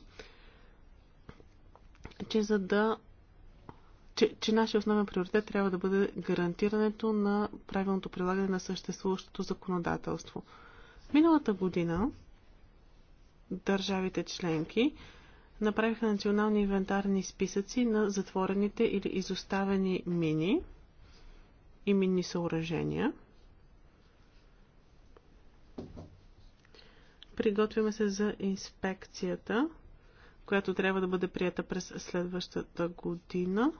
че за да че, че нашия основен приоритет трябва да бъде гарантирането на правилното прилагане на съществуващото законодателство. Миналата година държавите членки направиха национални инвентарни списъци на затворените или изоставени мини и минни съоръжения. Приготвяме се за инспекцията, която трябва да бъде прията през следващата година.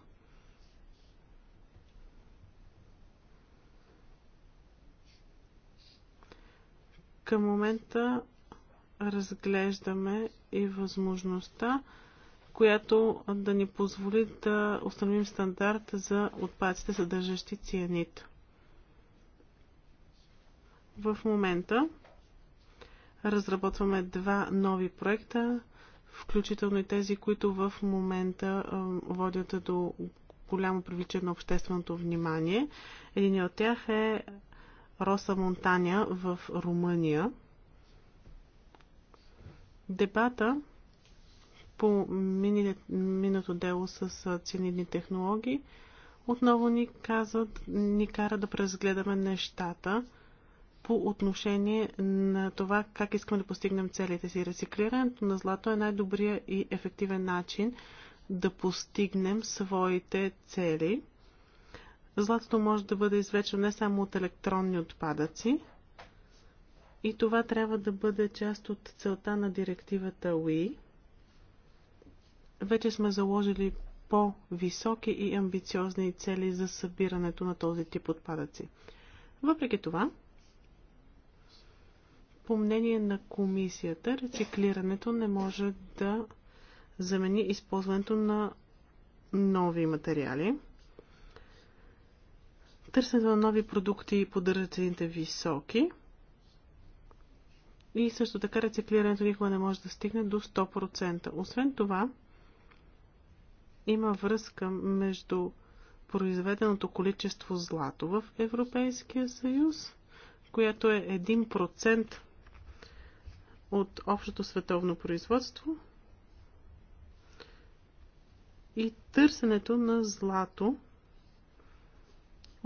Към момента разглеждаме и възможността, която да ни позволи да установим стандарт за отпадците, съдържащи цианид. В момента разработваме два нови проекта, включително и тези, които в момента водят до голямо привличане на общественото внимание. Един от тях е Роса Монтаня в Румъния. Дебата по минато дело с ценидни технологии отново ни, казват, ни кара да преразгледаме нещата по отношение на това как искаме да постигнем целите си. Рециклирането на злато е най-добрия и ефективен начин да постигнем своите цели – Златото може да бъде извлечено не само от електронни отпадъци. И това трябва да бъде част от целта на директивата WE. Вече сме заложили по-високи и амбициозни цели за събирането на този тип отпадъци. Въпреки това, по мнение на комисията, рециклирането не може да замени използването на нови материали. Търсенето на нови продукти поддържа цените високи. И също така рециклирането никога не може да стигне до 100%. Освен това, има връзка между произведеното количество злато в Европейския съюз, която е 1% от общото световно производство, и търсенето на злато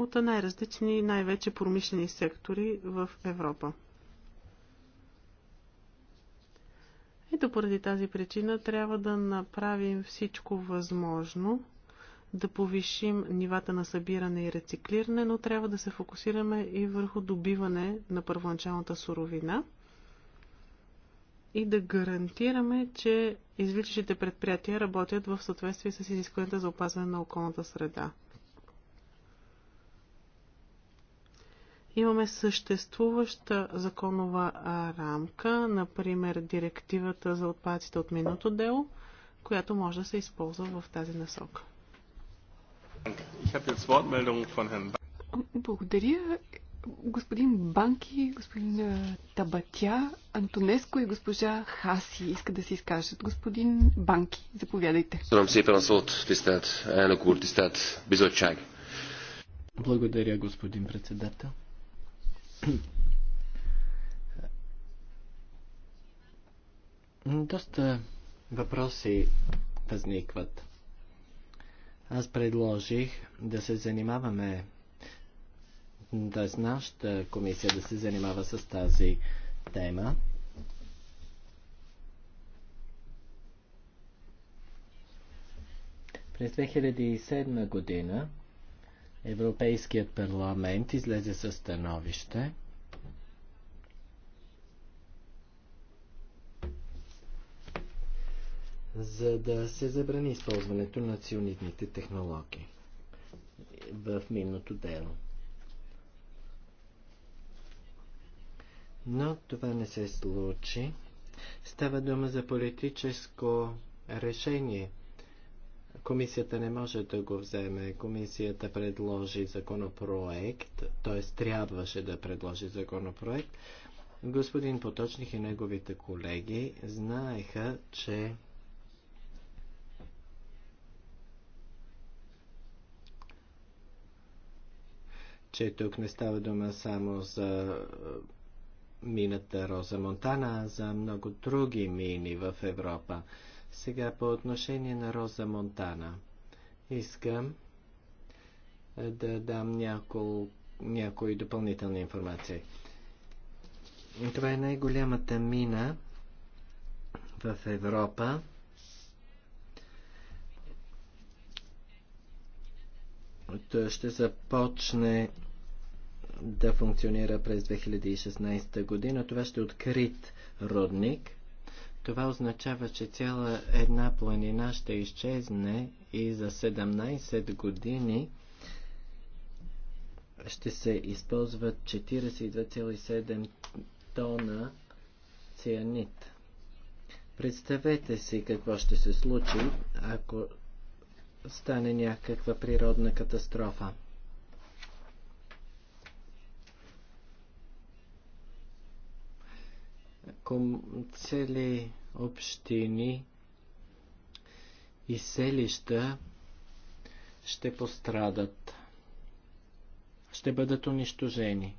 от най-различни, най-вече промишлени сектори в Европа. Ето поради тази причина трябва да направим всичко възможно, да повишим нивата на събиране и рециклиране, но трябва да се фокусираме и върху добиване на първоначалната суровина и да гарантираме, че извличащите предприятия работят в съответствие с изискването за опазване на околната среда. Имаме съществуваща законова рамка, например директивата за отпадците от миналото дело, която може да се използва в тази насока. Благодаря. Господин Банки, господин Табатя, Антонеско и госпожа Хаси искат да се изкажат. Господин Банки, заповядайте. Благодаря, господин председател. Доста въпроси възникват. Аз предложих да се занимаваме, да нашата комисия да се занимава с тази тема. През 2007 година Европейският парламент излезе със становище, за да се забрани използването на ционидните технологии в минното дело. Но това не се случи. Става дума за политическо решение. Комисията не може да го вземе. Комисията предложи законопроект, т.е. трябваше да предложи законопроект. Господин Поточник и неговите колеги знаеха, че че тук не става дума само за е, мината Роза Монтана, а за много други мини в Европа. Сега по отношение на Роза Монтана. Искам е, да дам няколко някои допълнителни информации. Това е най-голямата мина в Европа. Той ще започне да функционира през 2016 година. Това ще е открит родник – това означава, че цяла една планина ще изчезне и за 17 години ще се използват 42,7 тона цианит. Представете си какво ще се случи, ако стане някаква природна катастрофа. цели общини и селища ще пострадат, ще бъдат унищожени.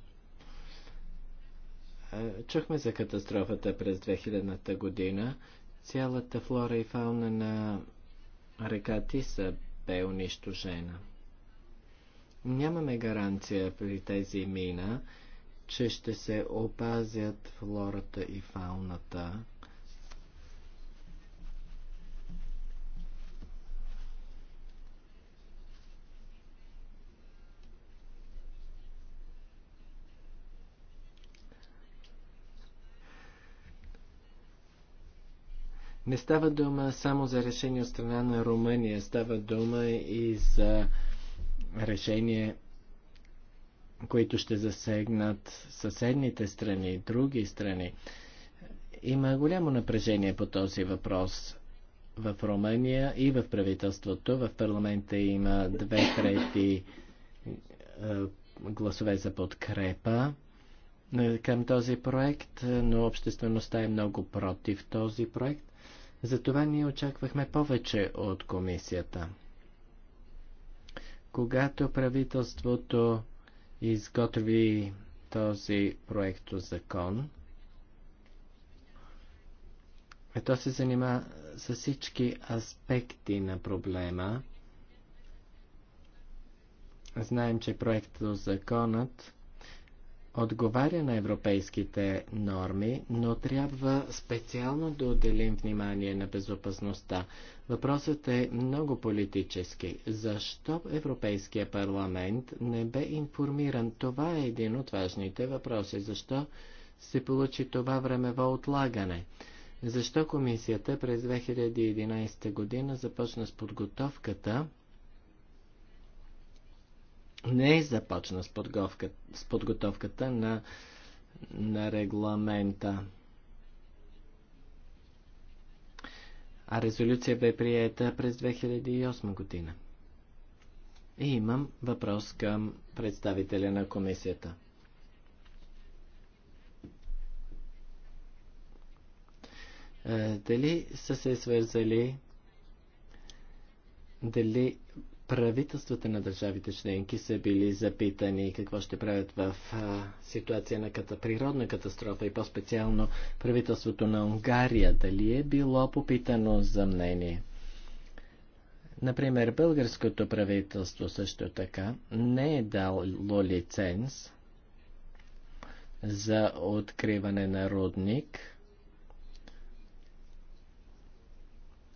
Е, чухме за катастрофата през 2000-та година. Цялата флора и фауна на река Тиса бе унищожена. Нямаме гаранция при тези мина, че ще се опазят флората и фауната. Не става дума само за решение от страна на Румъния, става дума и за решение които ще засегнат съседните страни, други страни. Има голямо напрежение по този въпрос в Румъния и в правителството. В парламента има две трети е, гласове за подкрепа е, към този проект, но обществеността е много против този проект. Затова ние очаквахме повече от комисията. Когато правителството изготви този проекто закон. Ето се занима с всички аспекти на проблема. Знаем, че проектът законът отговаря на европейските норми, но трябва специално да отделим внимание на безопасността. Въпросът е много политически. Защо Европейския парламент не бе информиран? Това е един от важните въпроси. Защо се получи това времево отлагане? Защо комисията през 2011 година започна с подготовката не е започна с, с подготовката на, на регламента. А резолюция бе приета през 2008 година. И имам въпрос към представителя на комисията. Е, дали са се свързали, дали правителствата на държавите членки са били запитани какво ще правят в а, ситуация на ката, природна катастрофа и по-специално правителството на Унгария. Дали е било попитано за мнение? Например, българското правителство също така не е дало лиценз за откриване на родник.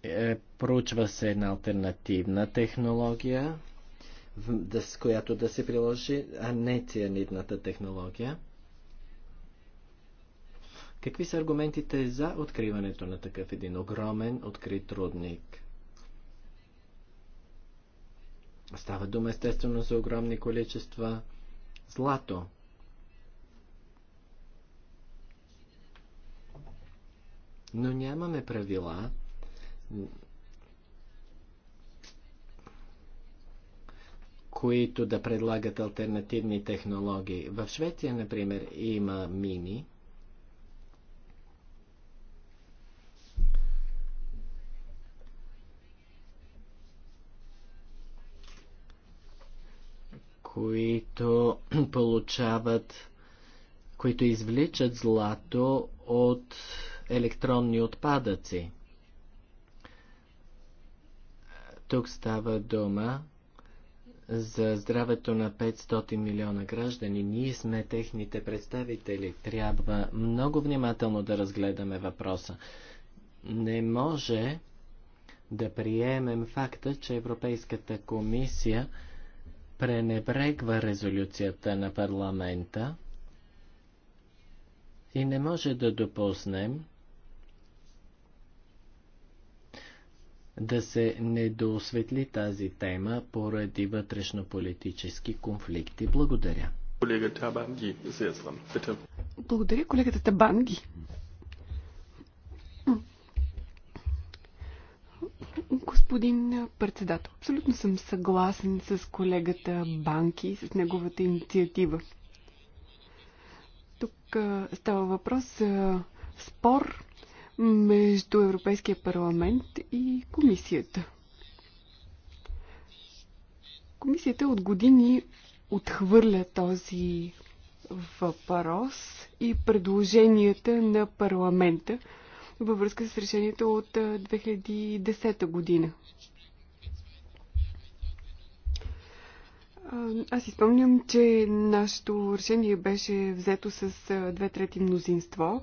е, проучва се една альтернативна технология, в, с която да се приложи, а не цианидната технология. Какви са аргументите за откриването на такъв един огромен открит рудник? Става дума естествено за огромни количества злато. Но нямаме правила, които да предлагат альтернативни технологии. В Швеция, например, има мини, които получават, които извличат злато от електронни отпадъци. Тук става дума за здравето на 500 милиона граждани. Ние сме техните представители. Трябва много внимателно да разгледаме въпроса. Не може да приемем факта, че Европейската комисия пренебрегва резолюцията на парламента и не може да допуснем, да се недоосветли тази тема поради вътрешнополитически конфликти. Благодаря. Благодаря колегата Табанги. Господин председател, абсолютно съм съгласен с колегата Банки и с неговата инициатива. Тук става въпрос за спор между Европейския парламент и комисията. Комисията от години отхвърля този въпрос и предложенията на парламента във връзка с решението от 2010 година. Аз изпомням, че нашето решение беше взето с две трети мнозинство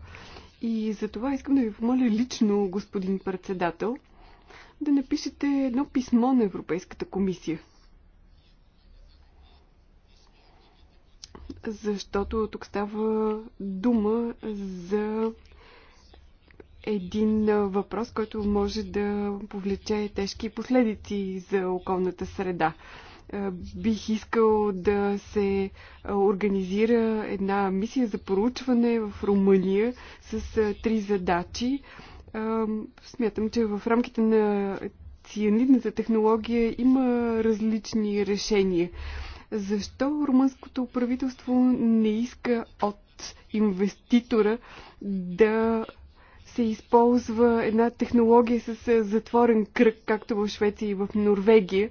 и за това искам да ви помоля лично, господин председател, да напишете едно писмо на Европейската комисия. Защото тук става дума за един въпрос, който може да повлече тежки последици за околната среда. Е, бих искал да се е, организира една мисия за проучване в Румъния с е, три задачи. Смятам, че в рамките на цианидната технология има различни решения. Защо румънското правителство не иска от инвеститора да се използва една технология с затворен кръг, както в Швеция и в Норвегия?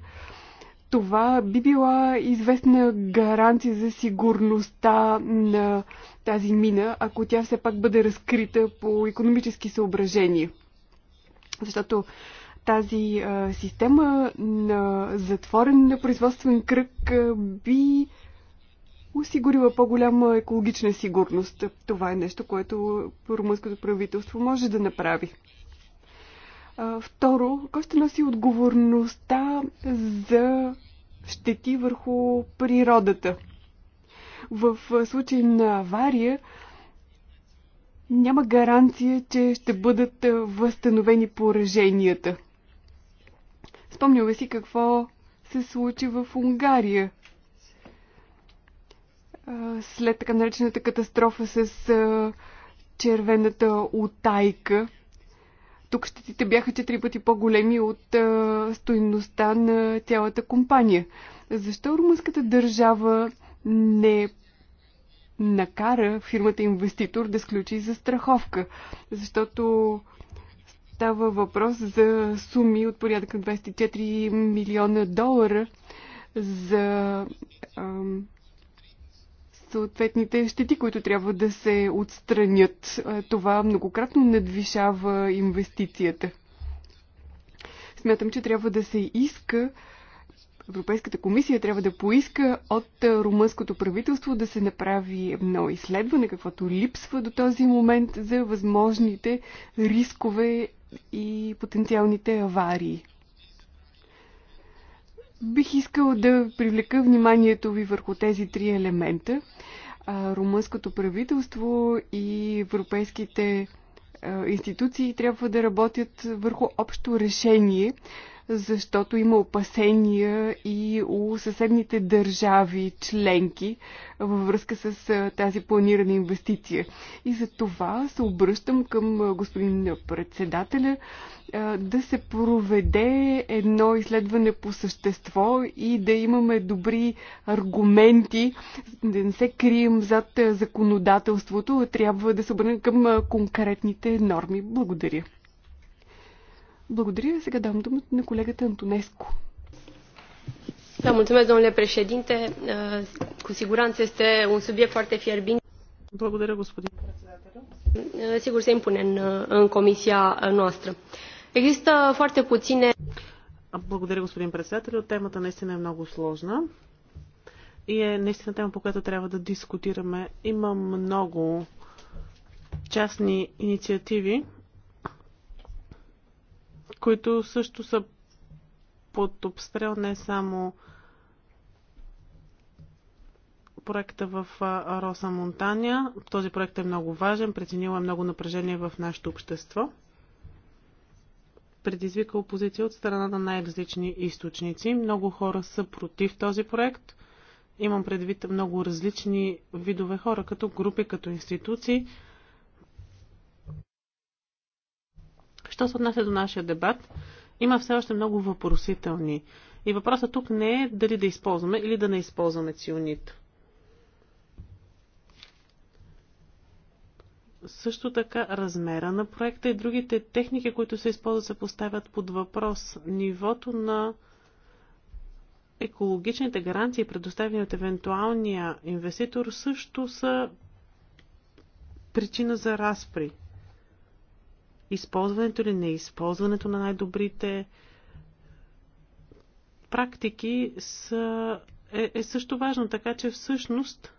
Това би била известна гаранция за сигурността на тази мина, ако тя все пак бъде разкрита по економически съображения. Защото тази а, система на затворен производствен кръг а, би осигурила по-голяма екологична сигурност. Това е нещо, което румънското правителство може да направи. Второ, кой ще носи отговорността за щети върху природата? В случай на авария няма гаранция, че ще бъдат възстановени пораженията. Спомняме си какво се случи в Унгария след така наречената катастрофа с червената отайка – тук щетите бяха четири пъти по-големи от а, стоеността на цялата компания. Защо румънската държава не накара фирмата инвеститор да сключи застраховка? Защото става въпрос за суми от на 24 милиона долара за съответните щети, които трябва да се отстранят. Това многократно надвишава инвестицията. Смятам, че трябва да се иска Европейската комисия трябва да поиска от румънското правителство да се направи едно изследване, каквото липсва до този момент за възможните рискове и потенциалните аварии. Бих искала да привлека вниманието ви върху тези три елемента. Румънското правителство и европейските институции трябва да работят върху общо решение защото има опасения и у съседните държави членки във връзка с тази планирана инвестиция. И за това се обръщам към господин председателя да се проведе едно изследване по същество и да имаме добри аргументи, да не се крием зад законодателството, трябва да се обърнем към конкретните норми. Благодаря. Благодаря. Сега дам думата на колегата Антонеско. Da, mulțumesc, domnule președinte. Cu siguranță este un subiect foarte fierbinte. Благодаря, господин председател. Sigur, se impune în, în comisia noastră. Există foarte puține... Благодаря, господин председател. Темата наистина е много сложна и е наистина тема, по която трябва да дискутираме. Има много частни инициативи, които също са под обстрел не само проекта в Роса Монтания. Този проект е много важен, преценила е много напрежение в нашето общество. Предизвика опозиция от страна на най-различни източници. Много хора са против този проект. Имам предвид много различни видове хора, като групи, като институции. Що се отнася до нашия дебат, има все още много въпросителни. И въпросът тук не е дали да използваме или да не използваме ционит. Също така размера на проекта и другите техники, които се използват, се поставят под въпрос. Нивото на екологичните гаранции, предоставени от евентуалния инвеститор, също са причина за разпри използването или неизползването на най-добрите практики са, е, е също важно, така че всъщност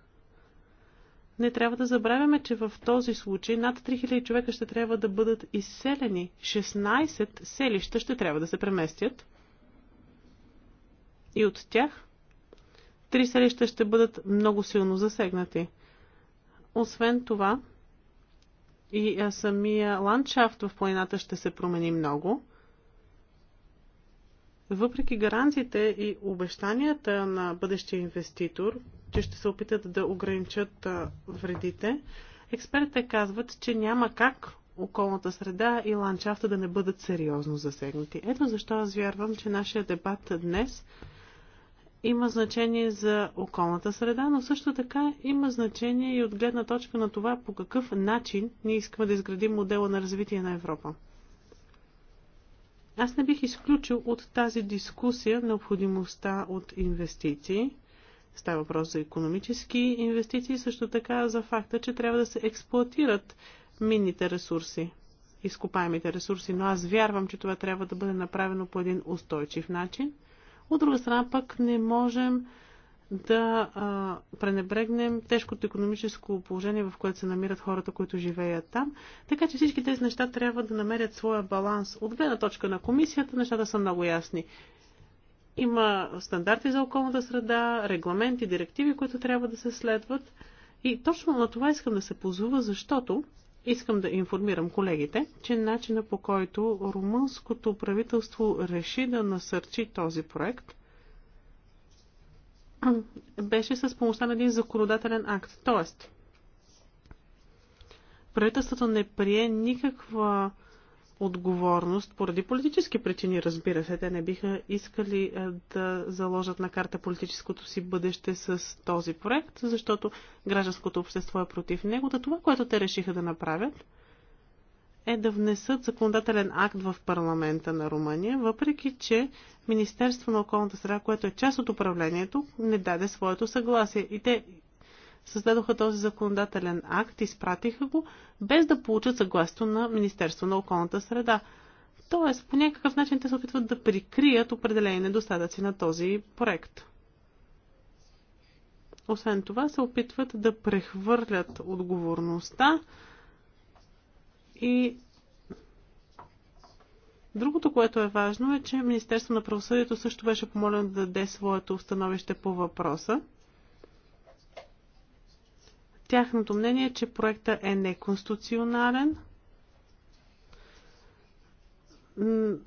не трябва да забравяме, че в този случай над 3000 човека ще трябва да бъдат изселени. 16 селища ще трябва да се преместят. И от тях три селища ще бъдат много силно засегнати. Освен това, и самия ландшафт в планината ще се промени много. Въпреки гаранциите и обещанията на бъдещия инвеститор, че ще се опитат да ограничат вредите, експертите казват, че няма как околната среда и ландшафта да не бъдат сериозно засегнати. Ето защо аз вярвам, че нашия дебат днес има значение за околната среда, но също така има значение и от гледна точка на това по какъв начин ние искаме да изградим модела на развитие на Европа. Аз не бих изключил от тази дискусия необходимостта от инвестиции. Става въпрос за економически инвестиции, също така за факта, че трябва да се експлуатират минните ресурси, изкопаемите ресурси, но аз вярвам, че това трябва да бъде направено по един устойчив начин от друга страна пък не можем да а, пренебрегнем тежкото економическо положение, в което се намират хората, които живеят там. Така че всички тези неща трябва да намерят своя баланс. От гледна точка на комисията нещата са много ясни. Има стандарти за околната среда, регламенти, директиви, които трябва да се следват. И точно на това искам да се позова, защото Искам да информирам колегите, че начина по който румънското правителство реши да насърчи този проект беше с помощта на един законодателен акт. Тоест, правителството не прие никаква отговорност поради политически причини, разбира се. Те не биха искали е, да заложат на карта политическото си бъдеще с този проект, защото гражданското общество е против него. Да това, което те решиха да направят, е да внесат законодателен акт в парламента на Румъния, въпреки че Министерство на околната среда, което е част от управлението, не даде своето съгласие. И те създадоха този законодателен акт, и изпратиха го, без да получат съгласието на Министерство на околната среда. Тоест, по някакъв начин те се опитват да прикрият определени недостатъци на този проект. Освен това, се опитват да прехвърлят отговорността и Другото, което е важно е, че Министерство на правосъдието също беше помолено да даде своето установище по въпроса. Тяхното мнение е, че проекта е неконституционален.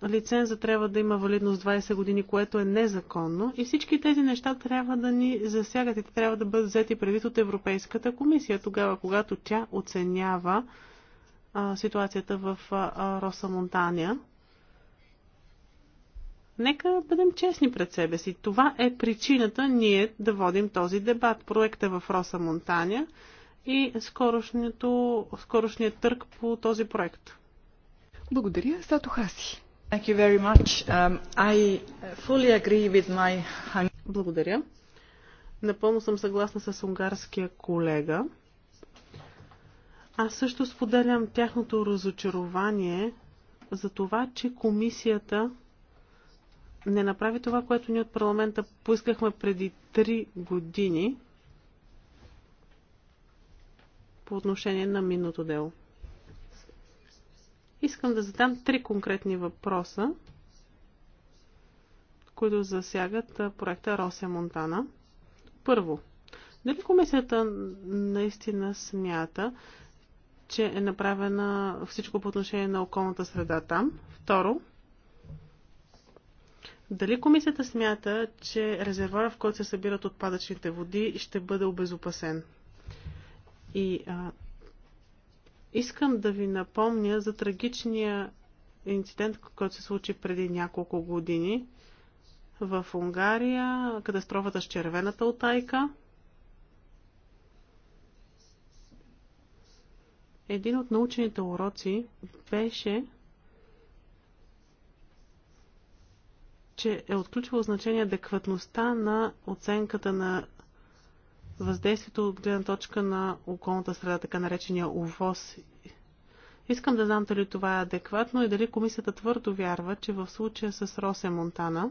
Лиценза трябва да има валидност 20 години, което е незаконно. И всички тези неща трябва да ни засягат и те трябва да бъдат взети предвид от Европейската комисия тогава, когато тя оценява а, ситуацията в а, Роса Монтания. Нека бъдем честни пред себе си. Това е причината ние да водим този дебат. Проекта в Роса Монтания и скорошният търг по този проект. Благодаря, Сато Хаси. Thank you very much. Um, I fully agree with my... Благодаря. Напълно съм съгласна с унгарския колега. Аз също споделям тяхното разочарование за това, че комисията не направи това, което ние от парламента поискахме преди три години по отношение на минното дело. Искам да задам три конкретни въпроса, които засягат проекта Росия Монтана. Първо, дали комисията наистина смята, че е направена всичко по отношение на околната среда там? Второ, дали комисията смята, че резервуара, в който се събират отпадъчните води, ще бъде обезопасен? И а, искам да ви напомня за трагичния инцидент, който се случи преди няколко години в Унгария, катастрофата с червената отайка. Един от научените уроци беше, че е отключвало значение адекватността на оценката на въздействието от гледна точка на околната среда, така наречения ОВОС. Искам да знам дали това е адекватно и дали комисията твърдо вярва, че в случая с Росе Монтана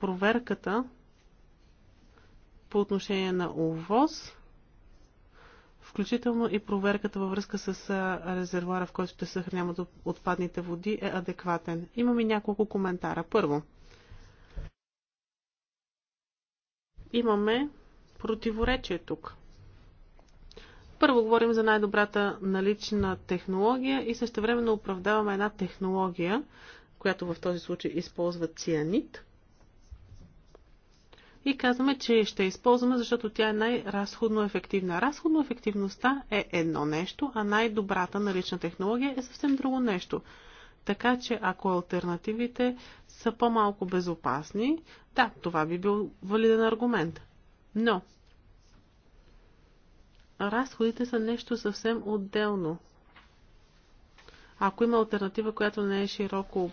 проверката по отношение на ОВОС, включително и проверката във връзка с резервуара, в който ще съхраняват отпадните води, е адекватен. Имаме няколко коментара. Първо, имаме противоречие тук. Първо говорим за най-добрата налична технология и също времено оправдаваме една технология, която в този случай използва цианит. И казваме, че ще използваме, защото тя е най-разходно ефективна. Разходно ефективността е едно нещо, а най-добрата налична технология е съвсем друго нещо. Така че ако альтернативите са по-малко безопасни, да, това би бил валиден аргумент. Но разходите са нещо съвсем отделно. Ако има альтернатива, която не е широко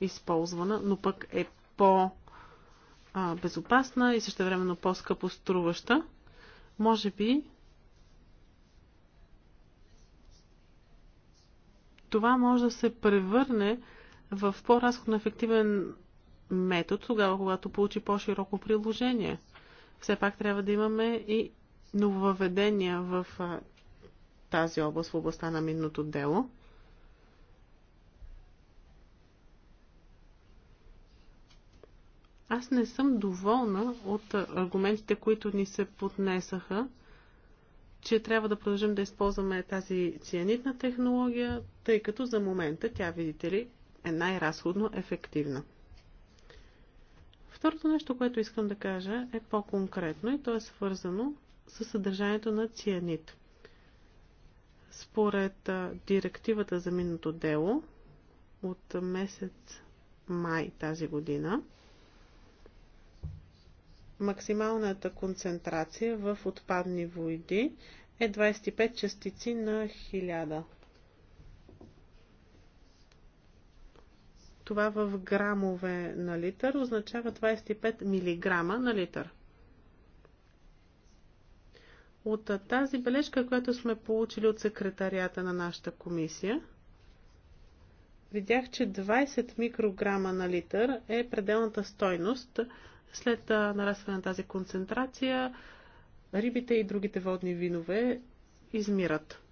използвана, но пък е по-безопасна и същевременно по-скъпо струваща, може би това може да се превърне в по-разходно ефективен метод, тогава когато получи по-широко приложение – все пак трябва да имаме и нововведения в тази област, в областта на минното дело. Аз не съм доволна от аргументите, които ни се поднесаха, че трябва да продължим да използваме тази цианитна технология, тъй като за момента тя, видите ли, е най-разходно ефективна. Второто нещо, което искам да кажа е по-конкретно и то е свързано с съдържанието на цианид. Според директивата за минното дело от месец май тази година, максималната концентрация в отпадни войди е 25 частици на 1000. Това в грамове на литър означава 25 милиграма на литър. От тази бележка, която сме получили от секретарията на нашата комисия, видях, че 20 микрограма на литър е пределната стойност. След нарастване на тази концентрация, рибите и другите водни винове измират.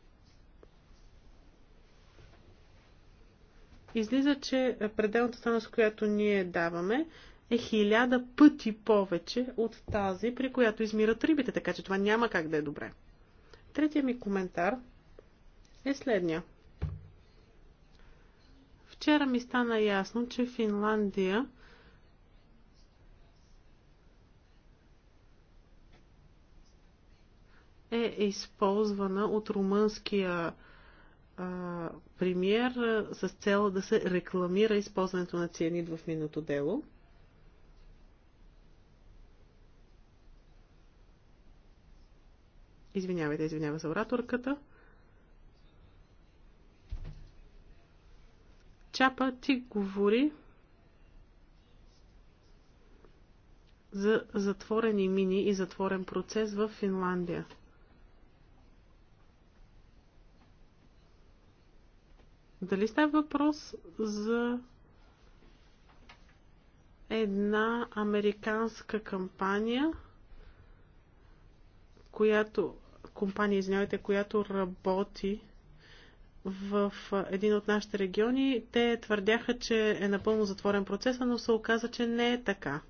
излиза, че пределната стойност, която ние даваме, е хиляда пъти повече от тази, при която измират рибите, така че това няма как да е добре. Третия ми коментар е следния. Вчера ми стана ясно, че Финландия е използвана от румънския а, премиер с цел да се рекламира използването на цианид в миното дело. Извинявайте, извинява за ораторката. Чапа ти говори за затворени мини и затворен процес в Финландия. Дали става въпрос за една американска кампания, която компания, извинявайте, която работи в един от нашите региони. Те твърдяха, че е напълно затворен процеса, но се оказа, че не е така.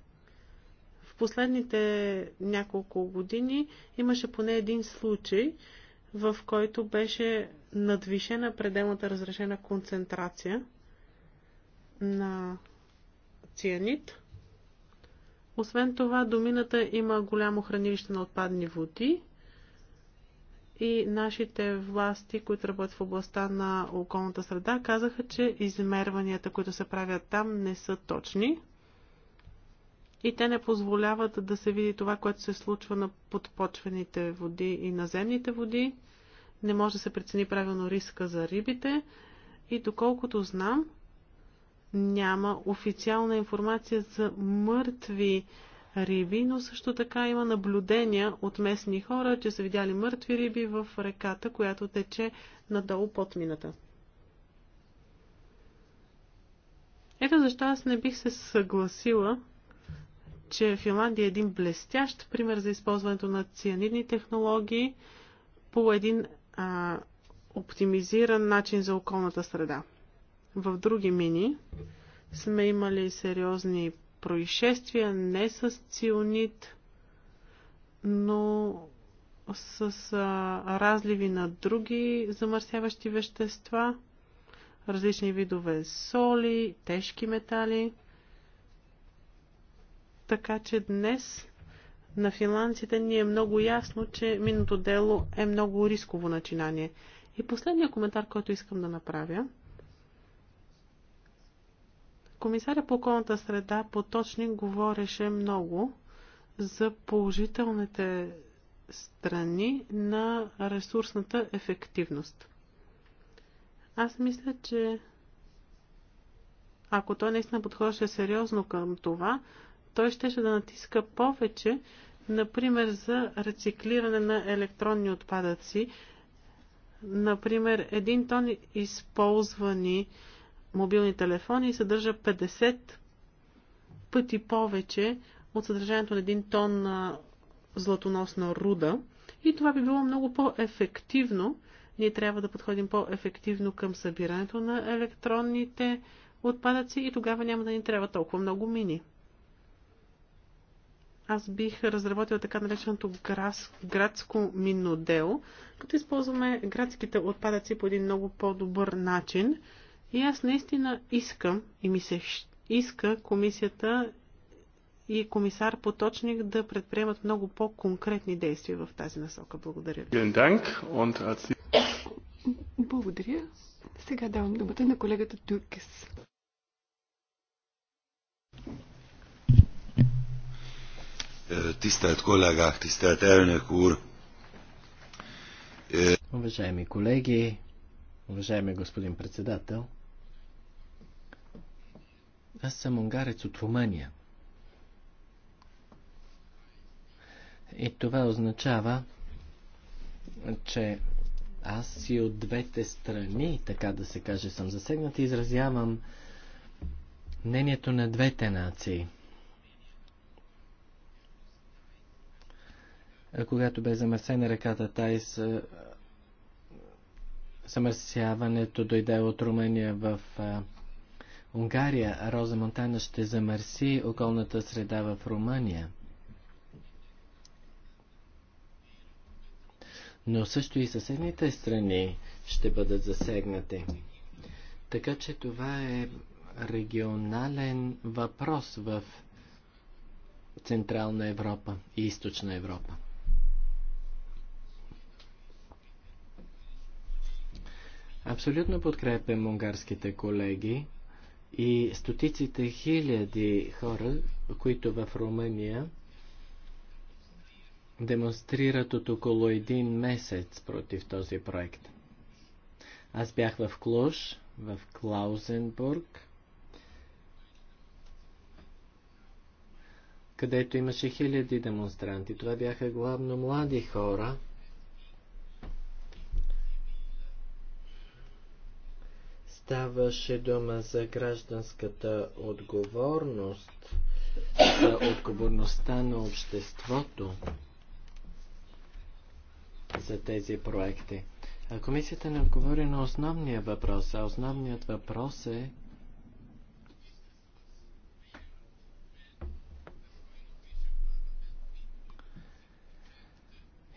В последните няколко години имаше поне един случай, в който беше надвишена пределната разрешена концентрация на цианит. Освен това, домината има голямо хранилище на отпадни води и нашите власти, които работят в областта на околната среда, казаха, че измерванията, които се правят там, не са точни и те не позволяват да се види това, което се случва на подпочвените води и наземните води. Не може да се прецени правилно риска за рибите. И доколкото знам, няма официална информация за мъртви риби, но също така има наблюдения от местни хора, че са видяли мъртви риби в реката, която тече надолу под мината. Ето защо аз не бих се съгласила че Финландия е един блестящ пример за използването на цианидни технологии по един а, оптимизиран начин за околната среда. В други мини сме имали сериозни происшествия, не с ционит, но с а, разливи на други замърсяващи вещества, различни видове соли, тежки метали. Така че днес на финландците ни е много ясно, че миното дело е много рисково начинание. И последния коментар, който искам да направя. Комисаря по околната среда поточник говореше много за положителните страни на ресурсната ефективност. Аз мисля, че ако той наистина подхожда сериозно към това, той щеше да натиска повече, например, за рециклиране на електронни отпадъци. Например, един тон използвани мобилни телефони съдържа 50 пъти повече от съдържанието на един тон на златоносна руда. И това би било много по-ефективно. Ние трябва да подходим по-ефективно към събирането на електронните отпадъци и тогава няма да ни трябва толкова много мини аз бих разработила така нареченото градско минодело, като използваме градските отпадъци по един много по-добър начин. И аз наистина искам и ми се иска комисията и комисар Поточник да предприемат много по-конкретни действия в тази насока. Благодаря. Благодаря. Сега давам думата на колегата Туркес. Tisztelt kollégák, tisztelt elnök úr! Уважаеми колеги, уважаеми господин председател, аз съм унгарец от Румъния. И това означава, че аз и от двете страни, така да се каже, съм засегнат и изразявам мнението на двете нации – Е, когато бе замърсена реката Тайс, е, замърсяването дойде от Румъния в е, Унгария, а Роза Монтана ще замърси околната среда в Румъния. Но също и съседните страни ще бъдат засегнати. Така че това е регионален въпрос в Централна Европа и Източна Европа. Абсолютно подкрепям унгарските колеги и стотиците хиляди хора, които в Румъния демонстрират от около един месец против този проект. Аз бях в Клуш, в Клаузенбург, където имаше хиляди демонстранти. Това бяха главно млади хора – ставаше дума за гражданската отговорност, за отговорността на обществото за тези проекти. А комисията не отговори на основния въпрос, а основният въпрос е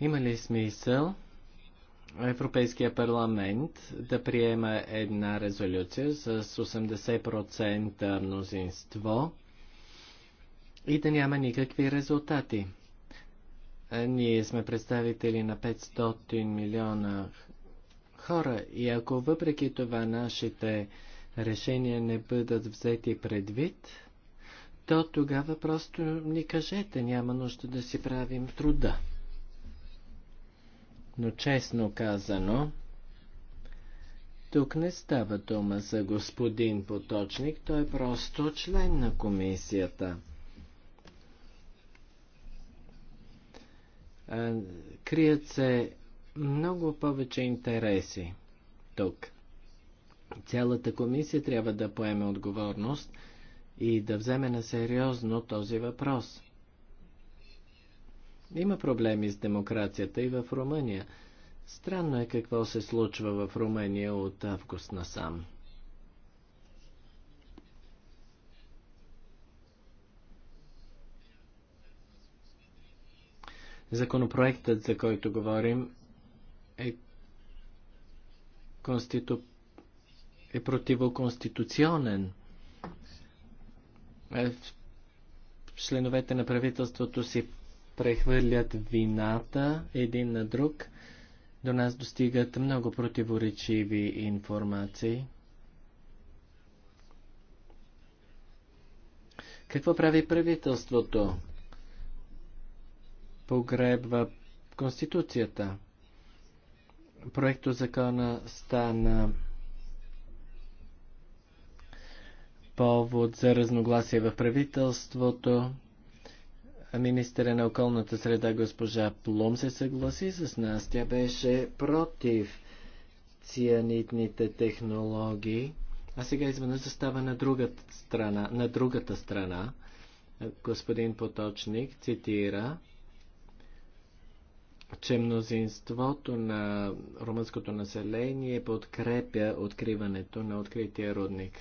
Има ли смисъл Европейския парламент да приема една резолюция с 80% мнозинство и да няма никакви резултати. Ние сме представители на 500 милиона хора и ако въпреки това нашите решения не бъдат взети предвид, то тогава просто ни кажете, няма нужда да си правим труда. Но честно казано, тук не става дума за господин Поточник, той е просто член на комисията. Крият се много повече интереси тук. Цялата комисия трябва да поеме отговорност и да вземе на сериозно този въпрос. Има проблеми с демокрацията и в Румъния. Странно е какво се случва в Румъния от август насам. Законопроектът, за който говорим, е, конститу... е противоконституционен. Е, членовете на правителството си прехвърлят вината един на друг. До нас достигат много противоречиви информации. Какво прави правителството? Погребва Конституцията. Проекто закона стана повод за разногласие в правителството. Министъра на околната среда госпожа Плом се съгласи с нас. Тя беше против цианитните технологии. А сега изведнъж застава на другата страна. На другата страна. Господин Поточник цитира, че мнозинството на румънското население подкрепя откриването на открития родник.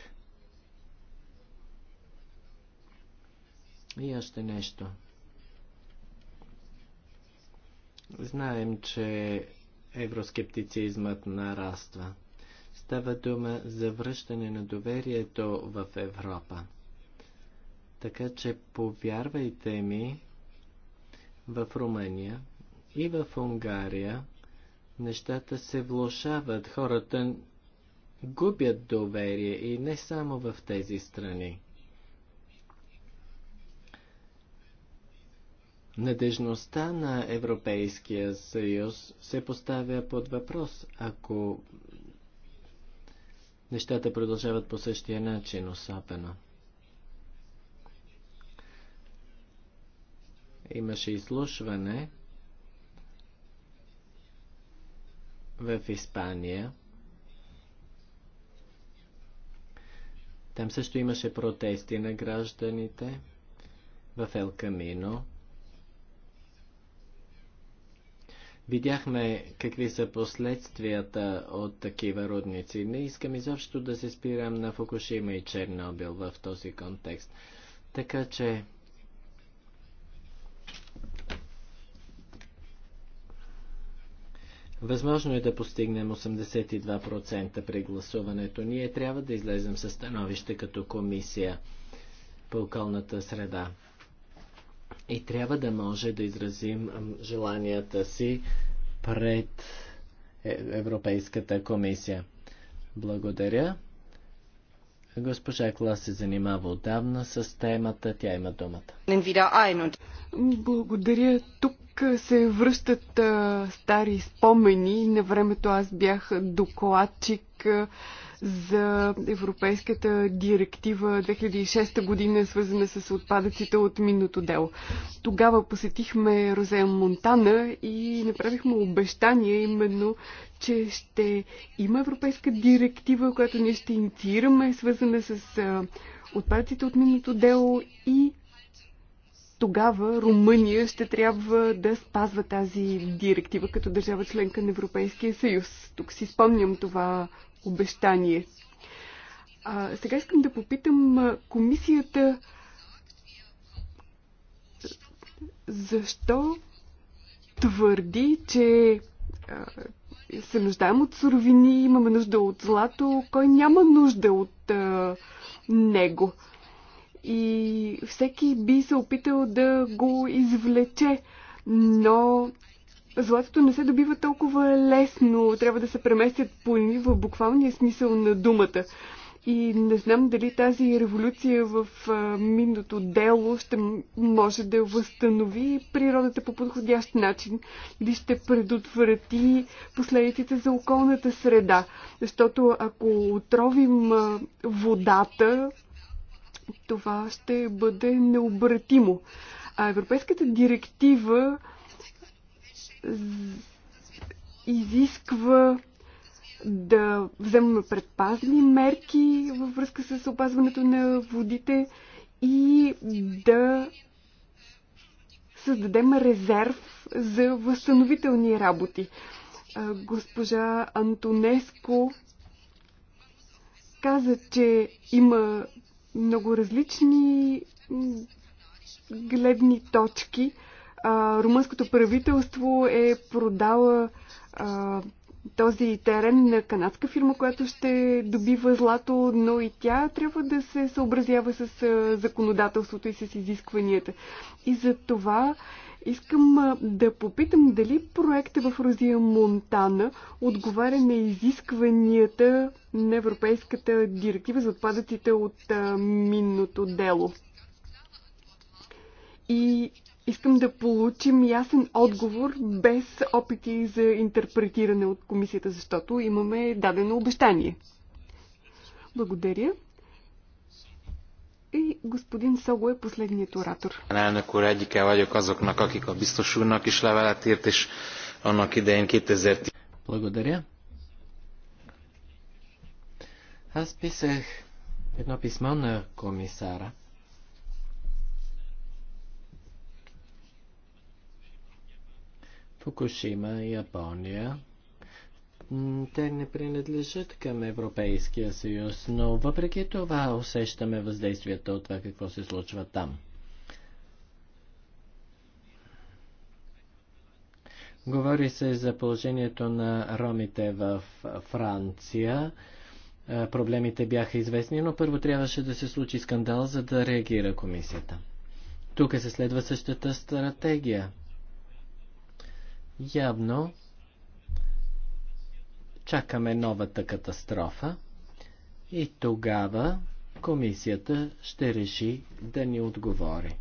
И още нещо – Знаем, че евроскептицизмът нараства. Става дума за връщане на доверието в Европа. Така че повярвайте ми, в Румъния и в Унгария нещата се влошават, хората губят доверие и не само в тези страни. Надежността на Европейския съюз се поставя под въпрос, ако нещата продължават по същия начин, особено. Имаше изслушване в Испания. Там също имаше протести на гражданите в Елкамино. Камино. Видяхме какви са последствията от такива родници. Не искам изобщо да се спирам на Фукушима и Чернобил в този контекст. Така че Възможно е да постигнем 82% при гласуването. Ние трябва да излезем със становище като комисия по околната среда и трябва да може да изразим желанията си пред е, Европейската комисия. Благодаря. Госпожа Клас се занимава отдавна с темата. Тя има думата. Благодаря. Тук се връщат а, стари спомени. На времето аз бях докладчик. А, за Европейската директива 2006 година, свързана с отпадъците от минното дело. Тогава посетихме Розея Монтана и направихме обещание именно, че ще има Европейска директива, която ние ще инициираме, свързана с отпадъците от минното дело и тогава Румъния ще трябва да спазва тази директива като държава членка на Европейския съюз. Тук си спомням това обещание. А, сега искам да попитам комисията защо твърди, че а, се нуждаем от суровини, имаме нужда от злато, кой няма нужда от а, него и всеки би се опитал да го извлече, но златото не се добива толкова лесно. Трябва да се преместят плани в буквалния смисъл на думата. И не знам дали тази революция в минното дело ще може да възстанови природата по подходящ начин, или ще предотврати последиците за околната среда. Защото ако отровим водата, това ще бъде необратимо. А Европейската директива изисква да вземем предпазни мерки във връзка с опазването на водите и да създадем резерв за възстановителни работи. Госпожа Антонеско каза, че има много различни гледни точки. А, румънското правителство е продала а, този терен на канадска фирма, която ще добива злато, но и тя трябва да се съобразява с законодателството и с изискванията. И за това Искам да попитам дали проекта в Розия Монтана отговаря на изискванията на Европейската директива за отпадъците от минното дело. И искам да получим ясен отговор без опити за интерпретиране от комисията, защото имаме дадено обещание. Благодаря. И господин Сого е последният оратор. Elnök úr, egyike vagyok azoknak, akik a biztos úrnak is levelet írt, és annak idején 2010. Благодаря. Аз писах едно писмо на комисара. Фукушима, Япония, те не принадлежат към Европейския съюз, но въпреки това усещаме въздействията от това какво се случва там. Говори се за положението на ромите в Франция. Е, проблемите бяха известни, но първо трябваше да се случи скандал, за да реагира комисията. Тук се следва същата стратегия. Явно чакаме новата катастрофа и тогава комисията ще реши да ни отговори.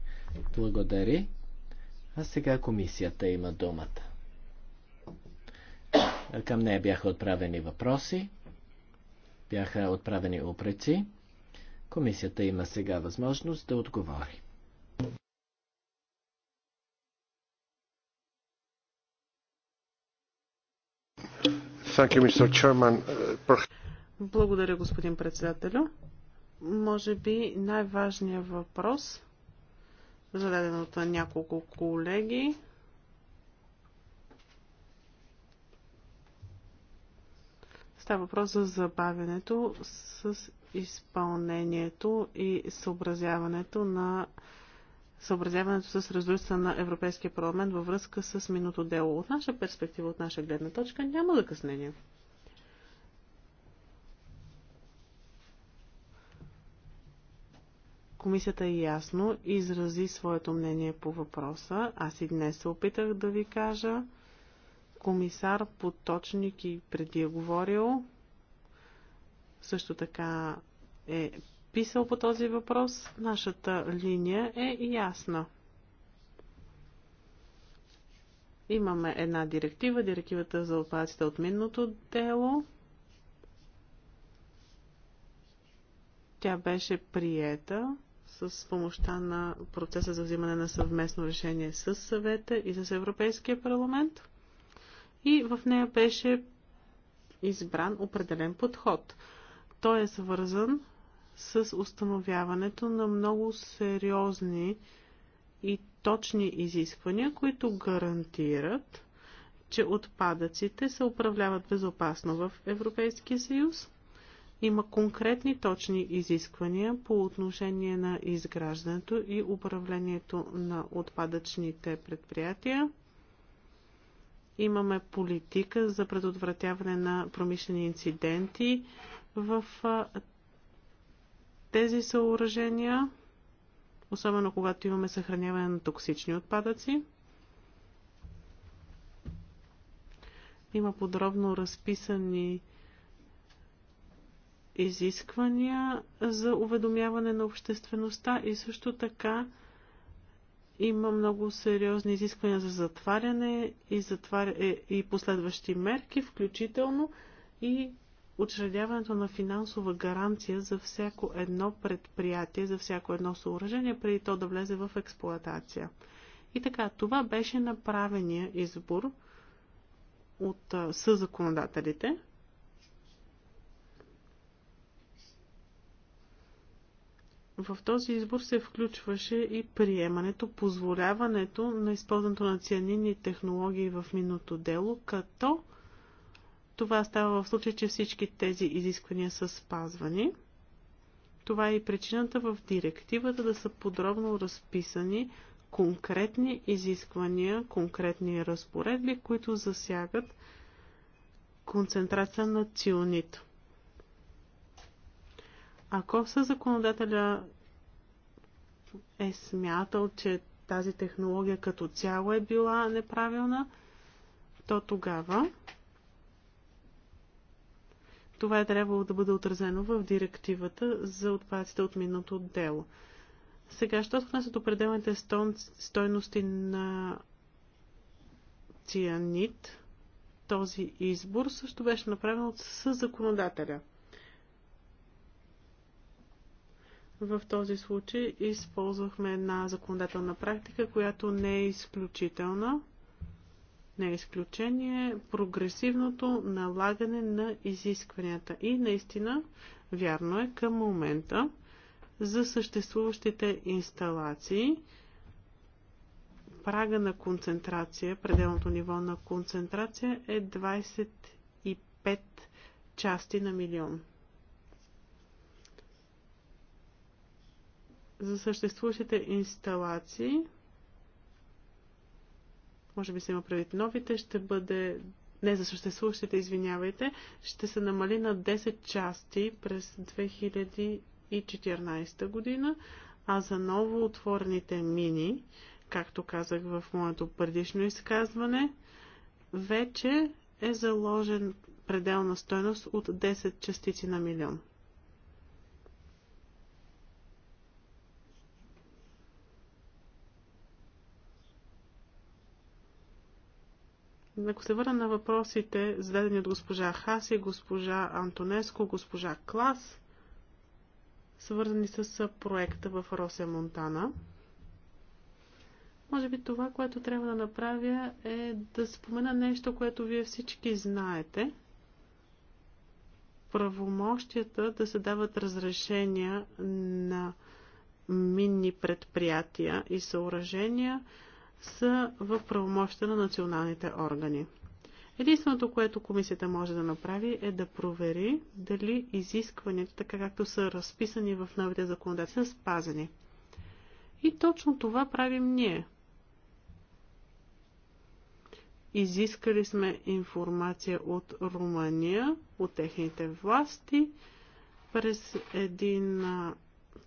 Благодари. А сега комисията има думата. Към нея бяха отправени въпроси, бяха отправени упреци. Комисията има сега възможност да отговори. Благодаря, господин председателю. Може би най-важният въпрос, зададен от няколко колеги, Става въпрос за забавянето с изпълнението и съобразяването на съобразяването с резолюцията на Европейския парламент във връзка с минуто дело. От наша перспектива, от наша гледна точка, няма закъснение. Комисията ясно изрази своето мнение по въпроса. Аз и днес се опитах да ви кажа. Комисар Поточник и преди е говорил. Също така е писал по този въпрос, нашата линия е ясна. Имаме една директива, директивата за отпадците от минното дело. Тя беше приета с помощта на процеса за взимане на съвместно решение с съвета и с Европейския парламент. И в нея беше избран определен подход. Той е свързан с установяването на много сериозни и точни изисквания, които гарантират, че отпадъците се управляват безопасно в Европейския съюз. Има конкретни точни изисквания по отношение на изграждането и управлението на отпадъчните предприятия. Имаме политика за предотвратяване на промишлени инциденти в тези съоръжения, особено когато имаме съхраняване на токсични отпадъци. Има подробно разписани изисквания за уведомяване на обществеността и също така има много сериозни изисквания за затваряне и, затваря... Е, и последващи мерки, включително и учредяването на финансова гаранция за всяко едно предприятие, за всяко едно съоръжение, преди то да влезе в експлоатация. И така, това беше направения избор от съзаконодателите. В този избор се включваше и приемането, позволяването на използването на цианинни технологии в миното дело, като това става в случай, че всички тези изисквания са спазвани. Това е и причината в директивата да са подробно разписани конкретни изисквания, конкретни разпоредби, които засягат концентрация на ционит. Ако съзаконодателя законодателя е смятал, че тази технология като цяло е била неправилна, то тогава това е трябвало да бъде отразено в директивата за отпадците от минното дело. Сега, що се отнесат определените стойности на цианит, този избор също беше направен от законодателя. В този случай използвахме една законодателна практика, която не е изключителна не е изключение прогресивното налагане на изискванията. И наистина, вярно е, към момента за съществуващите инсталации прага на концентрация, пределното ниво на концентрация е 25 части на милион. За съществуващите инсталации може би се има предвид новите, ще бъде не за съществуващите, извинявайте, ще се намали на 10 части през 2014 година, а за ново отворените мини, както казах в моето предишно изказване, вече е заложен пределна стойност от 10 частици на милион. Ако се върна на въпросите, зададени от госпожа Хаси, госпожа Антонеско, госпожа Клас, свързани с проекта в Росе Монтана. Може би това, което трябва да направя е да спомена нещо, което вие всички знаете. Правомощията да се дават разрешения на минни предприятия и съоръжения – са в правомощта на националните органи. Единственото, което комисията може да направи е да провери дали изискванията, така както са разписани в новите законодателства, са спазени. И точно това правим ние. Изискали сме информация от Румъния, от техните власти, през един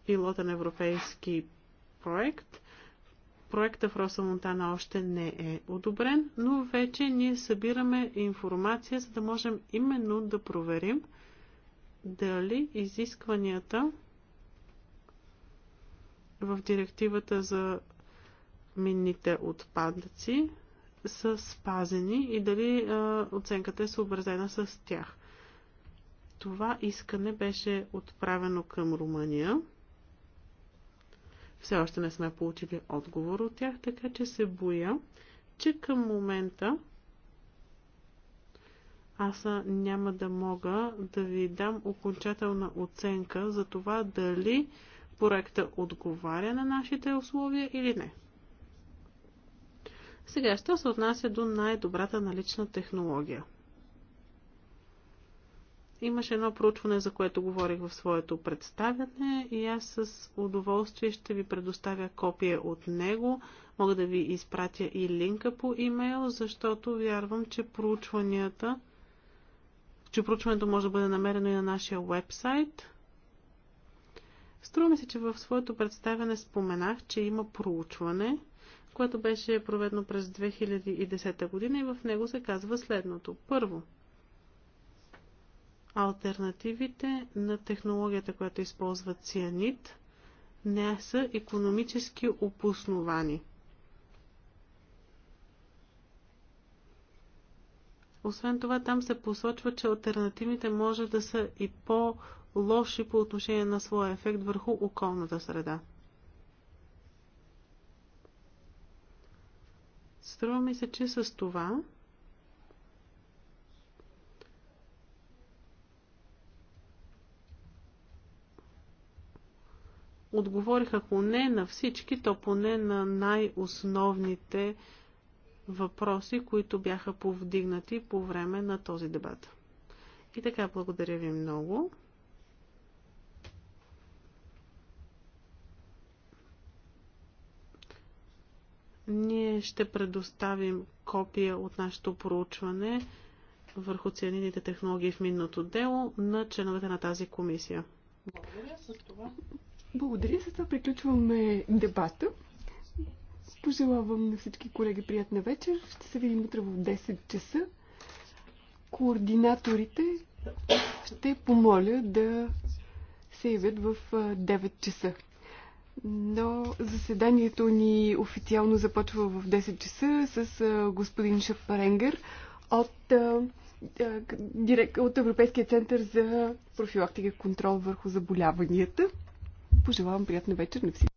пилотен европейски проект – Проекта в Роса Монтана още не е одобрен, но вече ние събираме информация, за да можем именно да проверим дали изискванията в директивата за минните отпадъци са спазени и дали а, оценката е съобразена с тях. Това искане беше отправено към Румъния. Все още не сме получили отговор от тях, така че се боя, че към момента аз няма да мога да ви дам окончателна оценка за това дали проекта отговаря на нашите условия или не. Сега, ще се отнася до най-добрата налична технология – Имаше едно проучване, за което говорих в своето представяне и аз с удоволствие ще ви предоставя копие от него. Мога да ви изпратя и линка по имейл, защото вярвам, че проучванията че проучването може да бъде намерено и на нашия вебсайт. Струва ми се, че в своето представяне споменах, че има проучване, което беше проведено през 2010 година и в него се казва следното. Първо – Альтернативите на технологията, която използва цианид, не са економически опосновани. Освен това, там се посочва, че альтернативите може да са и по-лоши по отношение на своя ефект върху околната среда. Струва ми се, че с това отговорих, ако не на всички, то поне на най-основните въпроси, които бяха повдигнати по време на този дебат. И така, благодаря ви много. Ние ще предоставим копия от нашето проучване върху цианидите технологии в минното дело на членовете на тази комисия. Благодаря с това. Благодаря. С това приключваме дебата. Пожелавам на всички колеги приятна вечер. Ще се видим утре в 10 часа. Координаторите ще помоля да се явят в 9 часа. Но заседанието ни официално започва в 10 часа с господин Шапаренгер от, от Европейския център за профилактика и контрол върху заболяванията. Пожелавам приятна вечер на всички.